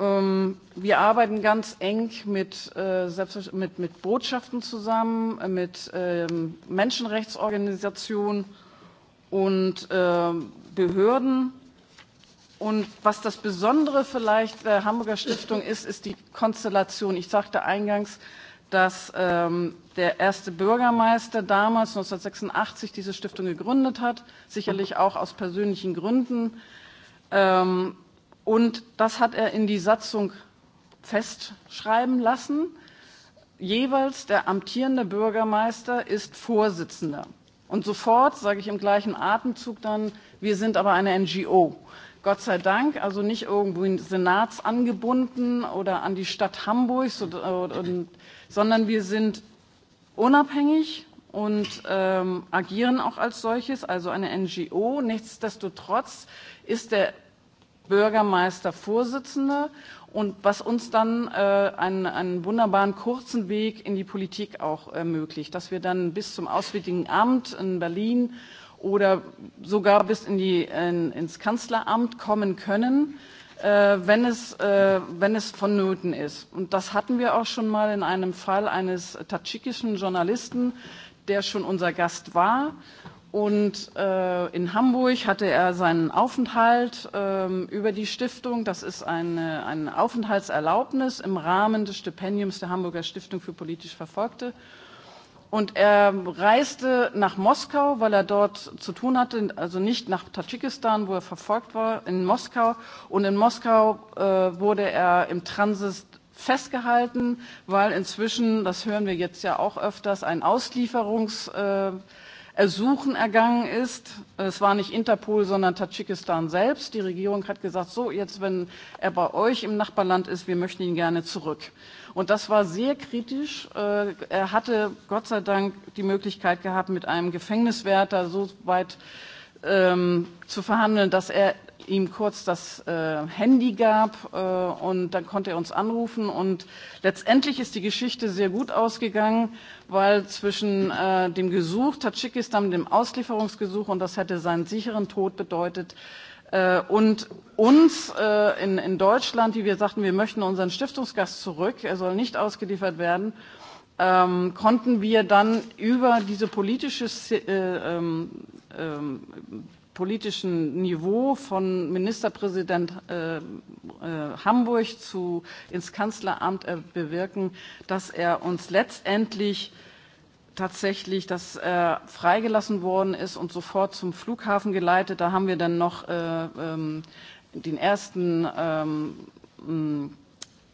Ähm, wir arbeiten ganz eng mit, äh, mit, mit Botschaften zusammen, äh, mit ähm, Menschenrechtsorganisationen und ähm, Behörden. Und was das Besondere vielleicht der Hamburger Stiftung ist, ist die Konstellation. Ich sagte eingangs, dass ähm, der erste Bürgermeister damals 1986 diese Stiftung gegründet hat, sicherlich auch aus persönlichen Gründen. Ähm, und das hat er in die Satzung festschreiben lassen. Jeweils der amtierende Bürgermeister ist Vorsitzender. Und sofort sage ich im gleichen Atemzug dann, wir sind aber eine NGO. Gott sei Dank, also nicht irgendwo in Senats angebunden oder an die Stadt Hamburgs, sondern wir sind unabhängig und ähm, agieren auch als solches, also eine NGO. Nichtsdestotrotz ist der Bürgermeister Vorsitzende und was uns dann äh, einen, einen wunderbaren kurzen Weg in die Politik auch ermöglicht, dass wir dann bis zum Auswärtigen Amt in Berlin äh, oder sogar bis in die, in, ins Kanzleramt kommen können, äh, wenn, es, äh, wenn es vonnöten ist. Und das hatten wir auch schon mal in einem Fall eines tadschikischen Journalisten, der schon unser Gast war. Und äh, in Hamburg hatte er seinen Aufenthalt ähm, über die Stiftung. Das ist eine, ein Aufenthaltserlaubnis im Rahmen des Stipendiums der Hamburger Stiftung für politisch Verfolgte. Und er reiste nach Moskau, weil er dort zu tun hatte, also nicht nach Tadschikistan, wo er verfolgt war, in Moskau. Und in Moskau äh, wurde er im Transit festgehalten, weil inzwischen, das hören wir jetzt ja auch öfters, ein Auslieferungs. Äh, Ersuchen ergangen ist. Es war nicht Interpol, sondern Tadschikistan selbst. Die Regierung hat gesagt, so jetzt, wenn er bei euch im Nachbarland ist, wir möchten ihn gerne zurück. Und das war sehr kritisch. Äh, er hatte Gott sei Dank die Möglichkeit gehabt, mit einem Gefängniswärter so weit ähm, zu verhandeln, dass er ihm kurz das äh, Handy gab äh, und dann konnte er uns anrufen. Und letztendlich ist die Geschichte sehr gut ausgegangen, weil zwischen äh, dem Gesuch Tadschikistan, dem Auslieferungsgesuch, und das hätte seinen sicheren Tod bedeutet, äh, und uns äh, in, in Deutschland, die wir sagten, wir möchten unseren Stiftungsgast zurück, er soll nicht ausgeliefert werden, ähm, konnten wir dann über diese politische äh, ähm, ähm, politischen Niveau von Ministerpräsident äh, äh, Hamburg zu ins Kanzleramt äh, bewirken, dass er uns letztendlich tatsächlich, dass er freigelassen worden ist und sofort zum Flughafen geleitet. Da haben wir dann noch äh, ähm, den ersten ähm,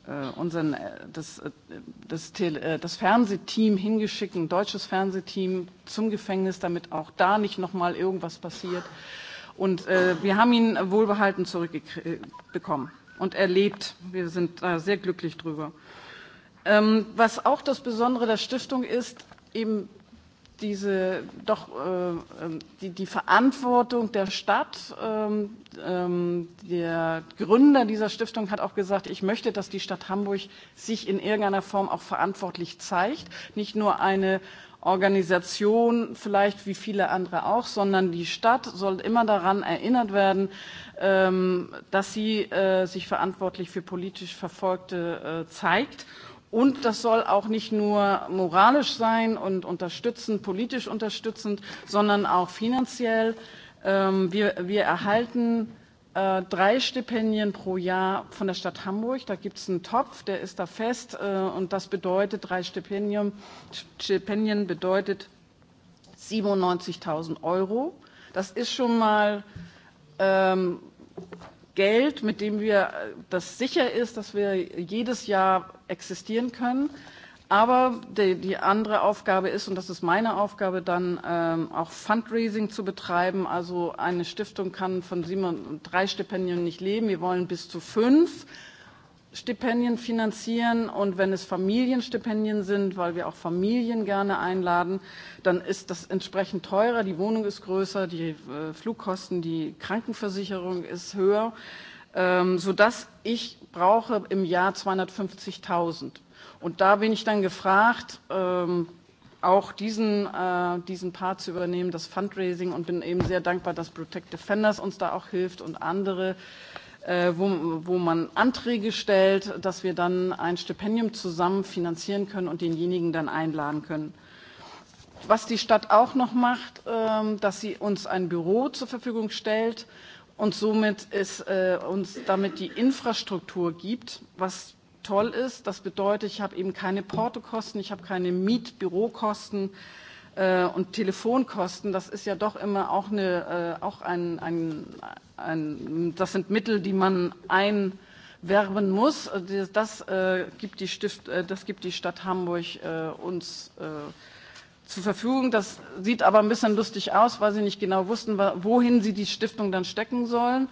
Äh, unseren äh, das, äh, das, das Fernsehteam hingeschickt, ein deutsches Fernsehteam zum Gefängnis, damit auch da nicht nochmal irgendwas passiert. Und äh, wir haben ihn wohlbehalten zurückbekommen und er lebt. Wir sind da sehr glücklich drüber. Ähm, was auch das Besondere der Stiftung ist, eben diese doch äh, die, die Verantwortung der Stadt. Ähm, ähm, der Gründer dieser Stiftung hat auch gesagt, ich möchte, dass die Stadt Hamburg sich in irgendeiner Form auch verantwortlich zeigt. Nicht nur eine Organisation vielleicht wie viele andere auch, sondern die Stadt soll immer daran erinnert werden, ähm, dass sie äh, sich verantwortlich für politisch Verfolgte äh, zeigt. Und das soll auch nicht nur moralisch sein und unterstützend, politisch unterstützend, sondern auch finanziell. Ähm, wir, wir erhalten äh, drei Stipendien pro Jahr von der Stadt Hamburg. Da gibt es einen Topf, der ist da fest. Äh, und das bedeutet, drei Stipendien, Stipendien bedeutet 97.000 Euro. Das ist schon mal. Ähm, Geld, mit dem wir das sicher ist, dass wir jedes Jahr existieren können. Aber die, die andere Aufgabe ist, und das ist meine Aufgabe, dann ähm, auch Fundraising zu betreiben. Also eine Stiftung kann von sieben, drei Stipendien nicht leben. Wir wollen bis zu fünf. Stipendien finanzieren und wenn es Familienstipendien sind, weil wir auch Familien gerne einladen, dann ist das entsprechend teurer, die Wohnung ist größer, die äh, Flugkosten, die Krankenversicherung ist höher, ähm, sodass ich brauche im Jahr 250.000. Und da bin ich dann gefragt, ähm, auch diesen, äh, diesen Part zu übernehmen, das Fundraising und bin eben sehr dankbar, dass Protect Defenders uns da auch hilft und andere äh, wo, wo man Anträge stellt, dass wir dann ein Stipendium zusammen finanzieren können und denjenigen dann einladen können. Was die Stadt auch noch macht, äh, dass sie uns ein Büro zur Verfügung stellt und somit ist, äh, uns damit die Infrastruktur gibt, was toll ist. Das bedeutet, ich habe eben keine Portokosten, ich habe keine Mietbürokosten. Äh, äh, und Telefonkosten, das ist ja doch immer auch eine, äh, auch ein, ein, ein, das sind Mittel, die man einwerben muss. Das, äh, das äh, gibt die Stift, äh, das gibt die Stadt Hamburg äh, uns. Äh, zur Verfügung. Das sieht aber ein bisschen lustig aus, weil sie nicht genau wussten, wohin sie die Stiftung dann stecken sollen.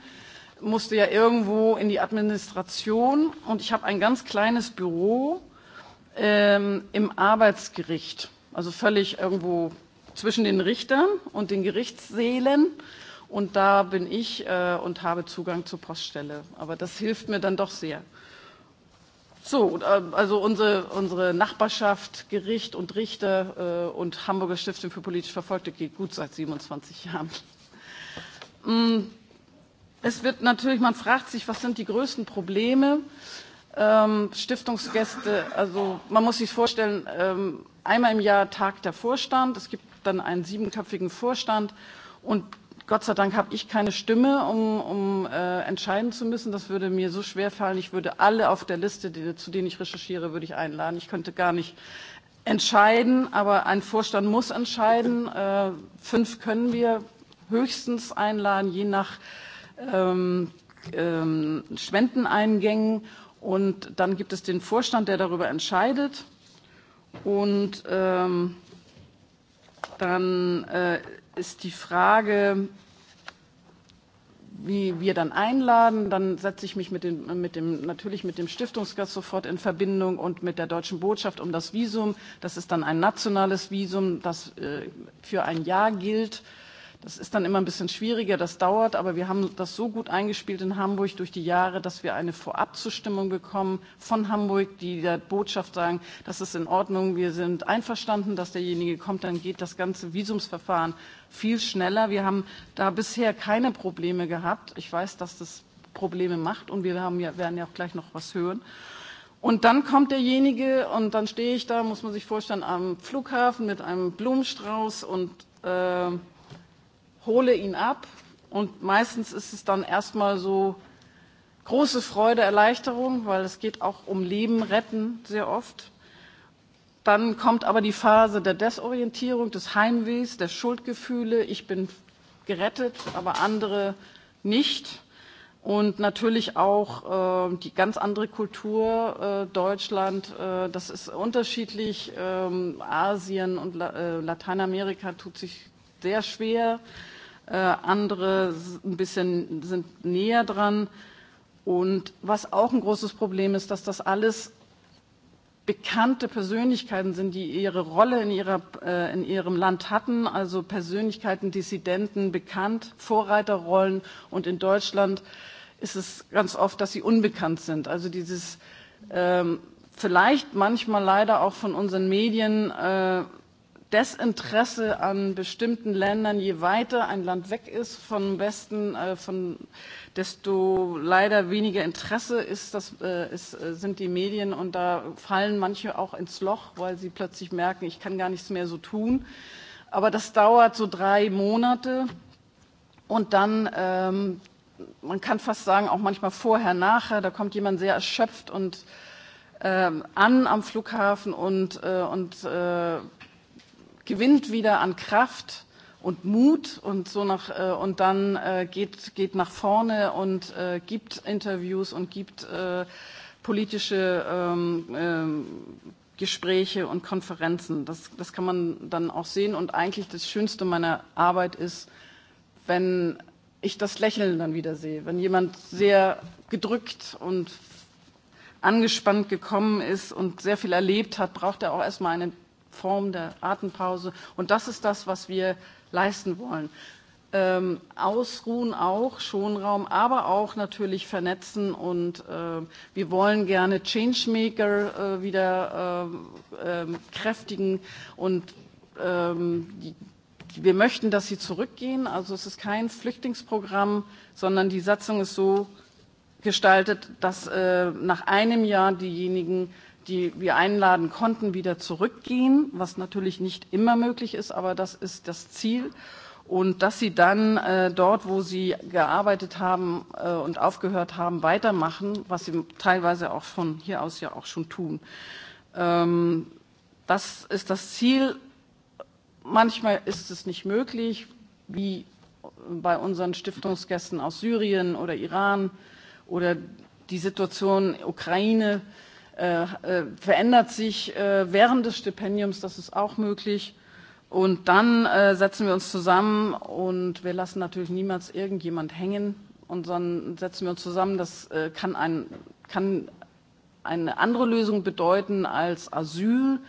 Musste ja irgendwo in die Administration. Und ich habe ein ganz kleines Büro ähm, im Arbeitsgericht also völlig irgendwo zwischen den Richtern und den Gerichtssälen. Und da bin ich äh, und habe Zugang zur Poststelle. Aber das hilft mir dann doch sehr. So, äh, also unsere, unsere Nachbarschaft, Gericht und Richter äh, und Hamburger Stiftung für politisch Verfolgte geht gut seit 27 Jahren. Mm, es wird natürlich, man fragt sich, was sind die größten Probleme? Ähm, Stiftungsgäste, also man muss sich vorstellen, ähm, einmal im Jahr tagt der Vorstand. Es gibt dann einen siebenköpfigen Vorstand. Und Gott sei Dank habe ich keine Stimme, um, um äh, entscheiden zu müssen. Das würde mir so schwer fallen. Ich würde alle auf der Liste, die, zu denen ich recherchiere, würde ich einladen. Ich könnte gar nicht entscheiden, aber ein Vorstand muss entscheiden. Äh, fünf können wir höchstens einladen, je nach ähm, ähm, Spendeneingängen. Und dann gibt es den Vorstand, der darüber entscheidet. Und ähm, dann äh, ist die Frage, wie wir dann einladen, dann setze ich mich mit dem, mit dem, natürlich mit dem Stiftungsgast sofort in Verbindung und mit der deutschen Botschaft um das Visum. Das ist dann ein nationales Visum, das äh, für ein Jahr gilt. Äh, Das ist dann immer ein bisschen schwieriger, das dauert, aber wir haben das so gut eingespielt in Hamburg durch die Jahre, dass wir eine Vorabzustimmung bekommen von Hamburg, die der Botschaft sagen, das ist in Ordnung, wir sind einverstanden, dass derjenige kommt, dann geht das ganze Visumsverfahren viel schneller. Wir haben da bisher keine Probleme gehabt. Ich weiß, dass das Probleme macht und wir haben ja, werden ja auch gleich noch was hören. Und dann kommt derjenige und dann stehe ich da, muss man sich vorstellen, am Flughafen mit einem Blumenstrauß und äh, hole ihn ab und meistens ist es dann erstmal so große Freude, Erleichterung, weil es geht auch um Leben retten sehr oft. Dann kommt aber die Phase der Desorientierung, des Heimwehs, der Schuldgefühle. Ich bin gerettet, aber andere nicht. Und natürlich auch äh, die ganz andere Kultur äh, Deutschland. Äh, das ist unterschiedlich. Ähm, Asien und La äh, Lateinamerika tut sich sehr schwer. Äh, äh, andere ein bisschen sind näher dran. Und was auch ein großes Problem ist, dass das alles bekannte Persönlichkeiten sind, die ihre Rolle in, ihrer, äh, in ihrem Land hatten, also Persönlichkeiten, Dissidenten, bekannt, Vorreiterrollen. Und in Deutschland ist es ganz oft, dass sie unbekannt sind. Also dieses ähm, vielleicht manchmal leider auch von unseren Medien äh, Desinteresse an bestimmten Ländern, je weiter ein Land weg ist vom Westen, äh, von, desto leider weniger Interesse ist das, äh, ist, äh, sind die Medien. Und da fallen manche auch ins Loch, weil sie plötzlich merken, ich kann gar nichts mehr so tun. Aber das dauert so drei Monate. Und dann, ähm, man kann fast sagen, auch manchmal vorher, nachher, da kommt jemand sehr erschöpft und ähm, an am Flughafen und, äh, und äh, gewinnt wieder an Kraft und Mut und so nach äh, und dann äh, geht geht nach vorne und äh, gibt Interviews und gibt äh, politische ähm, äh, Gespräche und Konferenzen. Das, das kann man dann auch sehen. Und eigentlich das Schönste meiner Arbeit ist, wenn ich das Lächeln dann wieder sehe, wenn jemand sehr gedrückt und angespannt gekommen ist und sehr viel erlebt hat, braucht er auch erstmal eine Form der Atempause. Und das ist das, was wir leisten wollen. Ähm, ausruhen auch, Schonraum, aber auch natürlich vernetzen. Und äh, wir wollen gerne Changemaker äh, wieder äh, äh, kräftigen. Und äh, die, wir möchten, dass sie zurückgehen. Also es ist kein Flüchtlingsprogramm, sondern die Satzung ist so gestaltet, dass äh, nach einem Jahr diejenigen, die wir einladen konnten, wieder zurückgehen, was natürlich nicht immer möglich ist, aber das ist das Ziel. Und dass sie dann äh, dort, wo sie gearbeitet haben äh, und aufgehört haben, weitermachen, was sie teilweise auch von hier aus ja auch schon tun. Ähm, das ist das Ziel. Manchmal ist es nicht möglich, wie bei unseren Stiftungsgästen aus Syrien oder Iran oder die Situation Ukraine. Äh, Äh, äh, verändert sich äh, während des Stipendiums, das ist auch möglich. Und dann äh, setzen wir uns zusammen und wir lassen natürlich niemals irgendjemand hängen. Und dann setzen wir uns zusammen. Das äh, kann, ein, kann eine andere Lösung bedeuten als Asyl.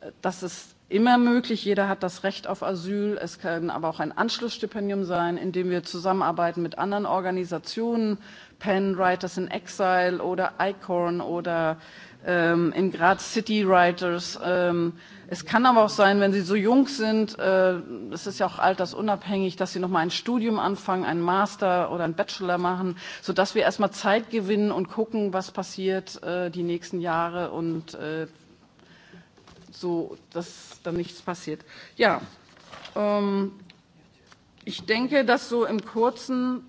Äh, das ist immer möglich. Jeder hat das Recht auf Asyl. Es kann aber auch ein Anschlussstipendium sein, indem wir zusammenarbeiten mit anderen Organisationen, PEN, Writers in Exile oder ICORN oder ähm, in Graz City Writers. Ähm, es kann aber auch sein, wenn Sie so jung sind, äh, es ist ja auch altersunabhängig, dass Sie noch mal ein Studium anfangen, einen Master oder einen Bachelor machen, sodass wir erstmal Zeit gewinnen und gucken, was passiert äh, die nächsten Jahre und äh, so, dass da nichts passiert. Ja, ähm, ich denke, dass so im Kurzen,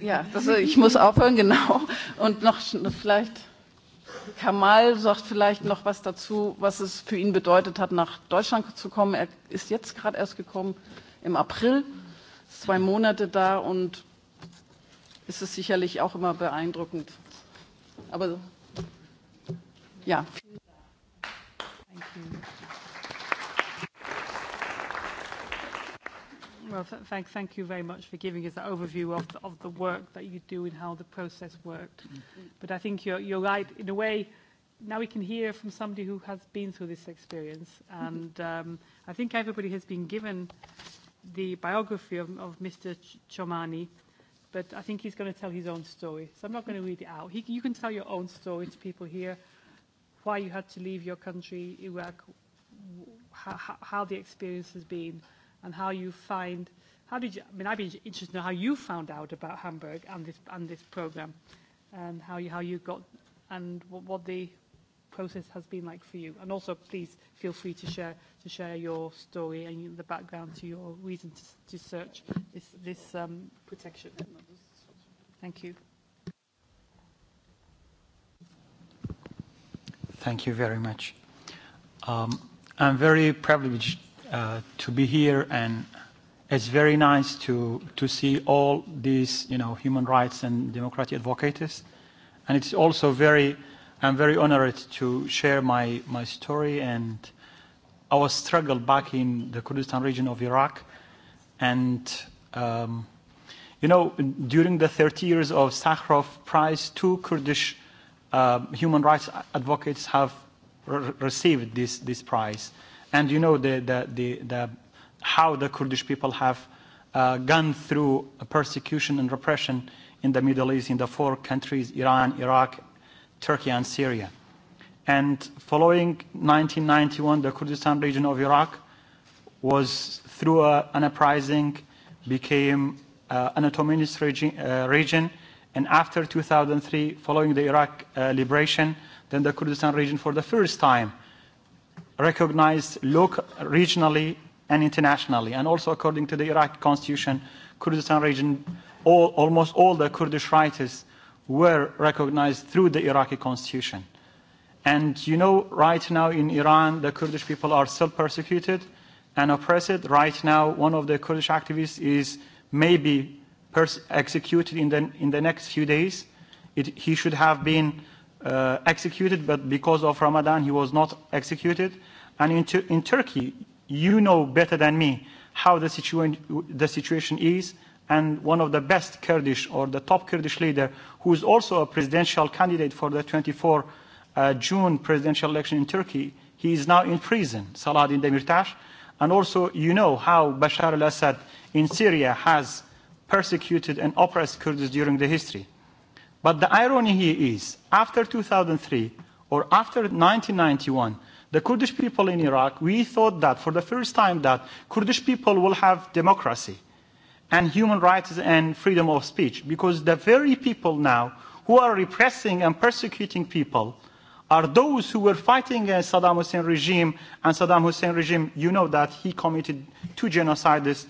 ja, das, er, ich muss aufhören, genau, und noch vielleicht, Kamal sagt vielleicht noch was dazu, was es für ihn bedeutet hat, nach Deutschland zu kommen. Er ist jetzt gerade erst gekommen, im April, ist zwei Monate da und ist es sicherlich auch immer beeindruckend. Aber ja. Mm. Well, thank, thank you very much for giving us that overview of the, of the work that you do and how the process worked. Mm -hmm. But I think you're, you're right. In a way, now we can hear from somebody who has been through this experience. Mm-hmm. And mm -hmm. um, I think everybody has been given the biography of, of Mr. Ch Chomani, but I think he's going to tell his own story. So I'm not going to read it out. He, you can tell your own story to people here why you had to leave your country, Iraq, how, how the experience has been, and how you find. How did you? I mean, I'd be interested to know how you found out about Hamburg and this and this program, and how you how you got, and what, what the process has been like for you. And also, please feel free to share to share your story and the background to your reason to, to search this this um, protection. Thank you. Thank you very much. Um, I'm very privileged uh, to be here, and it's very nice to, to see all these you know, human rights and democracy advocates. And it's also very, I'm very honored to share my, my story and our struggle back in the Kurdistan region of Iraq. And, um, you know, during the 30 years of Sakharov Prize, two Kurdish Um, human rights advocates have re received this this prize and you know the the the, the how the kurdish people have uh, gone through persecution and repression in the middle east in the four countries iran iraq turkey and syria and following 1991 the kurdistan region of iraq was through a, an uprising became uh, an autonomous regi uh, region region And after 2003, following the Iraq uh, liberation, then the Kurdistan region for the first time recognized local, regionally and internationally. And also according to the Iraq constitution, Kurdistan region, all, almost all the Kurdish writers were recognized through the Iraqi constitution. And you know, right now in Iran, the Kurdish people are still persecuted and oppressed. Right now, one of the Kurdish activists is maybe executed in the, in the next few days. It, he should have been uh, executed, but because of Ramadan, he was not executed. And in, tu in Turkey, you know better than me how the, situa the situation is. And one of the best Kurdish or the top Kurdish leader, who is also a presidential candidate for the 24 uh, June presidential election in Turkey, he is now in prison, Saladin Demirtas. And also, you know how Bashar al-Assad in Syria has persecuted and oppressed Kurds during the history. But the irony here is, after 2003 or after 1991, the Kurdish people in Iraq, we thought that for the first time that Kurdish people will have democracy and human rights and freedom of speech because the very people now who are repressing and persecuting people are those who were fighting against Saddam Hussein regime and Saddam Hussein regime, you know that he committed two genocides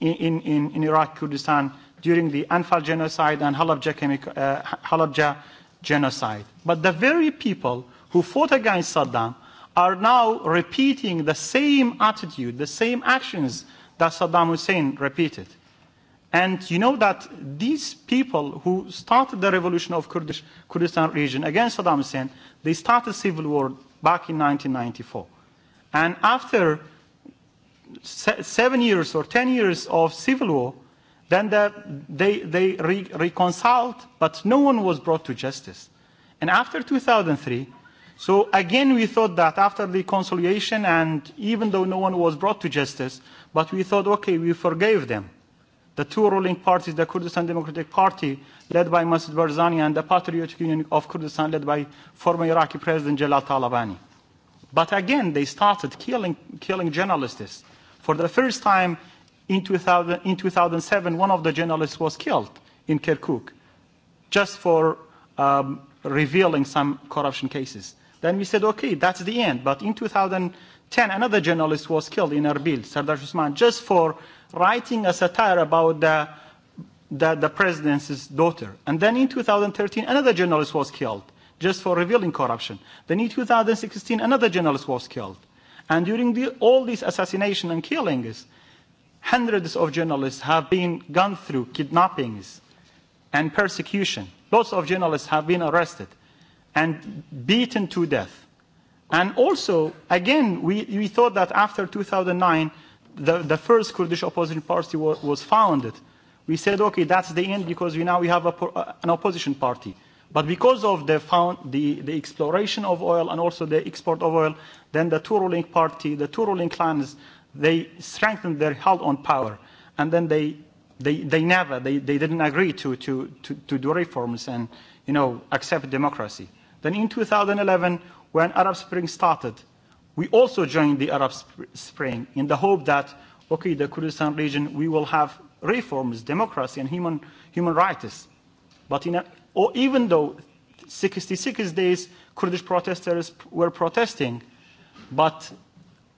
in, in, in Iraq, Kurdistan during the Anfal genocide and Halabja, chemical, uh, Halabja genocide. But the very people who fought against Saddam are now repeating the same attitude, the same actions that Saddam Hussein repeated. And you know that these people who started the revolution of Kurdish, Kurdistan region against Saddam Hussein, they started civil war back in 1994. And after se seven years or ten years of civil war, then the, they, they re reconciled, but no one was brought to justice. And after 2003, so again we thought that after the reconciliation, and even though no one was brought to justice, but we thought, okay, we forgave them. The two ruling parties, the Kurdistan Democratic Party, led by Masoud Barzani, and the Patriotic Union of Kurdistan, led by former Iraqi President Jalal Talabani. But again, they started killing, killing journalists. For the first time in, 2000, in 2007, one of the journalists was killed in Kirkuk just for um, revealing some corruption cases. Then we said, okay, that's the end. But in 2010, another journalist was killed in Erbil, Sardar Usman, just for writing a satire about the, the, the president's daughter. And then in 2013, another journalist was killed just for revealing corruption. Then in 2016, another journalist was killed. And during the, all these assassinations and killings, hundreds of journalists have been gone through kidnappings and persecution. Lots of journalists have been arrested and beaten to death. And also, again, we, we thought that after 2009, the, the first Kurdish opposition party was, was founded. We said, okay, that's the end because we, now we have a, an opposition party. But because of the, found, the, the exploration of oil and also the export of oil, then the two ruling party, the two ruling clans, they strengthened their hold on power. And then they, they, they never, they, they didn't agree to, to, to, to do reforms and, you know, accept democracy. Then in 2011, when Arab Spring started, we also joined the Arab Spring in the hope that, okay, the Kurdistan region, we will have reforms, democracy, and human, human rights. But in a, or even though 66 days Kurdish protesters were protesting, but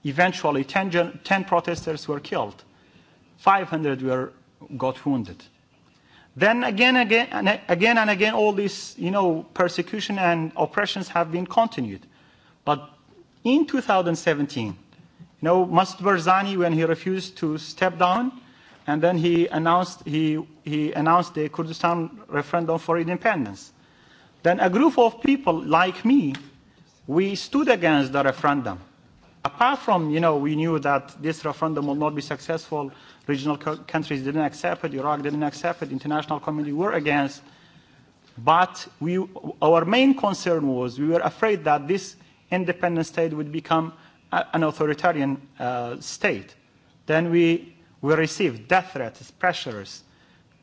eventually 10, 10 protesters were killed, 500 were, got wounded. Then again, again, again and again, all this you know, persecution and oppressions have been continued. But in 2017, you know, Masud Barzani, when he refused to step down, and then he announced he he announced the Kurdistan referendum for independence. Then a group of people like me, we stood against the referendum. Apart from you know we knew that this referendum will not be successful, regional co- countries didn't accept it, Iraq didn't accept it, international community were against. But we, our main concern was we were afraid that this independent state would become a, an authoritarian uh, state. Then we We received death threats, pressures,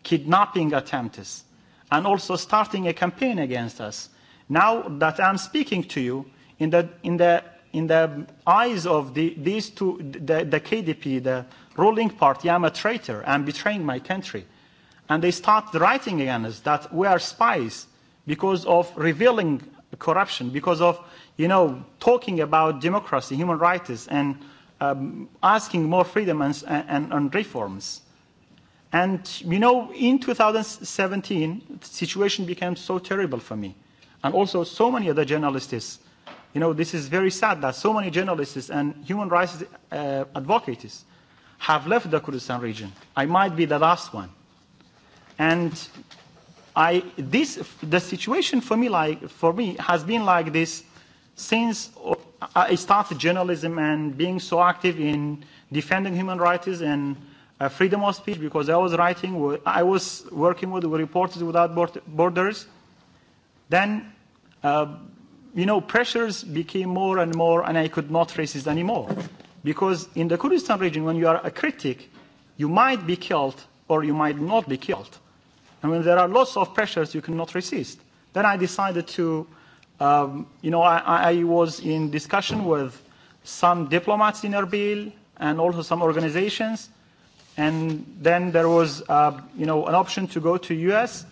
kidnapping attempts, and also starting a campaign against us. Now that I'm speaking to you, in the, in the, in the eyes of the, these two, the, the KDP, the ruling party, I'm a traitor. I'm betraying my country. And they start writing against us that we are spies because of revealing corruption, because of, you know, talking about democracy, human rights, and um, asking more freedom and, and, and reforms. And you know, in 2017, the situation became so terrible for me. And also, so many other journalists. You know, this is very sad that so many journalists and human rights uh, advocates have left the Kurdistan region. I might be the last one. And I, this, the situation for me, like, for me has been like this since uh, I started journalism and being so active in defending human rights and uh, freedom of speech, because I was writing, I was working with Reporters Without Borders, then, uh, you know, pressures became more and more, and I could not resist anymore. Because in the Kurdistan region, when you are a critic, you might be killed or you might not be killed. And when there are lots of pressures, you cannot resist. Then I decided to Um, you know, I, I was in discussion with some diplomats in Erbil and also some organizations. And then there was, uh, you know, an option to go to U.S.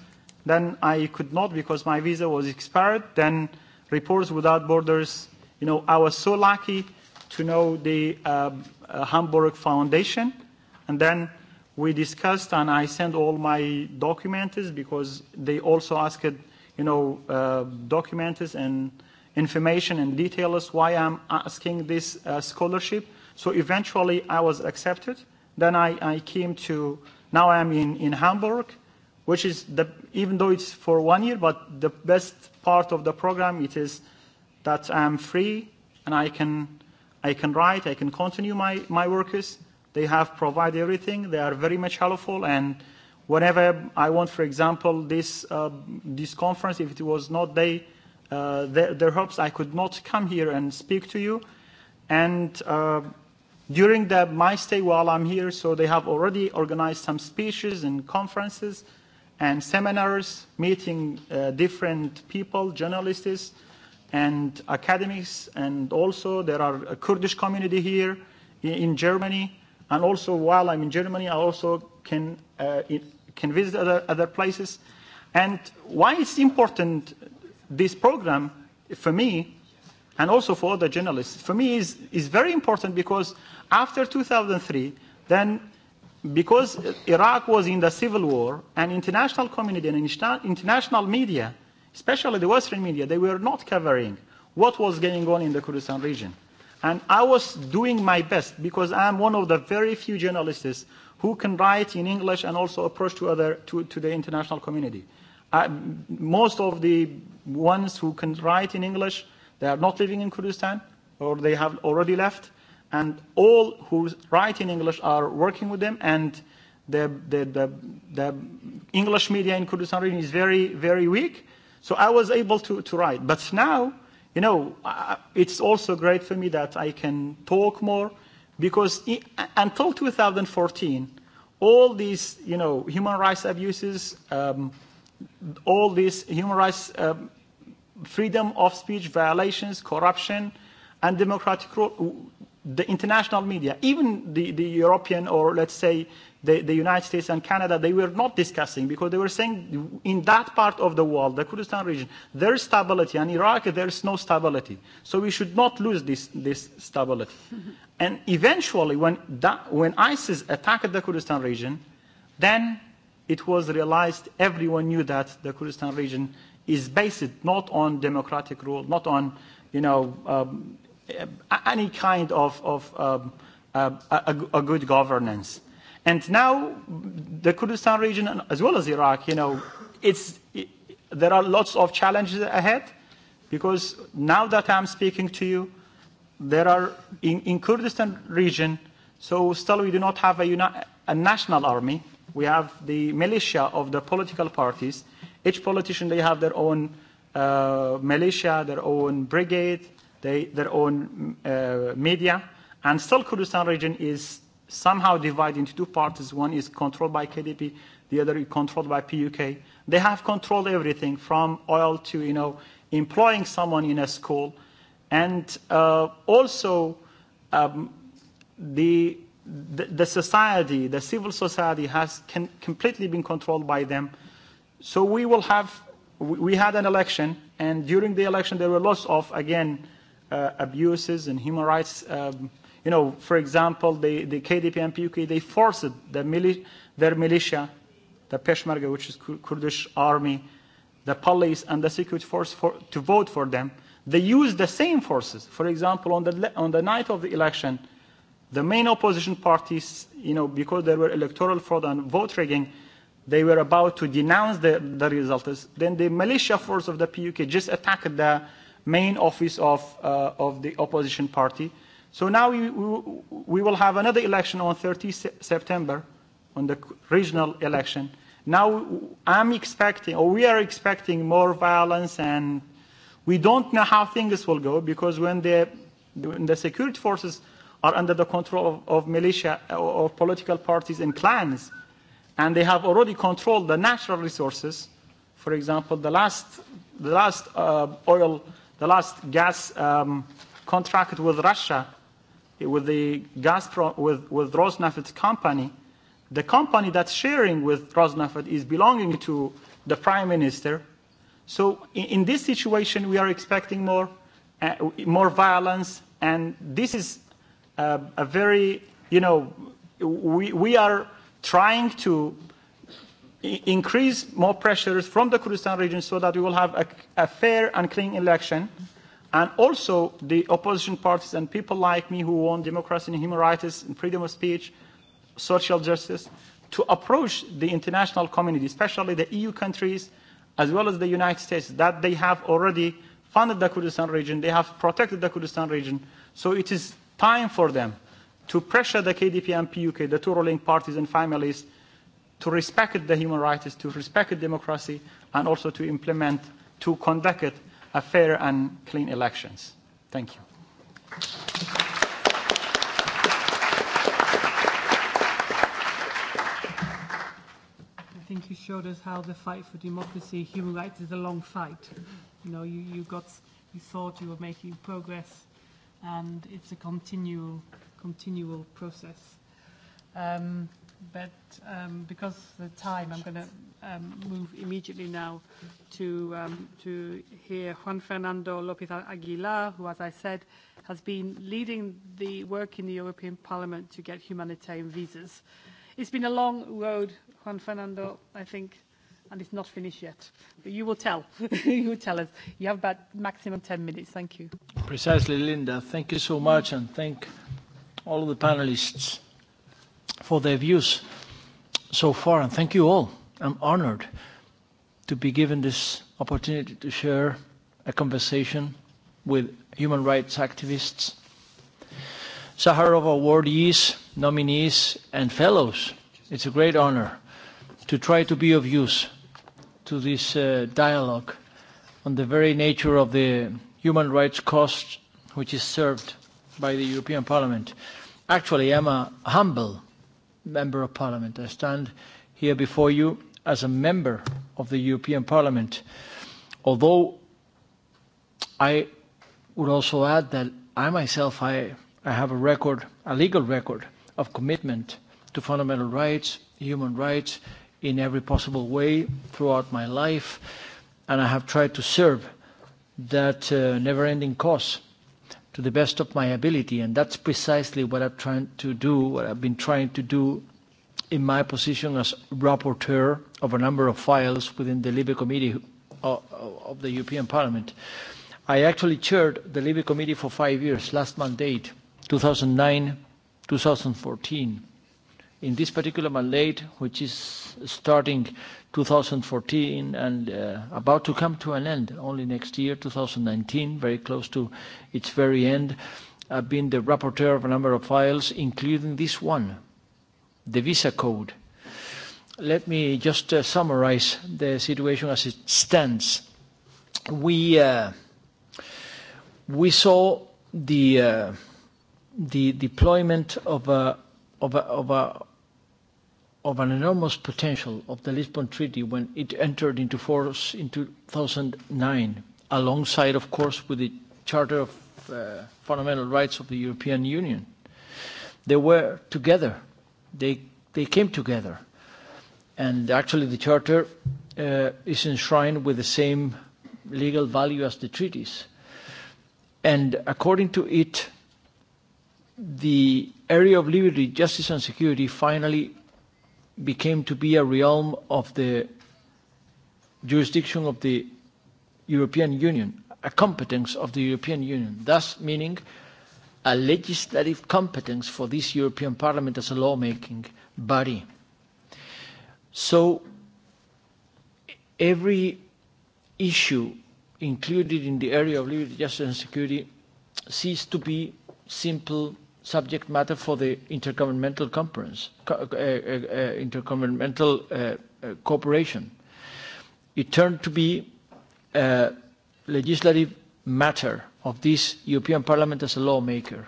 Then I could not because my visa was expired. Then Reports Without Borders, you know, I was so lucky to know the uh, uh, Hamburg Foundation. And then we discussed and I sent all my documents because they also asked you know, uh, documents and information and details why I'm asking this uh, scholarship. So eventually I was accepted. Then I, I came to, now I'm in, in Hamburg, which is, the, even though it's for one year, but the best part of the program, it is that I'm free and I can, I can write, I can continue my, my workers. They have provided everything. They are very much helpful and uh, whenever I want, for example, this, uh, this conference, if it was not they, uh, their, their hopes, I could not come here and speak to you. And uh, during the, my stay while I'm here, so they have already organized some speeches and conferences and seminars, meeting uh, different people, journalists and academics, and also there are a Kurdish community here in, in Germany. And also while I'm in Germany, I also can uh, can visit other, other places. And why it's important, this program, for me, and also for other journalists, for me is, is very important because after 2003, then because Iraq was in the civil war, and international community and international media, especially the Western media, they were not covering what was going on in the Kurdistan region. And I was doing my best because I'm one of the very few journalists who can write in English and also approach to, other, to, to the international community. Uh, most of the ones who can write in English, they are not living in Kurdistan or they have already left. And all who write in English are working with them and the, the, the, the English media in Kurdistan region is very, very weak. So I was able to, to write. But now, you know, it's also great for me that I can talk more because in, until 2014, all these you know human rights abuses, um, all these human rights uh, freedom of speech violations, corruption, and democratic rule, the international media, even the, the European or let's say the, the United States and Canada, they were not discussing because they were saying in that part of the world, the Kurdistan region, there is stability, and Iraq, there is no stability. So we should not lose this, this stability. and eventually, when, that, when ISIS attacked the Kurdistan region, then it was realized everyone knew that the Kurdistan region is based not on democratic rule, not on you know, um, any kind of, of um, a, a, a good governance. And now the Kurdistan region, as well as Iraq, you know, it's, it, there are lots of challenges ahead because now that I'm speaking to you, there are in, in Kurdistan region, so still we do not have a, uni- a national army. We have the militia of the political parties. Each politician, they have their own uh, militia, their own brigade, they, their own uh, media. And still Kurdistan region is somehow divided into two parts. One is controlled by KDP, the other is controlled by PUK. They have controlled everything from oil to, you know, employing someone in a school. And uh, also um, the, the, the society, the civil society has can, completely been controlled by them. So we will have, we, we had an election and during the election there were lots of, again, uh, abuses and human rights um, you know, for example, the, the KDP and PUK, they forced the mili- their militia, the Peshmerga, which is Kur- Kurdish army, the police and the security force for, to vote for them. They used the same forces. For example, on the, on the night of the election, the main opposition parties, you know, because there were electoral fraud and vote rigging, they were about to denounce the, the results. Then the militia force of the PUK just attacked the main office of, uh, of the opposition party. Uh, So now we, we will have another election on 30 September, on the regional election. Now I'm expecting, or we are expecting more violence, and we don't know how things will go, because when the, when the security forces are under the control of, of militia uh, or political parties and clans, and they have already controlled the natural resources, for example, the last, the last uh, oil, the last gas um, contract with Russia, Eh, with the Gazprom, with, with Rosneft's company, the company that's sharing with Rosneft is belonging to the prime minister. So in, in this situation, we are expecting more, uh, more violence. And this is a, uh, a very, you know, we, we are trying to I- increase more pressures from the Kurdistan region so that we will have a, a fair and clean election. Mm-hmm. And also, the opposition parties and people like me who want democracy and human rights and freedom of speech, social justice, to approach the international community, especially the EU countries, as well as the United States, that they have already funded the Kurdistan region, they have protected the Kurdistan region. So it is time for them to pressure the KDP and PUK, the two ruling parties and families, to respect the human rights, to respect democracy, and also to implement, to conduct it a fair and clean elections. Thank you. I think you showed us how the fight for democracy, human rights is a long fight. You know, you, you got, you thought you were making progress and it's a continual, continual process. Um, but um, because of the time, I'm gonna Um, move immediately now to um, hear Juan Fernando López Aguilar, who, as I said, has been leading the work in the European Parliament to get humanitarian visas. It's been a long road, Juan Fernando, I think, and it's not finished yet. But you will tell. You will tell us. You have about maximum 10 minutes. Thank you. Precisely, Linda. Thank you so much, and thank all of the panelists for their views so far, and thank you all. I'm honored to be given this opportunity to share a conversation with human rights activists, Sakharov awardees, nominees, and fellows. It's a great honor to try to be of use to this uh, dialogue on the very nature of the human rights cost which is served by the European Parliament. Actually, I'm a humble member of parliament. I stand here before you as a member of the European Parliament. Although I would also add that I myself, I, I have a record, a legal record of commitment to fundamental rights, human rights in every possible way throughout my life. And I have tried to serve that uh, never-ending cause to the best of my ability. And that's precisely what I'm trying to do, what I've been trying to do in my position as rapporteur of a number of files within the Libe Committee uh, uh, of the European Parliament. I actually chaired the Libe Committee for five years, last mandate, 2009-2014. In this particular mandate, which is starting 2014 and uh, about to come to an end only next year, 2019, very close to its very end, I've been the rapporteur of a number of files, including this one, the visa code. Let me just uh, summarize the situation as it stands. We, uh, we saw the, uh, the deployment of, a, of, a, of, a, of an enormous potential of the Lisbon Treaty when it entered into force in 2009, alongside, of course, with the Charter of uh, Fundamental Rights of the European Union. They were together they they came together, and actually the charter uh, is enshrined with the same legal value as the treaties, and according to it, the area of liberty, justice, and security finally became to be a realm of the jurisdiction of the European Union, a competence of the European Union, thus meaning a legislative competence for this European Parliament as a lawmaking body. So every issue included in the area of liberty, justice and security ceased to be simple subject matter for the intergovernmental conference, co uh, uh, uh intergovernmental uh, uh, cooperation. It turned to be a uh, legislative matter of this European Parliament as a lawmaker.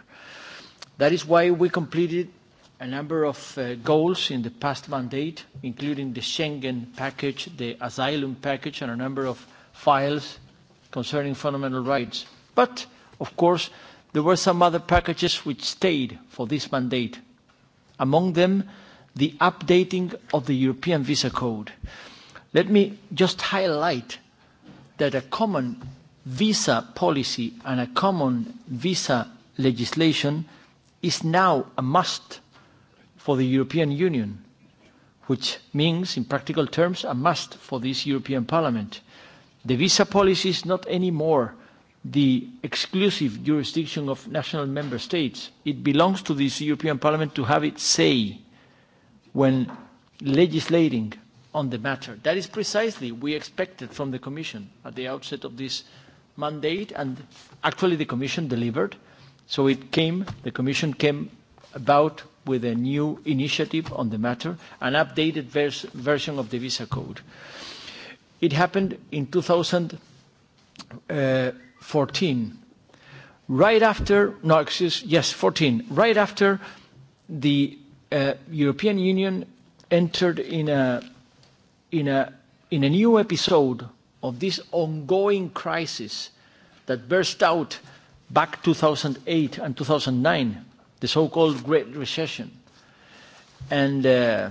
That is why we completed a number of uh, goals in the past mandate, including the Schengen package, the asylum package, and a number of files concerning fundamental rights. But, of course, there were some other packages which stayed for this mandate. Among them, the updating of the European Visa Code. Let me just highlight that a common visa policy and a common visa legislation is now a must for the European Union, which means, in practical terms, a must for this European Parliament. The visa policy is not anymore the exclusive jurisdiction of national member states. It belongs to this European Parliament to have its say when legislating on the matter. That is precisely what we expected from the Commission at the outset of this mandate and actually the commission delivered so it came the commission came about with a new initiative on the matter an updated vers version of the visa code it happened in 2014 right after no excuse yes 14 right after the uh, european union entered in a in a in a new episode of this ongoing crisis that burst out back 2008 and 2009, the so-called Great Recession, and uh,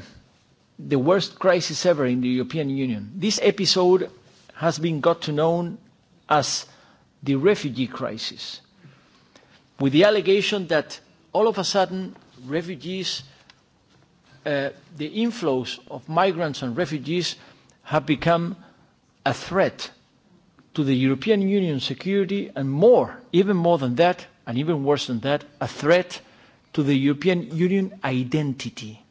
the worst crisis ever in the European Union. This episode has been got to known as the refugee crisis, with the allegation that all of a sudden refugees, uh, the inflows of migrants and refugees have become a threat to the European Union security and more, even more than that, and even worse than that, a threat to the European Union identity.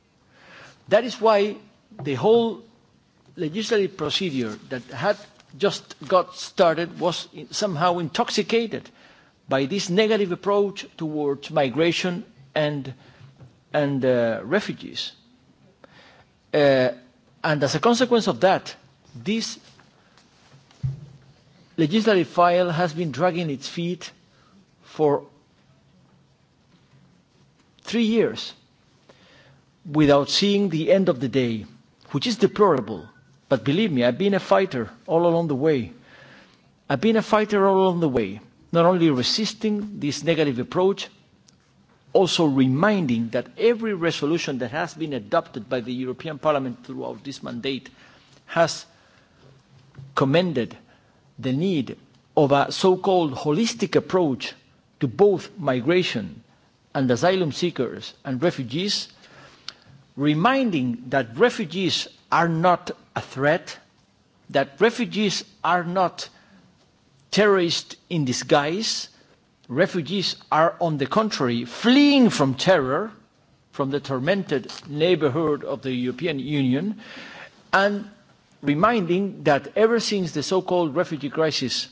That is why the whole legislative procedure that had just got started was somehow intoxicated by this negative approach towards migration and, and uh, refugees. Uh, and as a consequence of that, this legislative file has been dragging its feet for three years without seeing the end of the day, which is deplorable. But believe me, I've been a fighter all along the way. I've been a fighter all along the way, not only resisting this negative approach, also reminding that every resolution that has been adopted by the European Parliament throughout this mandate has commended the need of a so-called holistic approach to both migration and asylum seekers and refugees, reminding that refugees are not a threat, that refugees are not terrorists in disguise, refugees are on the contrary fleeing from terror, from the tormented neighborhood of the European Union, and reminding that ever since the so called refugee crisis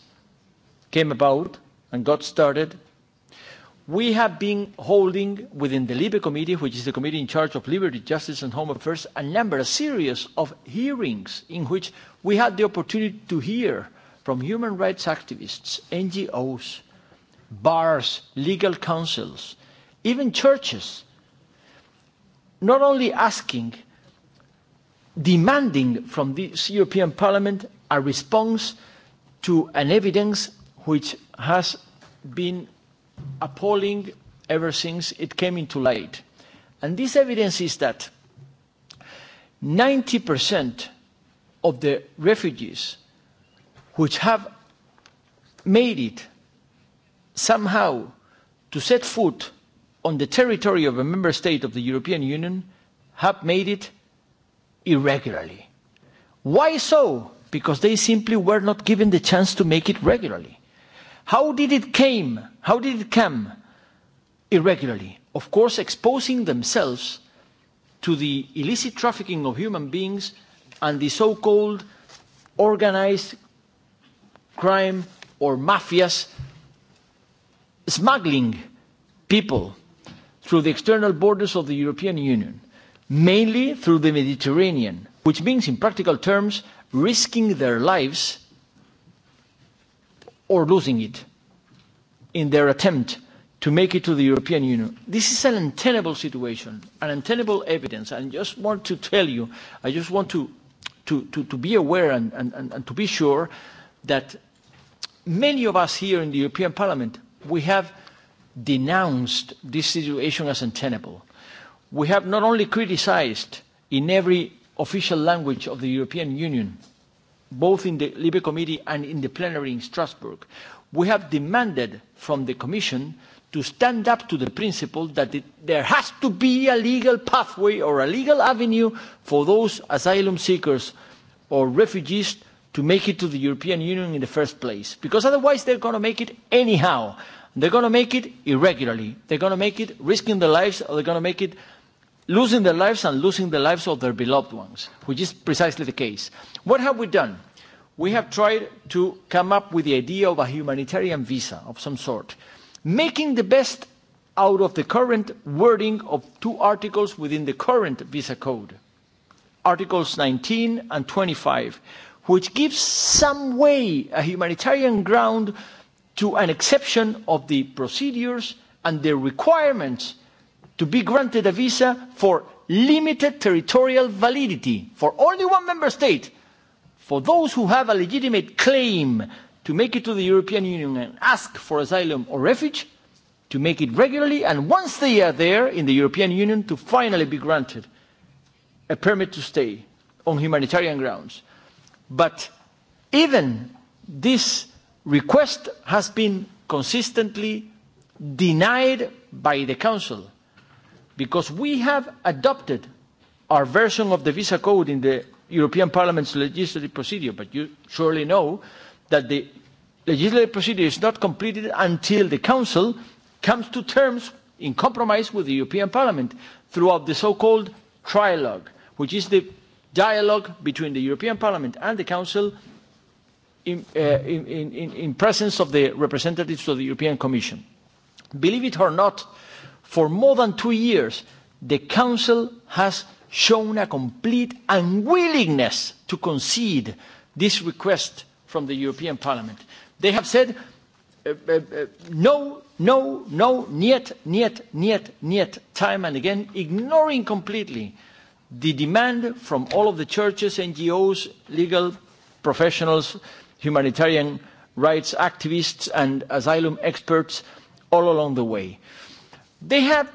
came about and got started, we have been holding within the Libe Committee, which is the committee in charge of liberty, justice and home affairs, a number, a series of hearings in which we had the opportunity to hear from human rights activists, NGOs, bars, legal councils, even churches, not only asking demanding from this European Parliament a response to an evidence which has been appalling ever since it came into light. And this evidence is that 90% of the refugees which have made it somehow to set foot on the territory of a member state of the European Union have made it irregularly. Why so? Because they simply were not given the chance to make it regularly. How did it came? How did it come? Irregularly. Of course, exposing themselves to the illicit trafficking of human beings and the so-called organized crime or mafias smuggling people through the external borders of the European Union mainly through the Mediterranean, which means, in practical terms, risking their lives or losing it in their attempt to make it to the European Union. This is an untenable situation, an untenable evidence. I just want to tell you, I just want to, to, to, to be aware and, and, and to be sure that many of us here in the European Parliament, we have denounced this situation as untenable we have not only criticized in every official language of the European Union, both in the Libre Committee and in the plenary in Strasbourg, we have demanded from the Commission to stand up to the principle that it, there has to be a legal pathway or a legal avenue for those asylum seekers or refugees to make it to the European Union in the first place. Because otherwise they're going to make it anyhow. They're going to make it irregularly. They're going to make it risking their lives or they're going to make it uh, losing their lives and losing the lives of their beloved ones, which is precisely the case. What have we done? We have tried to come up with the idea of a humanitarian visa of some sort, making the best out of the current wording of two articles within the current visa code, Articles 19 and 25, which gives some way, a humanitarian ground, to an exception of the procedures and the requirements to be granted a visa for limited territorial validity for only one member state for those who have a legitimate claim to make it to the European Union and ask for asylum or refuge, to make it regularly, and once they are there in the European Union, to finally be granted a permit to stay on humanitarian grounds. But even this request has been consistently denied by the Council because we have adopted our version of the visa code in the European Parliament's legislative procedure, but you surely know that the legislative procedure is not completed until the Council comes to terms in compromise with the European Parliament throughout the so-called trilogue, which is the dialogue between the European Parliament and the Council in, uh, in, in, in presence of the representatives of the European Commission. Believe it or not, uh, For more than two years, the Council has shown a complete unwillingness to concede this request from the European Parliament. They have said, uh, uh, uh, no, no, no, niet, niet, niet, niet, time and again, ignoring completely the demand from all of the churches, NGOs, legal professionals, humanitarian rights activists and asylum experts all along the way. They have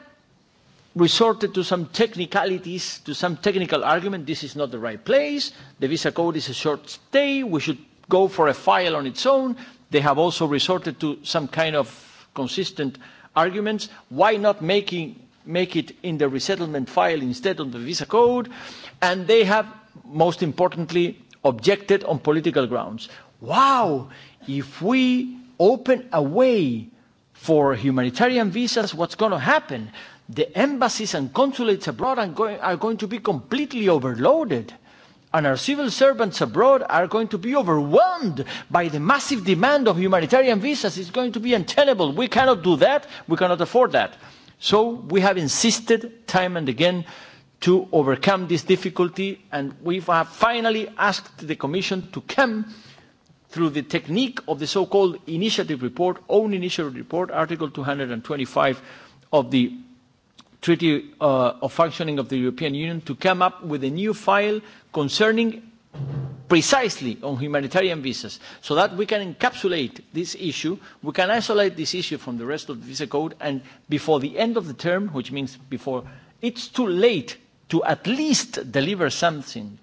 resorted to some technicalities, to some technical argument, this is not the right place, the visa code is a short stay, we should go for a file on its own. They have also resorted to some kind of consistent arguments. Why not making, make it in the resettlement file instead of the visa code? And they have, most importantly, objected on political grounds. Wow, if we open a way for humanitarian visas, what's going to happen? The embassies and consulates abroad are going, are going to be completely overloaded. And our civil servants abroad are going to be overwhelmed by the massive demand of humanitarian visas. It's going to be untenable. We cannot do that. We cannot afford that. So we have insisted time and again to overcome this difficulty. And we have finally asked the Commission to come through the technique of the so-called initiative report, own initiative report, Article 225 of the Treaty uh, of Functioning of the European Union, to come up with a new file concerning precisely on humanitarian visas, so that we can encapsulate this issue, we can isolate this issue from the rest of the visa code, and before the end of the term, which means before it's too late to at least deliver something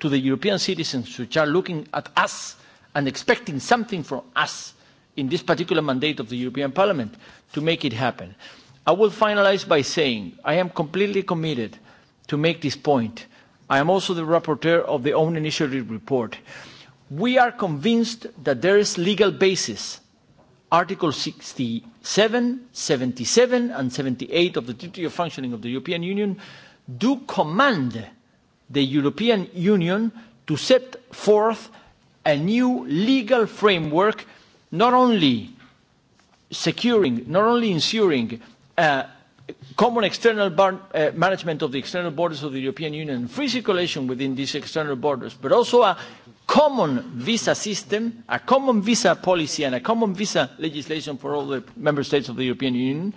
to the European citizens which are looking at us uh, and expecting something from us in this particular mandate of the European Parliament to make it happen. I will finalize by saying I am completely committed to make this point. I am also the rapporteur of the own initiative report. We are convinced that there is legal basis, Article 67, 77 and 78 of the Treaty of Functioning of the European Union do command the European Union to set forth a new legal framework not only securing not only ensuring a uh, common external bar, uh, management of the external borders of the european union free circulation within these external borders but also a common visa system a common visa policy and a common visa legislation for all the member states of the european union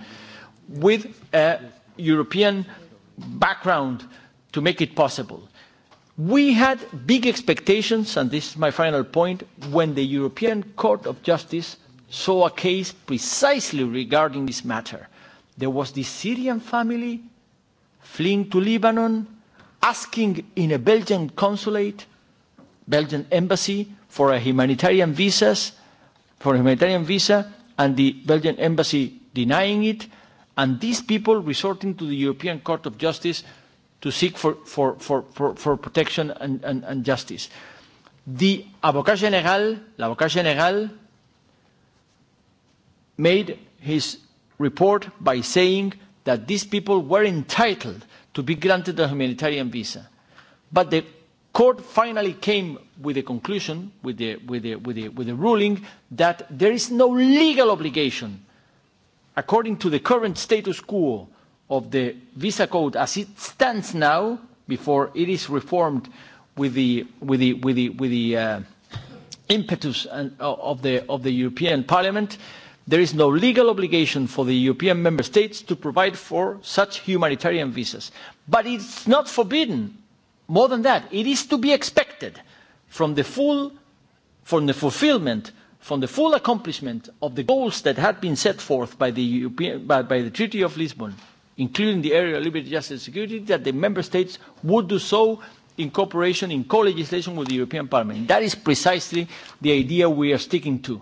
with a european background to make it possible we had big expectations and this is my final point when the european court of justice saw a case precisely regarding this matter. there was this syrian family fleeing to lebanon asking in a belgian consulate belgian embassy for a humanitarian visa for a humanitarian visa and the belgian embassy denying it and these people resorting to the european court of justice to seek for, for, for, for, for protection and, and, and justice. The Avocat General, La Avocat General made his report by saying that these people were entitled to be granted a humanitarian visa. But the court finally came with the conclusion, with the, with, the, with, the, with the ruling, that there is no legal obligation, according to the current status quo, of the Visa Code as it stands now, before it is reformed with the impetus of the European Parliament, there is no legal obligation for the European member states to provide for such humanitarian visas. It's not forbidden. More than that, it is to be expected from the fulfillment, from the full accomplishment of the goals that had been set forth by the Treaty of Lisbon including the area of liberty, justice and security, that the member states would do so in cooperation, in co-legislation with the European Parliament. That is precisely the idea we are sticking to.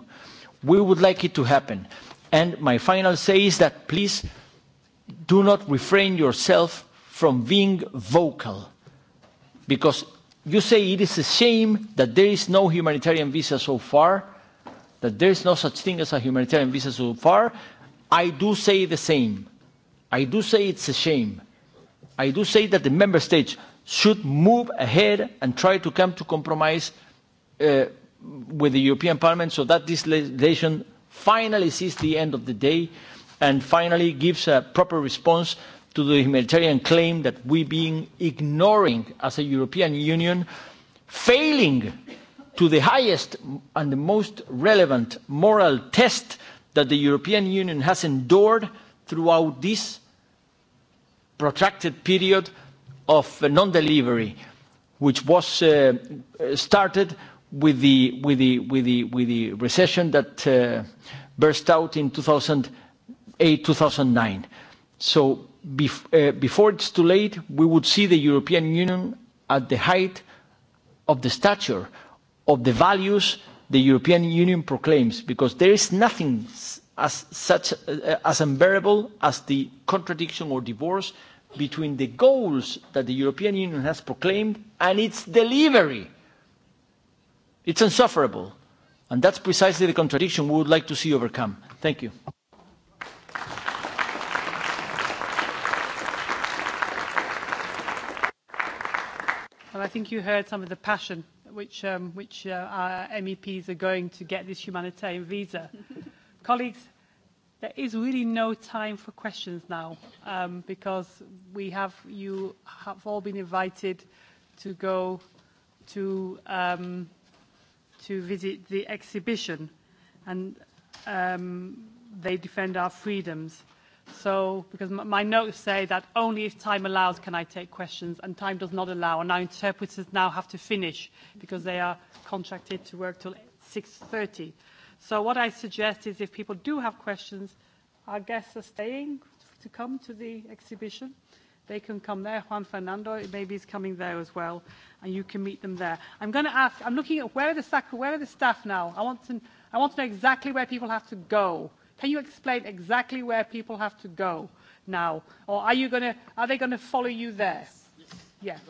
We would like it to happen. And my final say is that please do not refrain yourself from being vocal. Because you say it is a shame that there is no humanitarian visa so far, that there is no such thing as a humanitarian visa so far. I do say the same. I do say it's a shame. I do say that the member states should move ahead and try to come to compromise uh, with the European Parliament so that this legislation finally sees the end of the day and finally gives a proper response to the humanitarian claim that we've been ignoring as a European Union, failing to the highest and the most relevant moral test that the European Union has endured throughout this protracted period of uh, non-delivery, which was uh, started with the recession that uh, burst out in 2008, 2009. Before it's too late, we would see the European Union at the height of the stature of the values the European Union proclaims, because there is nothing as such as unbearable as the contradiction or divorce between the goals that the European Union has proclaimed and its delivery. It's insufferable. And that's precisely the contradiction we would like to see overcome. Thank you. Well, I think you heard some of the passion which, um, which uh, our MEPs are going to get this humanitarian visa. Colleagues, There is really no time for questions now um, because we have you have all been invited to go to um, to visit the exhibition and um, they defend our freedoms. So, because my notes say that only if time allows can I take questions, and time does not allow, and our interpreters now have to finish because they are contracted to work till 6.30. So what I suggest is if people do have questions, our guests are staying to come to the exhibition. They can come there. Juan Fernando maybe is coming there as well, and you can meet them there. I'm going to ask, I'm looking at where are the, sac- where are the staff now? I want, to, I want to know exactly where people have to go. Can you explain exactly where people have to go now? Or are, you gonna, are they going to follow you there? Yes. yes.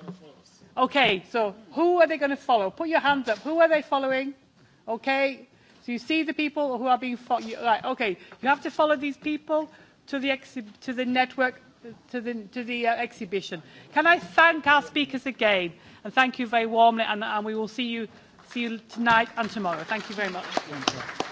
Yeah. Okay, so who are they going to follow? Put your hands up. Who are they following? Okay, do you see the people who are being followed? Right, okay, you have to follow these people to the, exhi to the network, to the, to the uh, exhibition. Can I thank our speakers again? And thank you very warmly, and, and we will see you, see you tonight and tomorrow. Thank you very much. Thank you.